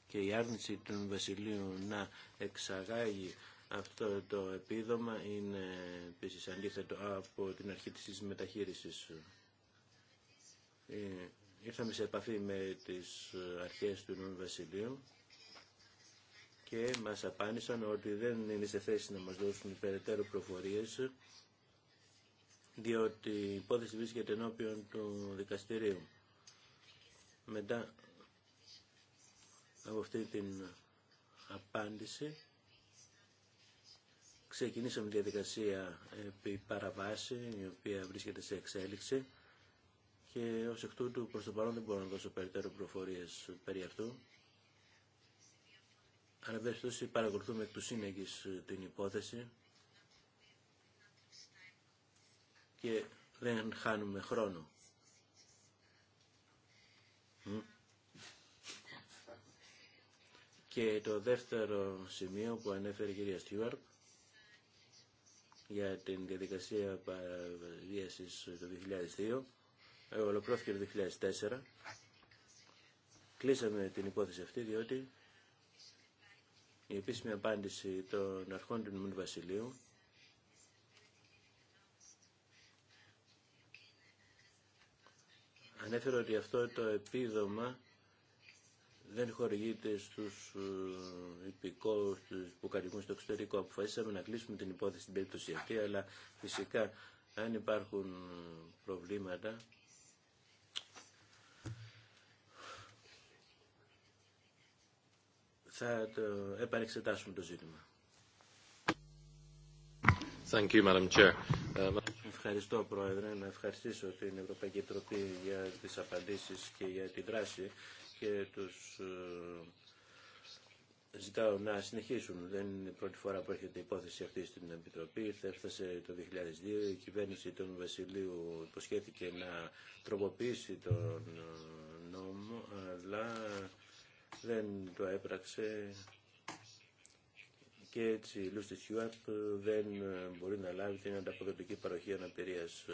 και η άρνηση του Βασιλείου να εξαγάγει αυτό το επίδομα είναι επίσης αντίθετο από την αρχή της μεταχείρισης ε, ήρθαμε σε επαφή με τις ε, αρχές του Ινωμένου Βασιλείου και μας απάντησαν ότι δεν είναι σε θέση να μας δώσουν περαιτέρω προφορίες διότι η υπόθεση βρίσκεται ενώπιον του δικαστηρίου. Μετά από αυτή την απάντηση ξεκινήσαμε διαδικασία επί παραβάση η οποία βρίσκεται σε εξέλιξη και ω εκ τούτου προς το παρόν δεν μπορώ να δώσω περαιτέρω προφορίες περί αυτού. Αλλά περιπτώσει παρακολουθούμε εκ του σύνεγγυ ε, την υπόθεση και δεν χάνουμε χρόνο. Και το δεύτερο σημείο που ανέφερε η κυρία Στιούαρπ για την διαδικασία παραβίασης το 2002 ε, ολοκληρώθηκε το 2004. Κλείσαμε την υπόθεση αυτή διότι η επίσημη απάντηση των αρχών του Νομού Βασιλείου ανέφερε ότι αυτό το επίδομα δεν χορηγείται στους ε, υπηκόους που κατοικούν στο εξωτερικό. Αποφασίσαμε να κλείσουμε την υπόθεση στην περίπτωση αυτή, αλλά φυσικά αν υπάρχουν ε, προβλήματα θα το επανεξετάσουμε το ζήτημα. Thank you, Madam Chair. Ευχαριστώ, Πρόεδρε. Να ευχαριστήσω την Ευρωπαϊκή Επιτροπή για τις απαντήσεις και για τη δράση και τους ε, ζητάω να συνεχίσουν. Δεν είναι η πρώτη φορά που έρχεται η υπόθεση αυτή στην Επιτροπή. Θα έφτασε το 2002. Η κυβέρνηση των Βασιλείου υποσχέθηκε να τροποποιήσει τον ε, νόμο, αλλά δεν το έπραξε και έτσι η Λούστη δεν μπορεί να λάβει την ανταποδοτική παροχή αναπηρίας.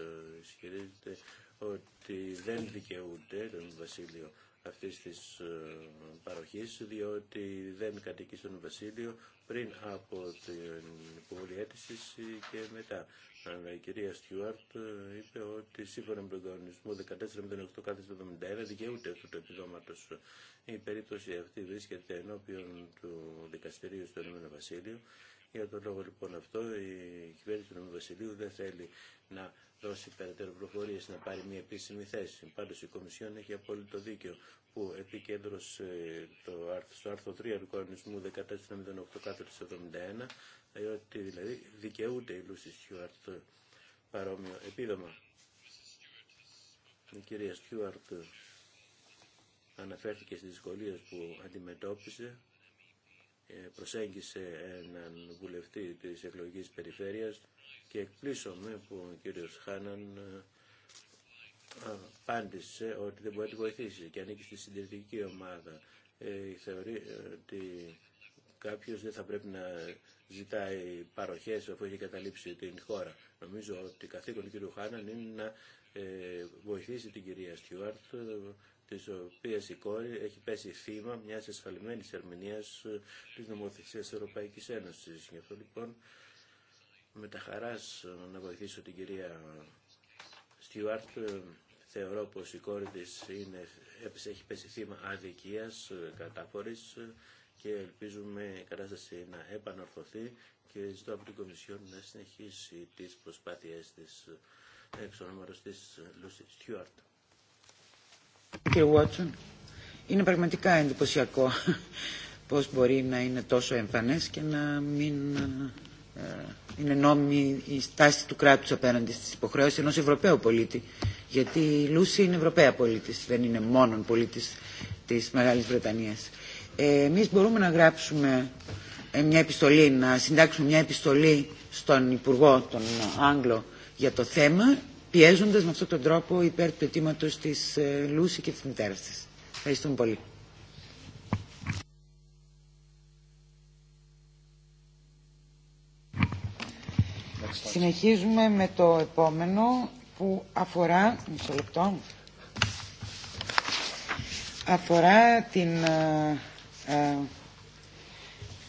Ισχυρίζεται ότι δεν δικαιούται τον Βασίλειο αυτής της ε, παροχή, διότι δεν κατοικεί στον Βασίλειο πριν από την υποβολή και μετά αλλά η κυρία Στιούαρτ ε, είπε ότι σύμφωνα με τον κανονισμό 1408 71 δικαιούται αυτού του επιδόματο. Η περίπτωση αυτή βρίσκεται ενώπιον του δικαστηρίου στο Ηνωμένο Βασίλειο. Για τον λόγο λοιπόν αυτό η κυβέρνηση του Ηνωμένου Βασιλείου δεν θέλει να δώσει περαιτέρω προφορίε να πάρει μια επίσημη θέση. Πάντω η Κομισιόν έχει απόλυτο δίκιο που επικέντρωσε το, στο άρθρο 3 του κανονισμού 1408 71 διότι δηλαδή δικαιούται η Λούση Στιούαρτ παρόμοιο επίδομα. Η κυρία Στιούαρτ αναφέρθηκε στις δυσκολίες που αντιμετώπισε, ε, προσέγγισε έναν βουλευτή της εκλογικής περιφέρειας και εκπλήσωμε που ο κύριος Χάναν ε, απάντησε ότι δεν μπορεί να τη βοηθήσει και ανήκει στη συντηρητική ομάδα. Ε, θεωρεί ότι κάποιος δεν θα πρέπει να ζητάει παροχές αφού έχει καταλήψει την χώρα. Νομίζω ότι καθήκον του κ. Χάναν είναι να ε, βοηθήσει την κυρία Στιούαρτ, ε, της οποίας η κόρη έχει πέσει θύμα μιας εσφαλμένης ερμηνείας ε, της νομοθεσίας της Ευρωπαϊκής Ένωσης. Γι' αυτό λοιπόν με τα χαράς να βοηθήσω την κυρία Στιούαρτ θεωρώ πως η κόρη της είναι, έχει πέσει θύμα αδικίας, κατάφορης και ελπίζουμε η κατάσταση να επανορθωθεί και ζητώ από την Κομισιόν να συνεχίσει τις προσπάθειές της εξονόμερος της Λούση Στιούαρτ. Κύριε Βότσον, είναι πραγματικά εντυπωσιακό [LAUGHS] πώς μπορεί να είναι τόσο εμφανές και να μην ε, είναι νόμιμη η στάση του κράτους απέναντι στις υποχρεώσεις ενός Ευρωπαίου πολίτη. Γιατί η Λούση είναι Ευρωπαία πολίτης, δεν είναι μόνον πολίτης της Μεγάλης Βρετανίας εμείς μπορούμε να γράψουμε ε, μια επιστολή, να συντάξουμε μια επιστολή στον Υπουργό, τον Άγγλο, για το θέμα, πιέζοντας με αυτόν τον τρόπο υπέρ του αιτήματο της ε, Λούση και της μητέρα της. Ευχαριστούμε πολύ. Συνεχίζουμε με το επόμενο που αφορά, μισό λεπτό, αφορά την ε, ε,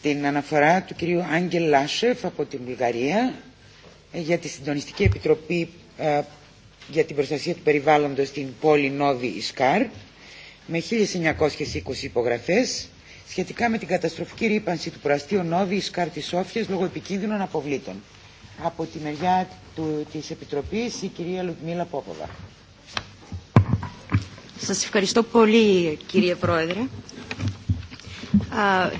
την αναφορά του κυρίου Άγγελ Λάσεφ από την Βουλγαρία ε, για τη Συντονιστική Επιτροπή ε, για την Προστασία του Περιβάλλοντος στην πόλη Νόβη Ισκάρ με 1920 υπογραφές σχετικά με την καταστροφική ρήπανση του προαστίου Νόβη Ισκάρ της Σόφιας λόγω επικίνδυνων αποβλήτων. Από τη μεριά του, της Επιτροπής η κυρία Λουτμίλα Πόποβα. Σας ευχαριστώ πολύ κύριε Πρόεδρε. Θα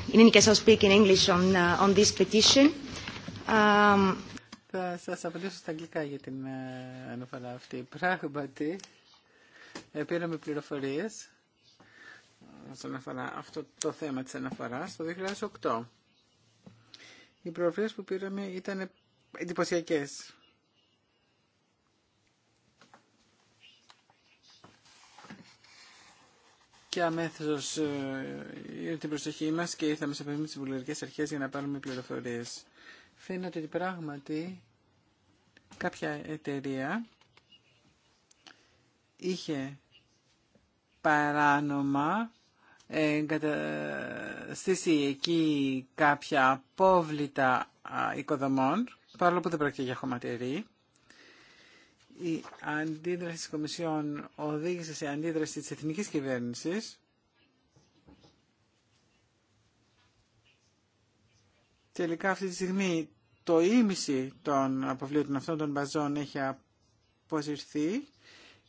σας απαντήσω στα αγγλικά για την ε, αναφορά αυτή. Πράγματι, ε, πήραμε πληροφορίες ε, όσον αφορά αυτό το θέμα της αναφοράς το 2008. Οι πληροφορίες που πήραμε ήταν εντυπωσιακέ. και αμέσω ήρθε την προσοχή μας και ήρθαμε σε επαφή με τι βουλευτικέ αρχές για να πάρουμε πληροφορίε. Φαίνεται ότι πράγματι κάποια εταιρεία είχε παράνομα εγκαταστήσει εκεί κάποια απόβλητα οικοδομών, παρόλο που δεν πρόκειται για χωματερή, η αντίδραση της Κομισιόν οδήγησε σε αντίδραση της εθνικής κυβέρνησης τελικά αυτή τη στιγμή το ίμιση των αποβλήτων αυτών των μπαζών έχει αποσυρθεί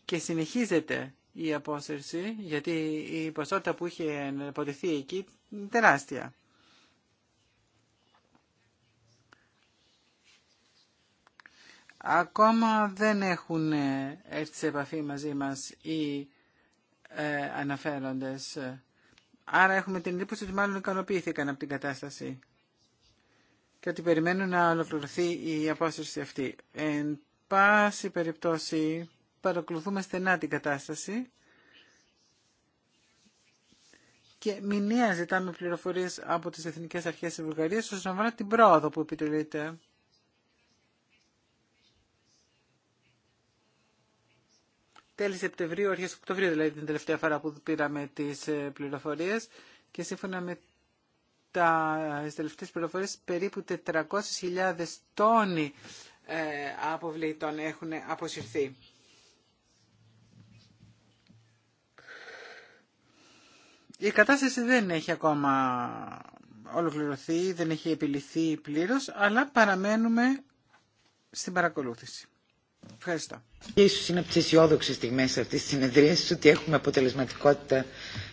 και συνεχίζεται η απόσυρση γιατί η ποσότητα που είχε αποτεθεί εκεί είναι τεράστια. Ακόμα δεν έχουν ε, έρθει σε επαφή μαζί μας οι ε, αναφέροντες. Άρα έχουμε την εντύπωση ότι μάλλον ικανοποιήθηκαν από την κατάσταση και ότι περιμένουν να ολοκληρωθεί η απόσταση αυτή. Εν πάση περιπτώσει παρακολουθούμε στενά την κατάσταση και μηνύα ζητάμε πληροφορίες από τις Εθνικές Αρχές της Βουλγαρίας όσον αφορά την πρόοδο που επιτελείται. τέλη Σεπτεμβρίου, αρχές Οκτωβρίου, δηλαδή την τελευταία φορά που πήραμε τις ε, πληροφορίες και σύμφωνα με τα τελευταίες πληροφορίες περίπου 400.000 τόνοι ε, αποβλήτων έχουν αποσυρθεί. Η κατάσταση δεν έχει ακόμα ολοκληρωθεί, δεν έχει επιληθεί πλήρως, αλλά παραμένουμε στην παρακολούθηση. Ευχαριστώ. Ίσως είναι από τις αισιόδοξε στιγμέ αυτής της συνεδρίας ότι έχουμε αποτελεσματικότητα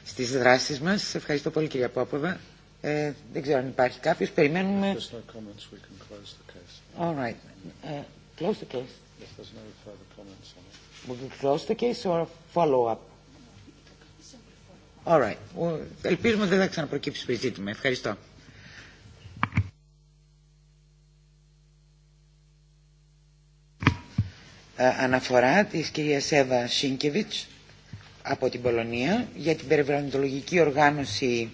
στις δράσεις μας. Ευχαριστώ πολύ κυρία Πόποβα. Ε, δεν ξέρω αν υπάρχει κάποιος. Περιμένουμε... All close the case. or follow up? All ελπίζουμε ότι δεν θα ξαναπροκύψει το ζήτημα. Ευχαριστώ. Ε, αναφορά της κυρίας Εύα Σίνκεβιτς από την Πολωνία για την περιβαλλοντολογική οργάνωση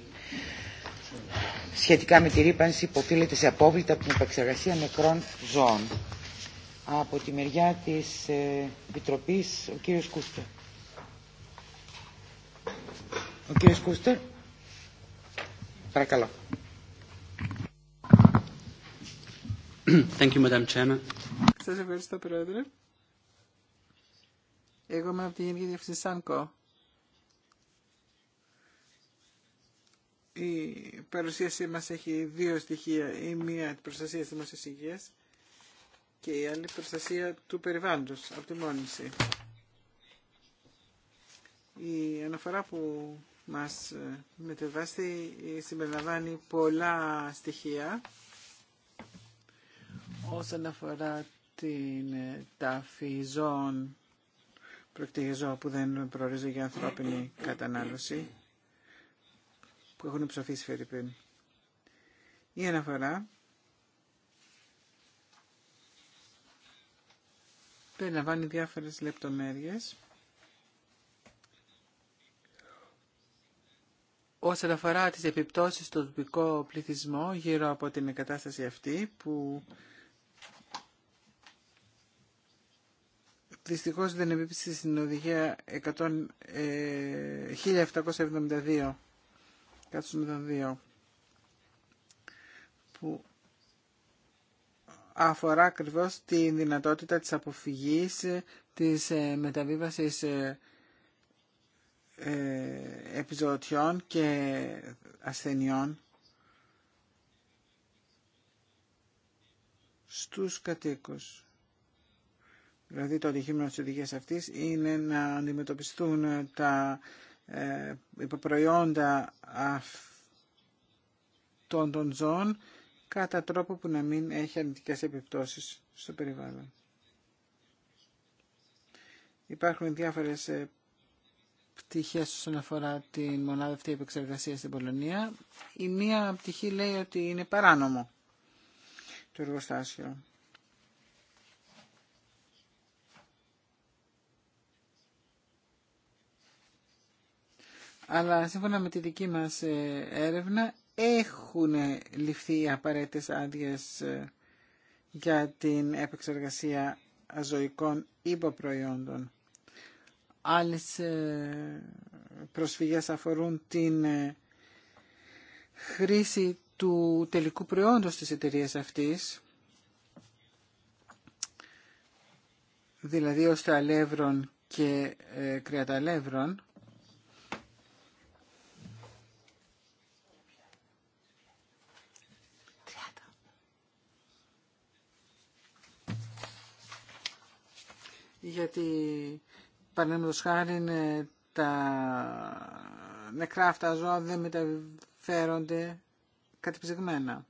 σχετικά με τη ρήπανση που οφείλεται σε απόβλητα από την επεξεργασία νεκρών ζώων. Από τη μεριά της ε, Επιτροπής, ο κύριος Κούστερ. Ο κύριος Κούστερ, παρακαλώ. Thank you, Madam Chairman. Σας ευχαριστώ, Πρόεδρε. Εγώ είμαι από τη Γενική Διεύθυνση ΣΑΝΚΟ. Η παρουσίασή μας έχει δύο στοιχεία. Η μία την προστασία της δημόσιας και η άλλη προστασία του περιβάλλοντος από τη μόνηση. Η αναφορά που μας ε, μετεβάστη ε, συμπεριλαμβάνει πολλά στοιχεία όσον αφορά την ε, ταφή ζώων Πρόκειται που δεν προορίζονται για ανθρώπινη κατανάλωση, που έχουν ψοφήσει φερρυπίν. Η αναφορά περιλαμβάνει διάφορες λεπτομέρειες όσον αφορά τις επιπτώσεις στον τοπικό πληθυσμό γύρω από την κατάσταση αυτή που δυστυχώς δεν επίπτυξε στην οδηγία 100, 1772 ε, δύο που αφορά ακριβώ τη δυνατότητα της αποφυγής της ε, μεταβίβασης ε, επιζωτιών και ασθενειών στους κατοίκους. Δηλαδή το αντικείμενο της οδηγίας αυτής είναι να αντιμετωπιστούν τα ε, υποπροϊόντα αυτών των ζώων κατά τρόπο που να μην έχει αρνητικές επιπτώσεις στο περιβάλλον. Υπάρχουν διάφορες ε, πτυχές όσον αφορά την μονάδα αυτή επεξεργασία στην Πολωνία. Η μία πτυχή λέει ότι είναι παράνομο το εργοστάσιο. Αλλά σύμφωνα με τη δική μας ε, έρευνα έχουν ληφθεί απαραίτητε απαραίτητες άδειες ε, για την επεξεργασία ζωικών υποπροϊόντων. Άλλες ε, προσφυγές αφορούν την χρήση του τελικού προϊόντος της εταιρείας αυτής, δηλαδή ως αλεύρων και κρεαταλεύρων, γιατί παραδείγματος χάρη τα νεκρά αυτά ζώα δεν μεταφέρονται κατεψυγμένα.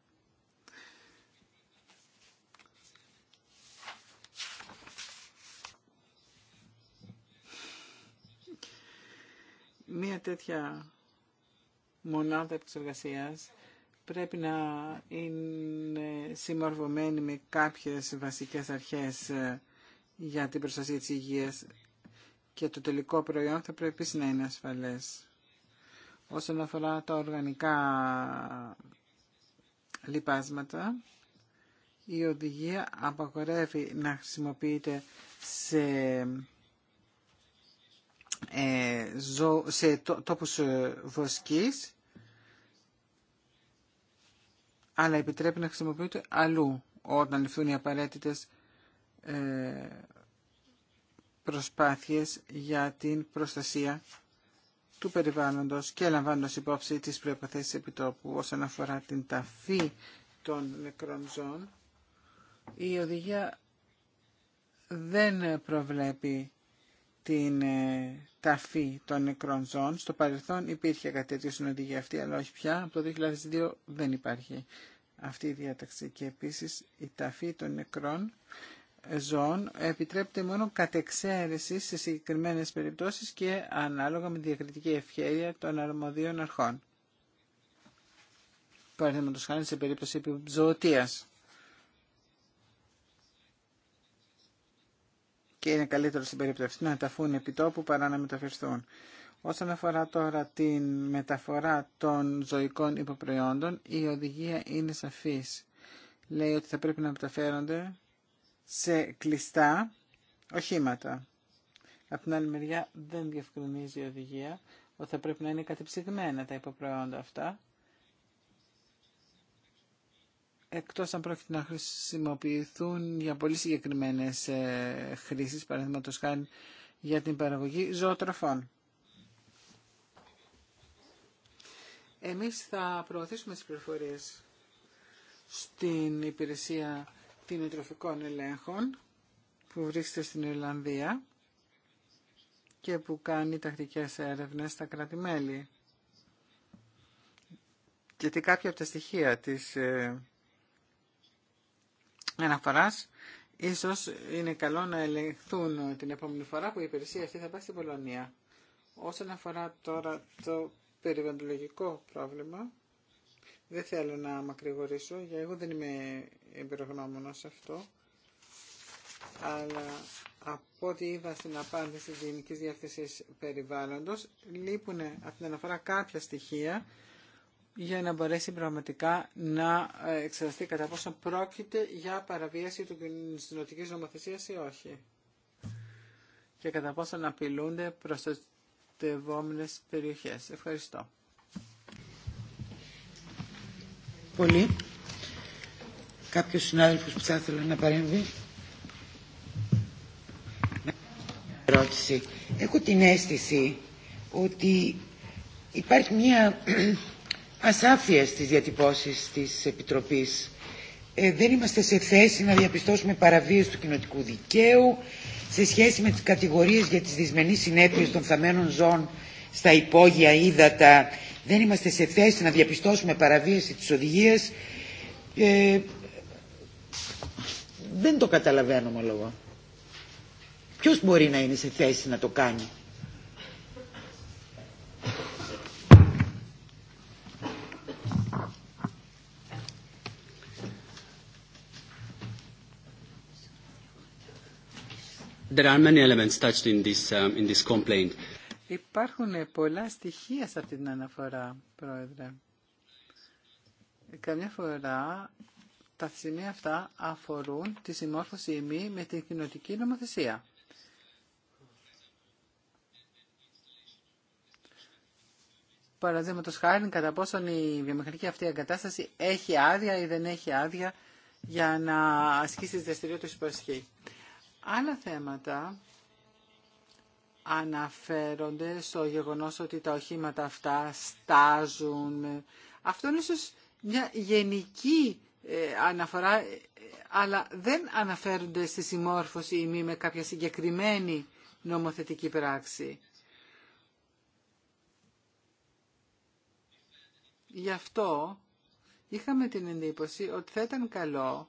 Μία τέτοια μονάδα εργασίας πρέπει να είναι συμμορφωμένη με κάποιες βασικές αρχές ε, για την προστασία της υγείας και το τελικό προϊόν θα πρέπει να είναι ασφαλές. Όσον αφορά τα οργανικά λιπάσματα, η οδηγία απαγορεύει να χρησιμοποιείται σε, ε, ζω, σε τόπους ε, βοσκής, αλλά επιτρέπει να χρησιμοποιείται αλλού όταν ληφθούν οι απαραίτητες ε, προσπάθειες για την προστασία του περιβάλλοντος και λαμβάνοντας υπόψη τις προϋποθέσεις επιτόπου όσον αφορά την ταφή των νεκρών ζώων, η οδηγία δεν προβλέπει την ε, ταφή των νεκρών ζώων. Στο παρελθόν υπήρχε κάτι τέτοιο στην οδηγία αυτή, αλλά όχι πια. Από το 2002 δεν υπάρχει αυτή η διάταξη. Και επίσης η ταφή των νεκρών Ζών επιτρέπεται μόνο κατ' εξαίρεση σε συγκεκριμένες περιπτώσεις και ανάλογα με τη διακριτική ευχέρεια των αρμοδίων αρχών. Παραδείγματος χάρη σε περίπτωση επιζωοτία. Και είναι καλύτερο στην περίπτωση να ταφούν επιτόπου παρά να μεταφερθούν. Όσον αφορά τώρα την μεταφορά των ζωικών υποπροϊόντων, η οδηγία είναι σαφής. Λέει ότι θα πρέπει να μεταφέρονται σε κλειστά οχήματα. Από την άλλη μεριά δεν διευκρινίζει η οδηγία ότι θα πρέπει να είναι κατεψυγμένα τα υποπροϊόντα αυτά. Εκτός αν πρόκειται να χρησιμοποιηθούν για πολύ συγκεκριμένες ε, χρήσεις, παραδείγματο χάρη για την παραγωγή ζωοτροφών. Εμείς θα προωθήσουμε τις πληροφορίες στην υπηρεσία κτηνοτροφικών ελέγχων που βρίσκεται στην Ιρλανδία και που κάνει τακτικές έρευνες στα κράτη-μέλη. Γιατί κάποια από τα στοιχεία της ε, αναφοράς ίσως είναι καλό να ελεγχθούν την επόμενη φορά που η υπηρεσία αυτή θα πάει στην Πολωνία. Όσον αφορά τώρα το περιβαλλοντολογικό πρόβλημα, δεν θέλω να μακρηγορήσω, γιατί εγώ δεν είμαι σε αυτό, αλλά από ό,τι είδα στην απάντηση τη γενική διεύθυνση Περιβάλλοντος, λείπουν από την αναφορά κάποια στοιχεία για να μπορέσει πραγματικά να ε, εξεταστεί κατά πόσο πρόκειται για παραβίαση του κοινωνικής νομοθεσία ή όχι. Και κατά πόσο να απειλούνται προστατευόμενε περιοχές. Ευχαριστώ. Πολύ. Κάποιος συνάδελφος που θα ήθελε να παρέμβει. Ερώτηση. Έχω την αίσθηση ότι υπάρχει μια [CLEARS THROAT] ασάφεια στις διατυπώσεις της Επιτροπής. Ε, δεν είμαστε σε θέση να διαπιστώσουμε παραβίαση του κοινοτικού δικαίου σε σχέση με τις κατηγορίες για τις δυσμενείς συνέπειες των θαμένων ζώων στα υπόγεια ύδατα. Δεν είμαστε σε θέση να διαπιστώσουμε παραβίαση της οδηγίας ε, δεν το καταλαβαίνω ομολογώ. Ποιος μπορεί να είναι σε θέση να το κάνει. There Υπάρχουν πολλά στοιχεία σε αυτή την αναφορά, Πρόεδρε. Καμιά φορά τα σημεία αυτά αφορούν τη συμμόρφωση ημί με την κοινοτική νομοθεσία. Παραδείγματο χάρη, κατά πόσον η βιομηχανική αυτή εγκατάσταση έχει άδεια ή δεν έχει άδεια για να ασκήσει τι δραστηριότητε που ασχεί. Άλλα θέματα αναφέρονται στο γεγονός ότι τα οχήματα αυτά στάζουν. Αυτό είναι ίσως μια γενική ε, αναφορά, ε, αλλά δεν αναφέρονται στη συμμόρφωση ή μη με κάποια συγκεκριμένη νομοθετική πράξη. Γι' αυτό είχαμε την εντύπωση ότι θα ήταν καλό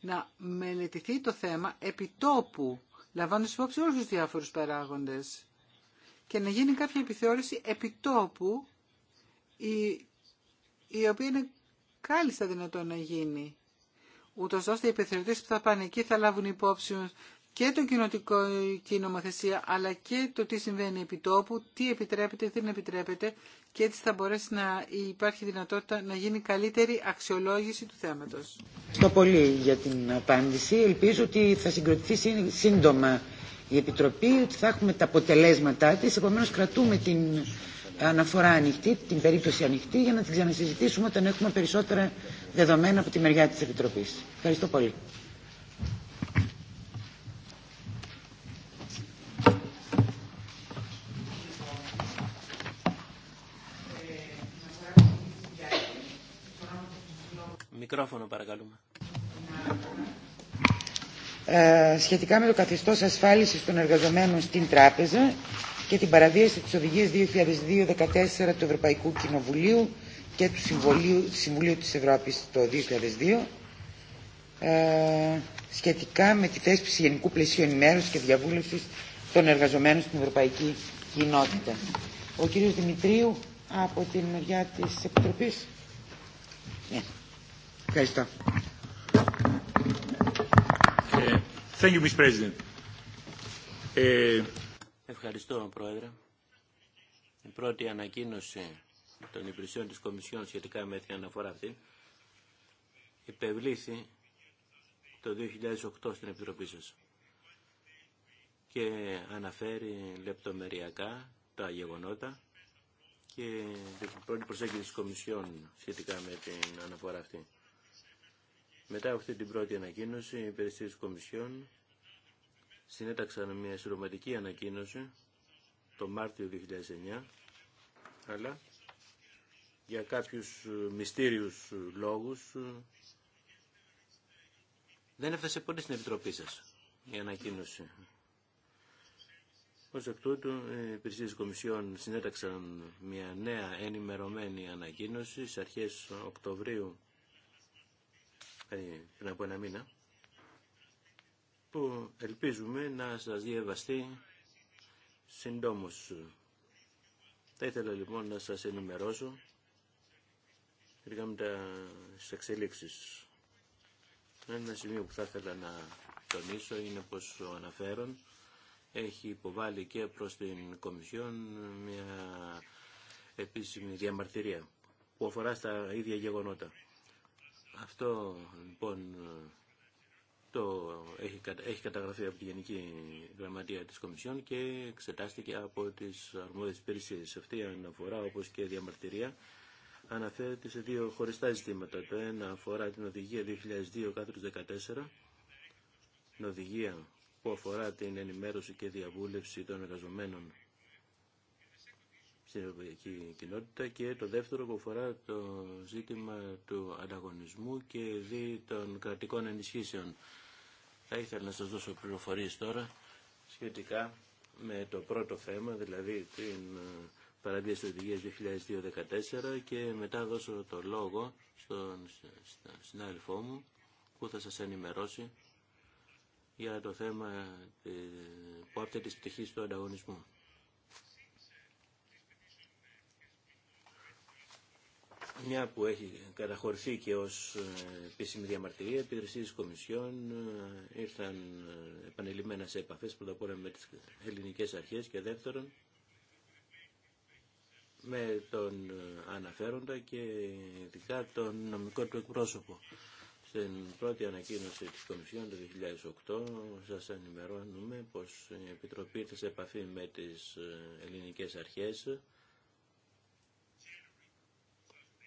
να μελετηθεί το θέμα επιτόπου, λαμβάνοντας υπόψη όλους τους διάφορους παράγοντες και να γίνει κάποια επιθεώρηση επιτόπου η, η οποία είναι κάλλιστα δυνατόν να γίνει. Ούτω ώστε οι επιθεωρητέ που θα πάνε εκεί θα λάβουν υπόψη και τον κοινοτικό και αλλά και το τι συμβαίνει επί τόπου, τι επιτρέπεται, τι δεν επιτρέπεται και έτσι θα μπορέσει να υπάρχει δυνατότητα να γίνει καλύτερη αξιολόγηση του θέματο. Ευχαριστώ πολύ για την απάντηση. Ελπίζω ότι θα συγκροτηθεί σύντομα η Επιτροπή, ότι θα έχουμε τα αποτελέσματά της. Επομένως κρατούμε την αναφορά ανοιχτή, την περίπτωση ανοιχτή, για να την ξανασυζητήσουμε όταν έχουμε περισσότερα δεδομένα από τη μεριά της Επιτροπής. Ευχαριστώ πολύ. Μικρόφωνο παρακαλούμε. Ε, σχετικά με το καθεστώς ασφάλισης των εργαζομένων στην τράπεζα, και την παραβίαση της Οδηγίας 2002-14 του Ευρωπαϊκού Κοινοβουλίου και του Συμβουλίου, Συμβουλίου της Ευρώπης το 2002 ε, σχετικά με τη θέσπιση γενικού πλαισίου ενημέρωση και διαβούλευσης των εργαζομένων στην Ευρωπαϊκή Κοινότητα. Ο κύριος Δημητρίου από την μεριά της Επιτροπής. Ναι. Ευχαριστώ. Ε, thank you, Mr. President. Ε, Ευχαριστώ, Πρόεδρε. Η πρώτη ανακοίνωση των υπηρεσιών της Κομισιόν σχετικά με την αναφορά αυτή υπευλήθη το 2008 στην Επιτροπή σας και αναφέρει λεπτομεριακά τα γεγονότα και την πρώτη προσέγγιση της Κομισιόν σχετικά με την αναφορά αυτή. Μετά από αυτή την πρώτη ανακοίνωση, οι υπηρεσίε της Κομισιόν συνέταξαν μια συρωματική ανακοίνωση το Μάρτιο 2009, αλλά για κάποιους ε, μυστήριους ε, λόγους ε, δεν έφτασε πότε στην Επιτροπή σας η ανακοίνωση. Ως εκ τούτου, οι υπηρεσίες της Κομισιόν συνέταξαν μια νέα ενημερωμένη ανακοίνωση στις αρχές Οκτωβρίου, πριν από ένα μήνα, που ελπίζουμε να σας διαβαστεί συντόμως. Θα ήθελα λοιπόν να σας ενημερώσω σχετικά με τις εξελίξεις. Ένα σημείο που θα ήθελα να τονίσω είναι πως ο αναφέρον έχει υποβάλει και προς την Κομισιόν μια επίσημη διαμαρτυρία που αφορά στα ίδια γεγονότα. Αυτό λοιπόν το έχει, έχει καταγραφεί από τη Γενική Γραμματεία της Κομισιόν και εξετάστηκε από τις αρμόδιες υπηρεσίες. Αυτή η αναφορά, όπως και η διαμαρτυρία, αναφέρεται σε δύο χωριστά ζητήματα. Το ένα αφορά την οδηγία 2002-14, την οδηγία που αφορά την ενημέρωση και διαβούλευση των εργαζομένων στην ευρωπαϊκή κοινότητα και το δεύτερο που αφορά το ζήτημα του ανταγωνισμού και δι των κρατικών ενισχύσεων. Θα ήθελα να σας δώσω πληροφορίες τώρα σχετικά με το πρώτο θέμα, δηλαδή την ε, παραβίαση της 2002-2014 και μετά δώσω το λόγο στον συνάδελφό μου που θα σας ενημερώσει για το θέμα ε, που άπτεται της πτυχής του ανταγωνισμού. μια που έχει καταχωρηθεί και ως ε, επίσημη διαμαρτυρία, της Κομισιόν ε, ήρθαν ε, επανειλημμένα σε επαφές πρώτα απ' όλα με τις ελληνικές αρχές και δεύτερον με τον αναφέροντα και ειδικά τον νομικό του εκπρόσωπο. Στην πρώτη ανακοίνωση της Κομισιόν το 2008 σας ενημερώνουμε πως η Επιτροπή ήρθε σε επαφή με τις ελληνικές αρχές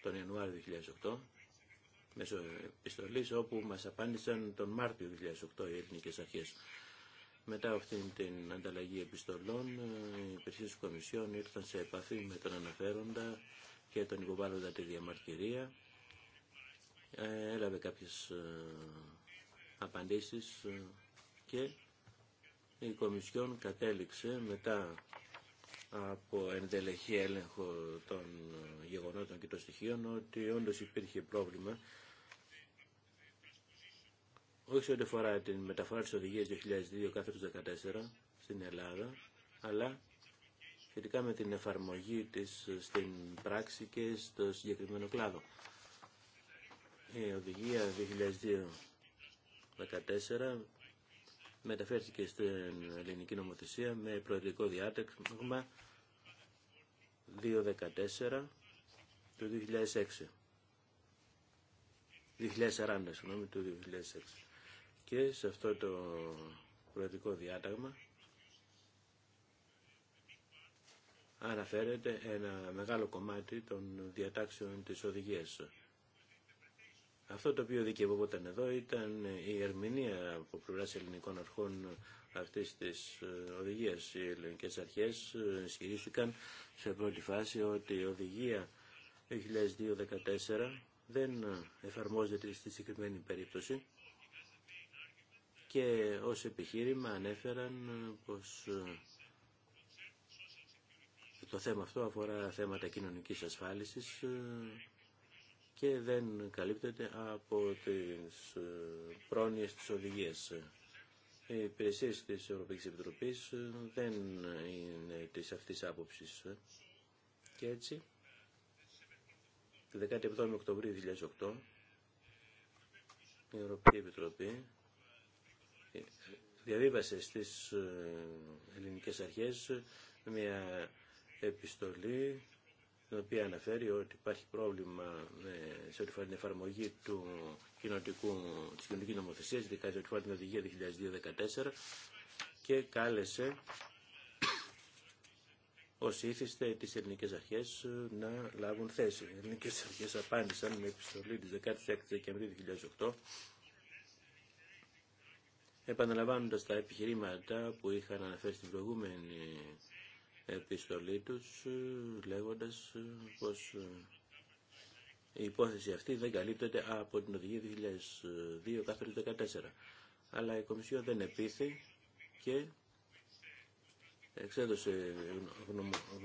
τον Ιανουάριο 2008 μέσω επιστολής όπου μας απάντησαν τον Μάρτιο 2008 οι ελληνικές αρχές. Μετά αυτήν την ανταλλαγή επιστολών, οι υπηρεσίε του Κομισιόν ήρθαν σε επαφή με τον αναφέροντα και τον υποβάλλοντα τη διαμαρτυρία. Ε, έλαβε κάποιες ε, απαντήσεις ε, και η Κομισιόν κατέληξε μετά από ενδελεχή έλεγχο των γεγονότων και των στοιχείων ότι όντως υπήρχε πρόβλημα όχι σε ό,τι αφορά την μεταφορά της οδηγίας 2002-2014 στην Ελλάδα, αλλά σχετικά με την εφαρμογή της στην πράξη και στο συγκεκριμένο κλάδο. Η οδηγία 2002-14 μεταφέρθηκε στην ελληνική νομοθεσία με προεδρικό διάταγμα 2.14 του 2006. 2040, συγγνώμη, του 2006. Και σε αυτό το προεδρικό διάταγμα αναφέρεται ένα μεγάλο κομμάτι των διατάξεων της οδηγίας. Αυτό το οποίο δικαιωόταν εδώ ήταν η ερμηνεία από πλευρά ελληνικών αρχών αυτή τη ε, οδηγία. Οι ελληνικέ αρχέ ε, ισχυρίστηκαν σε πρώτη φάση ότι η οδηγία 2012-2014 δεν ε, εφαρμόζεται στη συγκεκριμένη περίπτωση και ως επιχείρημα ανέφεραν πως το θέμα αυτό αφορά θέματα κοινωνικής ασφάλισης και δεν καλύπτεται από τις ε, πρόνοιες της οδηγίας. Οι υπηρεσίε της Ευρωπαϊκής Επιτροπής ε, δεν είναι της αυτής άποψης και έτσι τη 17 Οκτωβρίου 2008 η Ευρωπαϊκή Επιτροπή ε, διαβίβασε στις ελληνικές αρχές μια επιστολή η οποία αναφέρει ότι υπάρχει πρόβλημα ε, σε ό,τι φορά την εφαρμογή του κοινωτικού, της κοινωνικής νομοθεσίας, ειδικά σε ό,τι φορά την οδηγία 2014 και κάλεσε ως ήθιστε τις ελληνικές αρχές ε, να λάβουν θέση. Οι ελληνικές αρχές απάντησαν με επιστολή της 16 Δεκεμβρίου 2008 επαναλαμβάνοντας τα επιχειρήματα που είχαν αναφέρει στην προηγούμενη επιστολή τους ε, λέγοντας ε, πως ε, η υπόθεση αυτή δεν καλύπτεται από την οδηγία 2002-14. Αλλά η Κομισιόν δεν επίθη και εξέδωσε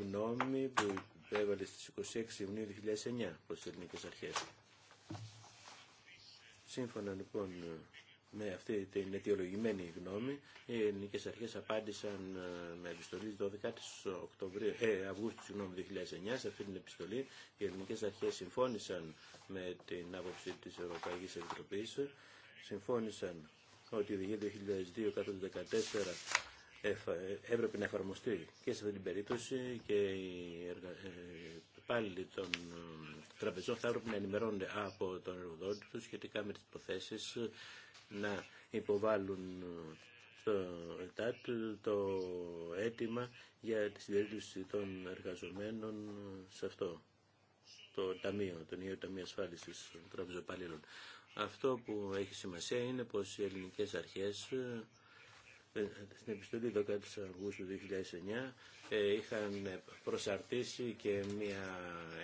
γνώμη που έβαλε στις 26 Ιουνίου 2009 προς τις ελληνικές αρχές. Σύμφωνα λοιπόν με αυτή την αιτιολογημένη γνώμη, οι Ελληνικέ αρχές απάντησαν ε, με επιστολή 12 ε, Αυγούστου 2009. Σε αυτή την επιστολή οι ελληνικέ αρχές συμφώνησαν με την άποψη τη Ευρωπαϊκή Επιτροπή. Συμφώνησαν ότι η Οδηγία 2002-114 ε, έπρεπε να εφαρμοστεί και σε αυτή την περίπτωση και η υπάλληλοι των ε, τραπεζών θα έπρεπε να ενημερώνονται από τον εργοδότη του σχετικά με τι προθέσεις ε, να υποβάλουν ε, στο ΕΤΑΤ το αίτημα για τη συντήρηση των εργαζομένων σε αυτό το ταμείο, το νέο Ταμείο Ασφάλιση των Τραπεζοπαλλήλων. Αυτό που έχει σημασία είναι πως οι ελληνικές αρχές ε, στην επιστολή 12 Αυγούστου 2009 ε, είχαν προσαρτήσει και μια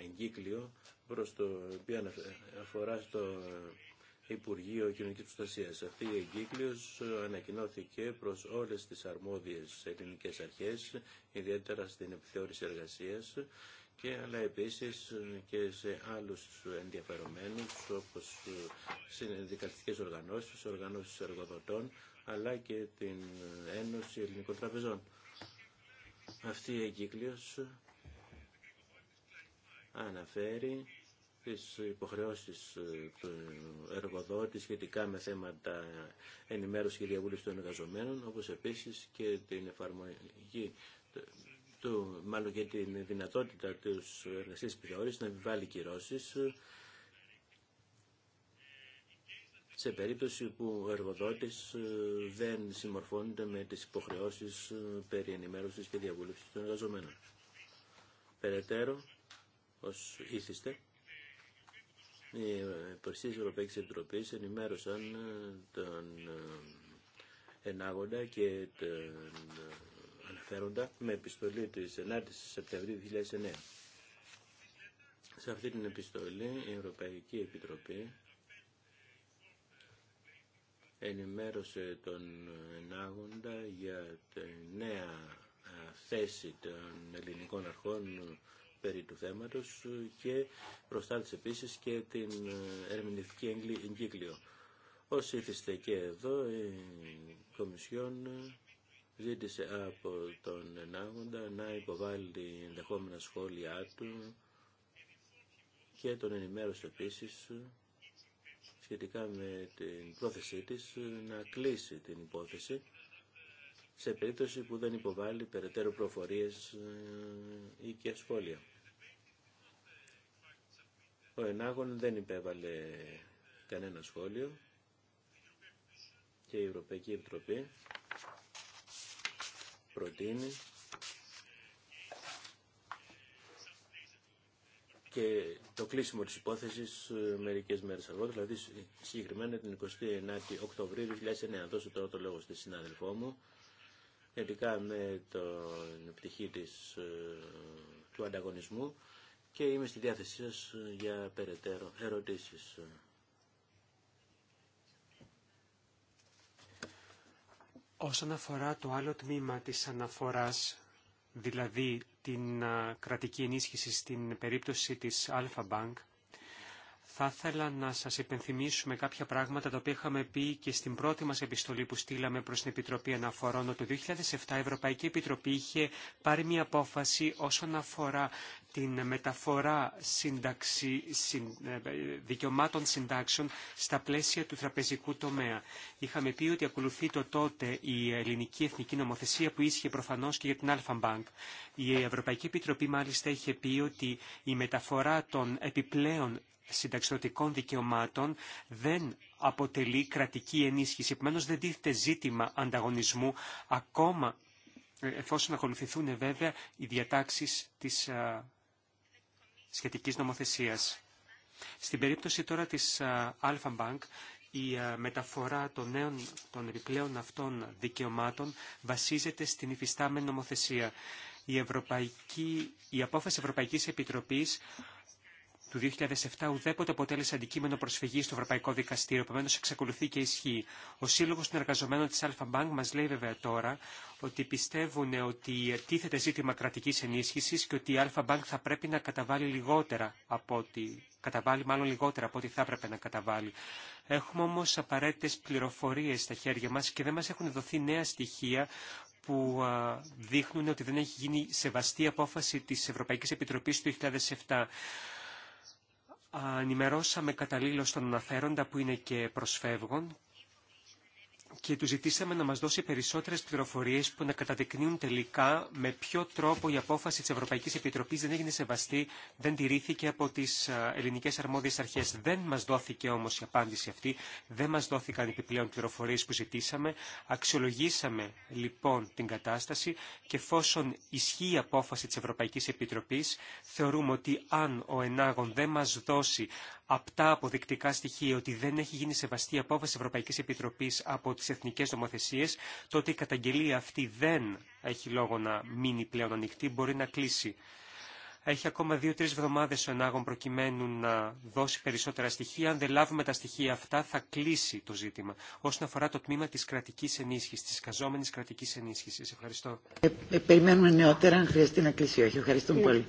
εγκύκλιο προς το οποίο αφορά στο Υπουργείο Κοινωνική Προστασία. Αυτή η εγκύκλιο ανακοινώθηκε προ όλε τι αρμόδιε ελληνικέ αρχέ, ιδιαίτερα στην επιθεώρηση εργασία και αλλά επίσης και σε άλλους ενδιαφερομένους όπως συνδικαλιστικέ οργανώσεις, οργανώσεις εργοδοτών αλλά και την Ένωση Ελληνικών Τραπεζών. Αυτή η εγκύκλειος αναφέρει τις υποχρεώσεις του εργοδότη σχετικά με θέματα ενημέρωσης και διαβούλευση των εργαζομένων, όπως επίσης και την εφαρμογή του, μάλλον και την δυνατότητα της εργασίας να επιβάλλει κυρώσεις σε περίπτωση που ο εργοδότης ε, δεν συμμορφώνεται με τις υποχρεώσεις ε, περί ενημέρωσης και διαβούλευσης των εργαζομένων. Περαιτέρω, ως ήθιστε, οι υπηρεσίε Ευρωπαϊκή Επιτροπή ενημέρωσαν ε, τον ενάγοντα και τον αναφέροντα με επιστολή της 9ης Σεπτεμβρίου 2009. Σε αυτή την επιστολή η Ευρωπαϊκή Επιτροπή ενημέρωσε τον Νάγοντα για τη νέα ε, θέση των ελληνικών αρχών περί του θέματος και προστάτησε επίσης και την ε, ερμηνευτική εγκύκλιο. Ως ήθιστε και εδώ, η Κομισιόν ζήτησε από τον Ενάγοντα να υποβάλει ενδεχόμενα σχόλιά του και τον ενημέρωσε επίσης σχετικά με την πρόθεσή της ε, να κλείσει την υπόθεση σε περίπτωση που δεν υποβάλλει περαιτέρω προφορίες ε, ή και σχόλια. Ο Ενάγων δεν υπέβαλε κανένα σχόλιο και η Ευρωπαϊκή Επιτροπή προτείνει και το κλείσιμο της υπόθεσης ε, μερικές μέρες αργότερα, δηλαδή συγκεκριμένα την 29η Οκτωβρίου 2009. Δώσω τώρα το λόγο στη συνάδελφό μου ειδικά με την πτυχή της, ε, του ανταγωνισμού και είμαι στη διάθεσή σας για περαιτέρω ερωτήσεις. Όσον αφορά το άλλο τμήμα της αναφοράς, δηλαδή την ε, κρατική ενίσχυση στην περίπτωση της Αλφα θα ήθελα να σας υπενθυμίσουμε κάποια πράγματα τα οποία είχαμε πει και στην πρώτη μας επιστολή που στείλαμε προς την Επιτροπή Αναφορών. το 2007 η Ευρωπαϊκή Επιτροπή είχε πάρει μια απόφαση όσον αφορά την μεταφορά συνταξι... Ε, δικαιωμάτων συντάξεων στα πλαίσια του τραπεζικού τομέα. Είχαμε πει ότι ακολουθεί το τότε η ελληνική εθνική νομοθεσία που ίσχυε προφανώς και για την Αλφα Bank. Η Ευρωπαϊκή Επιτροπή μάλιστα είχε πει ότι η μεταφορά των επιπλέον συνταξιδοτικών δικαιωμάτων δεν αποτελεί κρατική ενίσχυση. επομένως δεν τίθεται ζήτημα ανταγωνισμού ακόμα ε, εφόσον ακολουθηθούν ε, βέβαια οι διατάξεις της α, ε, σχετικής νομοθεσίας. Στην περίπτωση τώρα της Αλφα Bank, η μεταφορά των, νέων, των επιπλέον αυτών δικαιωμάτων βασίζεται στην υφιστάμενη νομοθεσία. Η, Ευρωπαϊκή, η απόφαση Ευρωπαϊκής Επιτροπής του 2007 ουδέποτε αποτέλεσε αντικείμενο προσφυγή στο Ευρωπαϊκό Δικαστήριο, επομένω εξακολουθεί και ισχύει. Ο Σύλλογο των Εργαζομένων τη ΑΛΦΑΜΠΑΝΚ μα λέει βέβαια τώρα ότι πιστεύουν ότι τίθεται ζήτημα κρατική ενίσχυση και ότι η ΑΛΦΑΜΠΑΝΚ θα πρέπει να καταβάλει λιγότερα από ότι καταβάλει μάλλον λιγότερα από ό,τι θα έπρεπε να καταβάλει. Έχουμε όμω απαραίτητε πληροφορίε στα χέρια μα και δεν μα έχουν δοθεί νέα στοιχεία που δείχνουν ότι δεν έχει γίνει σεβαστή απόφαση της Ευρωπαϊκής Επιτροπής του 2007 ενημερώσαμε καταλήλως τον αναφέροντα που είναι και προσφεύγων και του ζητήσαμε να μας δώσει περισσότερες πληροφορίες που να καταδεικνύουν τελικά με ποιο τρόπο η απόφαση της Ευρωπαϊκής Επιτροπής δεν έγινε σεβαστή, δεν τηρήθηκε από τις ελληνικές αρμόδιες αρχές. Δεν μας δόθηκε όμως η απάντηση αυτή, δεν μας δόθηκαν επιπλέον πληροφορίες που ζητήσαμε. Αξιολογήσαμε λοιπόν την κατάσταση και εφόσον ισχύει η απόφαση της Ευρωπαϊκής Επιτροπής, θεωρούμε ότι αν ο ενάγων δεν μας δώσει απτά αποδεικτικά στοιχεία ότι δεν έχει γίνει σεβαστή απόφαση Ευρωπαϊκής Επιτροπής από τις εθνικές νομοθεσίες, τότε η καταγγελία αυτή δεν έχει λόγο να μείνει πλέον ανοιχτή, μπορεί να κλείσει. Έχει ακόμα δύο-τρει εβδομάδε ο ενάγων προκειμένου να δώσει περισσότερα στοιχεία. Αν δεν λάβουμε τα στοιχεία αυτά, θα κλείσει το ζήτημα. Όσον αφορά το τμήμα της κρατικής ενίσχυσης, τη καζόμενη κρατική ενίσχυση. Ευχαριστώ. Ε, ε, περιμένουμε νεότερα, αν χρειαστεί να κλείσει όχι. Ευχαριστούμε ε, πολύ.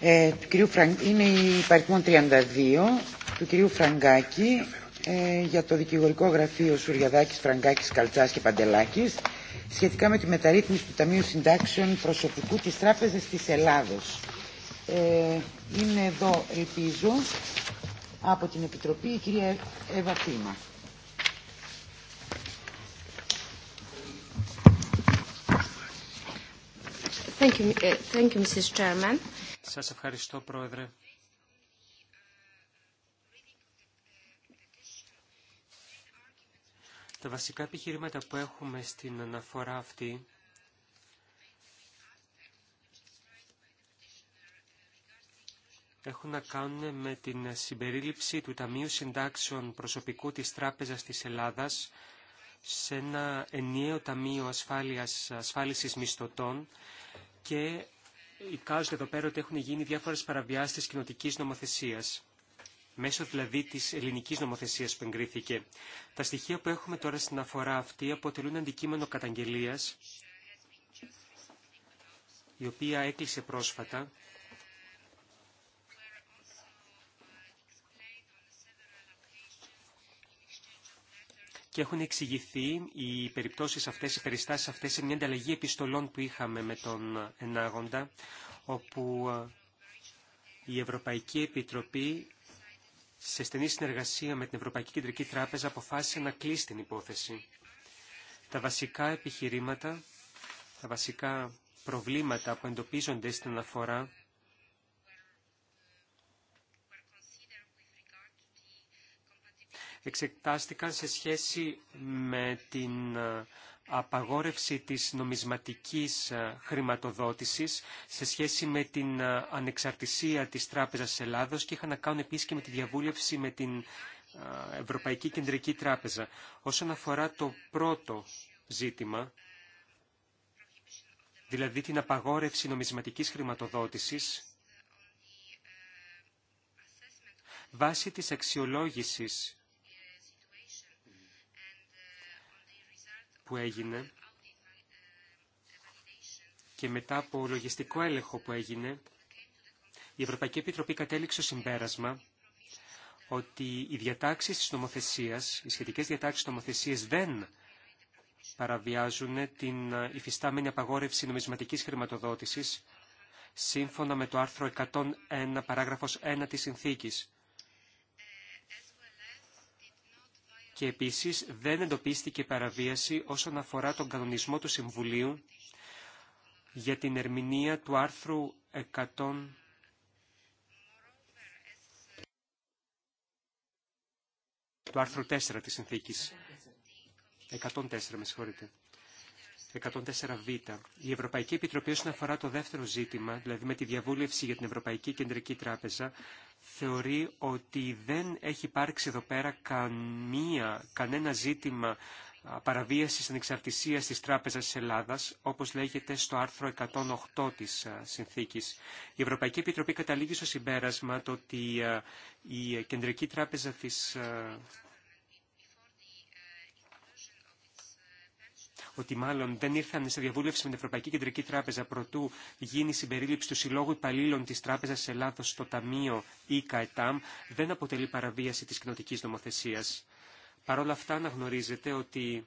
Ε, του κυρίου είναι η παρικμόν 32 του κυρίου Φραγκάκη ε, για το δικηγορικό γραφείο Σουριαδάκης, Φραγκάκης, Καλτσάς και Παντελάκης σχετικά με τη μεταρρύθμιση του Ταμείου Συντάξεων Προσωπικού της Τράπεζας της Ελλάδος. Ε, είναι εδώ, ελπίζω, από την Επιτροπή η κυρία Εύα Thank you, ε, thank you, Mrs. Chairman. Σας ευχαριστώ, Πρόεδρε. Τα βασικά επιχειρήματα που έχουμε στην αναφορά αυτή έχουν να κάνουν με την συμπερίληψη του Ταμείου Συντάξεων Προσωπικού της Τράπεζας της Ελλάδας σε ένα ενιαίο Ταμείο Ασφάλειας, Ασφάλισης Μισθωτών και εικάζονται εδώ πέρα ότι έχουν γίνει διάφορες παραβιάσεις της κοινοτικής νομοθεσίας μέσω δηλαδή της ελληνικής νομοθεσίας που εγκρίθηκε. Τα στοιχεία που έχουμε τώρα στην αφορά αυτή αποτελούν αντικείμενο καταγγελίας, η οποία έκλεισε πρόσφατα και έχουν εξηγηθεί οι περιπτώσεις αυτές, οι περιστάσεις αυτές σε μια ανταλλαγή επιστολών που είχαμε με τον Ενάγοντα, όπου ε, η Ευρωπαϊκή Επιτροπή σε στενή συνεργασία με την Ευρωπαϊκή Κεντρική Τράπεζα αποφάσισε να κλείσει την υπόθεση. Τα βασικά επιχειρήματα, τα βασικά προβλήματα που εντοπίζονται στην αναφορά εξετάστηκαν σε σχέση με την ε, απαγόρευση της νομισματικής ε, χρηματοδότησης σε σχέση με την ε, ανεξαρτησία της Τράπεζας Ελλάδος και είχαν να κάνουν επίσης και με τη διαβούλευση με την Ευρωπαϊκή Κεντρική Τράπεζα. Όσον αφορά το πρώτο ζήτημα, δηλαδή την απαγόρευση νομισματικής χρηματοδότησης, βάσει της αξιολόγησης που έγινε και μετά από λογιστικό έλεγχο που έγινε, η Ευρωπαϊκή Επιτροπή κατέληξε συμπέρασμα ότι οι διατάξεις της νομοθεσίας, οι σχετικές διατάξεις της νομοθεσίας δεν παραβιάζουν την υφιστάμενη απαγόρευση νομισματικής χρηματοδότησης σύμφωνα με το άρθρο 101 παράγραφος 1 της Συνθήκης. και επίσης δεν εντοπίστηκε παραβίαση όσον αφορά τον κανονισμό του Συμβουλίου για την ερμηνεία του άρθρου 100. του άρθρου 4 της συνθήκης. 104, με συγχωρείτε. 104β. Η Ευρωπαϊκή Επιτροπή όσον αφορά το δεύτερο ζήτημα, δηλαδή με τη διαβούλευση για την Ευρωπαϊκή Κεντρική Τράπεζα, θεωρεί ότι δεν έχει υπάρξει εδώ πέρα καμία, κανένα ζήτημα παραβίασης της ανεξαρτησίας της Τράπεζας της Ελλάδας, όπως λέγεται στο άρθρο 108 της συνθήκης. Η Ευρωπαϊκή Επιτροπή καταλήγει στο συμπέρασμα ότι η Κεντρική Τράπεζα της ότι μάλλον δεν ήρθαν σε διαβούλευση με την Ευρωπαϊκή Κεντρική Τράπεζα προτού γίνει η συμπερίληψη του Συλλόγου Υπαλλήλων τη Τράπεζα Ελλάδο στο Ταμείο ή ΚΑΕΤΑΜ, δεν αποτελεί παραβίαση τη κοινοτική νομοθεσία. Παρ' όλα αυτά αναγνωρίζεται ότι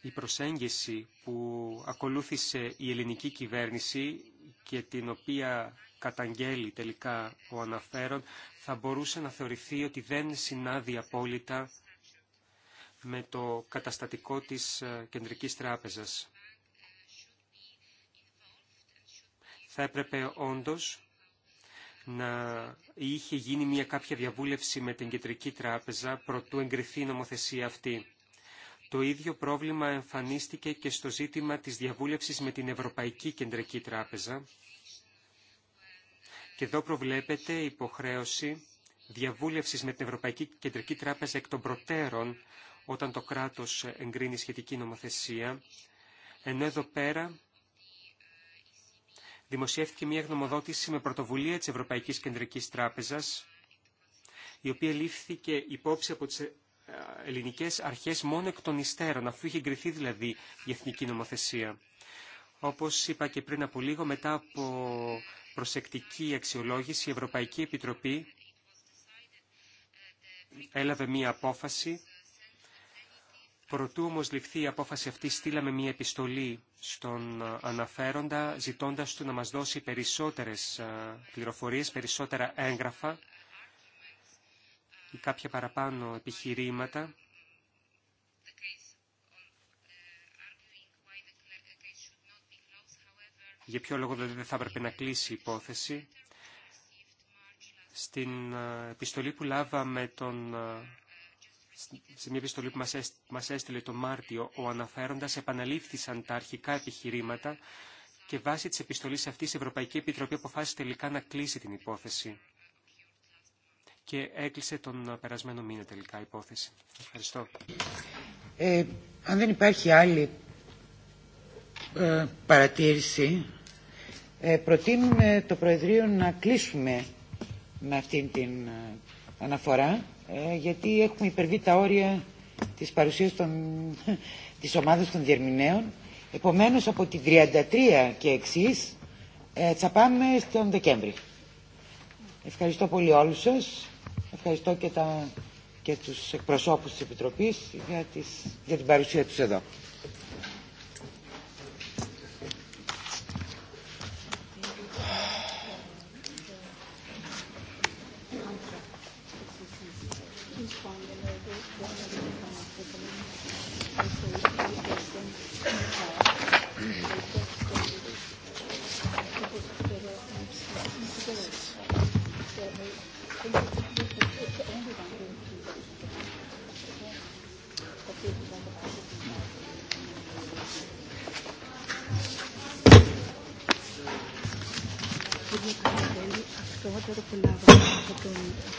η προσέγγιση που ακολούθησε η ελληνική κυβέρνηση και την οποία καταγγέλει τελικά ο αναφέρον θα μπορούσε να θεωρηθεί ότι δεν συνάδει απόλυτα με το καταστατικό της ε, Κεντρικής Τράπεζας. Θα έπρεπε όντως να είχε γίνει μια κάποια διαβούλευση με την Κεντρική Τράπεζα προτού εγκριθεί η νομοθεσία αυτή. Το ίδιο πρόβλημα εμφανίστηκε και στο ζήτημα της διαβούλευσης με την Ευρωπαϊκή Κεντρική Τράπεζα και εδώ προβλέπεται υποχρέωση διαβούλευσης με την Ευρωπαϊκή Κεντρική Τράπεζα εκ των προτέρων όταν το κράτος εγκρίνει σχετική νομοθεσία. Ενώ εδώ πέρα δημοσιεύτηκε μια γνωμοδότηση με πρωτοβουλία της Ευρωπαϊκής Κεντρικής Τράπεζας η οποία λήφθηκε υπόψη από τις ε, ελληνικές αρχές μόνο εκ των υστέρων, αφού είχε εγκριθεί δηλαδή η εθνική νομοθεσία. Όπως είπα και πριν από λίγο, μετά από προσεκτική αξιολόγηση, η Ευρωπαϊκή Επιτροπή έλαβε μία απόφαση. Προτού όμως ληφθεί η απόφαση αυτή, στείλαμε μία επιστολή στον αναφέροντα, ζητώντας του να μας δώσει περισσότερες πληροφορίες, περισσότερα έγγραφα ή κάποια παραπάνω επιχειρήματα για ποιο λόγο δηλαδή δεν θα έπρεπε να κλείσει η υπόθεση. Στην ε, επιστολή που λάβαμε τον ε, σε μια επιστολή που μας έστειλε το Μάρτιο, ο αναφέροντας επαναλήφθησαν τα αρχικά επιχειρήματα και βάσει της επιστολής αυτής η Ευρωπαϊκή Επιτροπή αποφάσισε τελικά να κλείσει την υπόθεση. Και έκλεισε τον ε, περασμένο μήνα τελικά η υπόθεση. Ευχαριστώ. Ε, αν δεν υπάρχει ε, παρατήρηση. Ε, προτείνουμε το Προεδρείο να κλείσουμε με αυτήν την ε, αναφορά γιατί έχουμε υπερβεί τα όρια της παρουσίας των, [LAUGHS] της ομάδας των διερμηνέων. Επομένως από την 33 και εξής θα πάμε στον Δεκέμβρη. Ευχαριστώ πολύ όλους σας. Ευχαριστώ και, τα, και τους εκπροσώπους της Επιτροπής για, τις, για την παρουσία τους εδώ.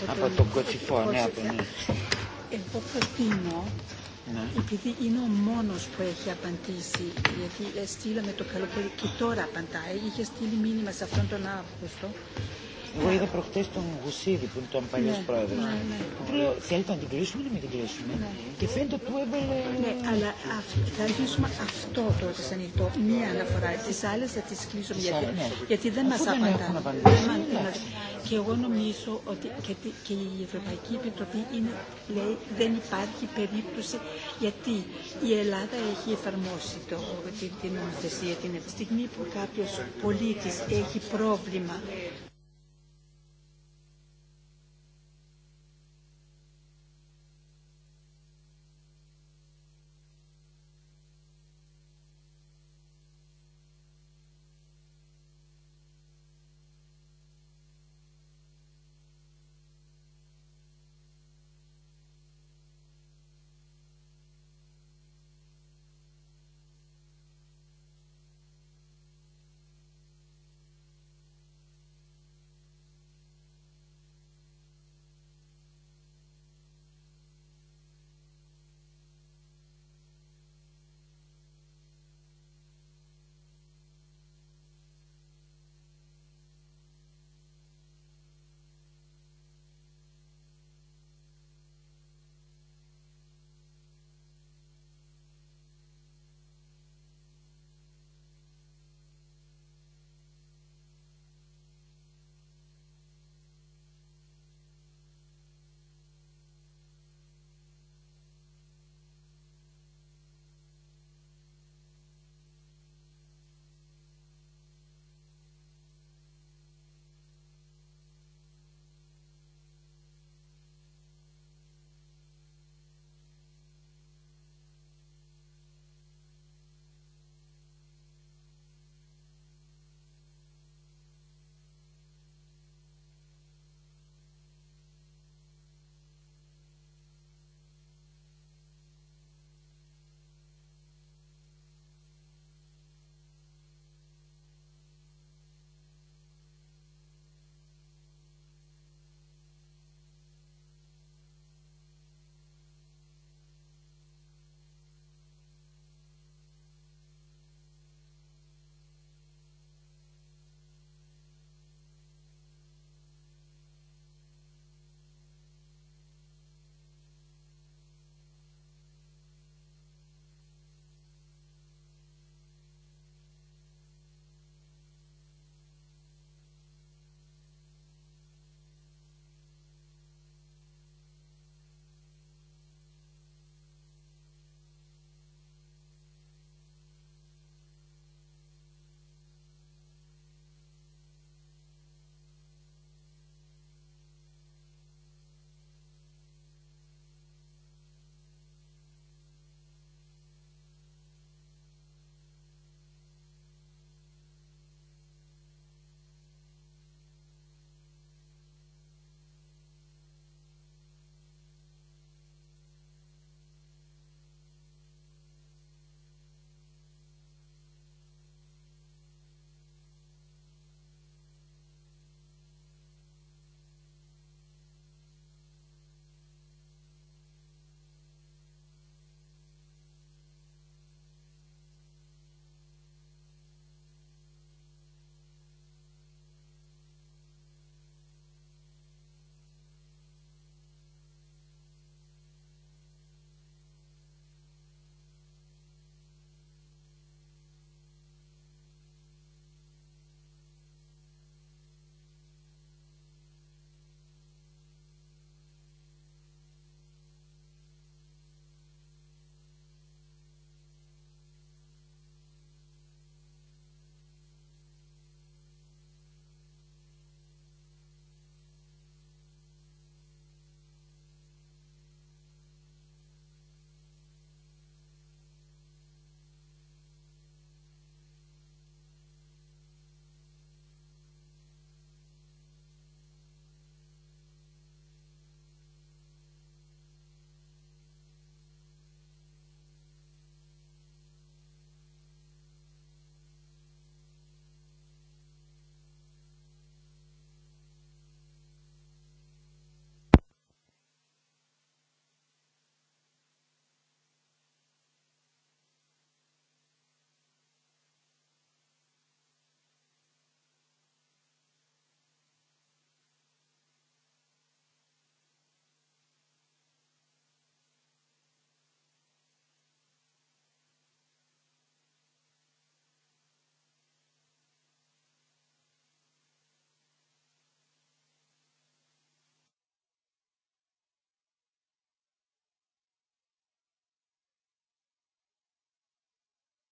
Από τον κοτσιφό, ναι, από εγώ προτείνω, ναι. επειδή είναι ο μόνο που έχει απαντήσει, γιατί στείλαμε το καλοκαίρι και τώρα απαντάει, είχε στείλει μήνυμα σε αυτόν τον Αύγουστο, εγώ είδα προχτέ τον Γουσίδη που ήταν τον παλιό ναι. πρόεδρο. Ναι, ναι. Του λέω θέλετε να την κλείσουμε ή να μην την κλείσουμε. Και φαίνεται του έβαλε. Ναι, αλλά θα αρχίσουμε αυτό το σαν Μία αναφορά. Τι άλλε θα τι κλείσουμε γιατί, δεν μα απαντάνε. Και εγώ νομίζω ότι και, η Ευρωπαϊκή Επιτροπή είναι, λέει δεν υπάρχει περίπτωση γιατί η Ελλάδα έχει εφαρμόσει το, την, την νομοθεσία την στιγμή που κάποιος πολίτης έχει πρόβλημα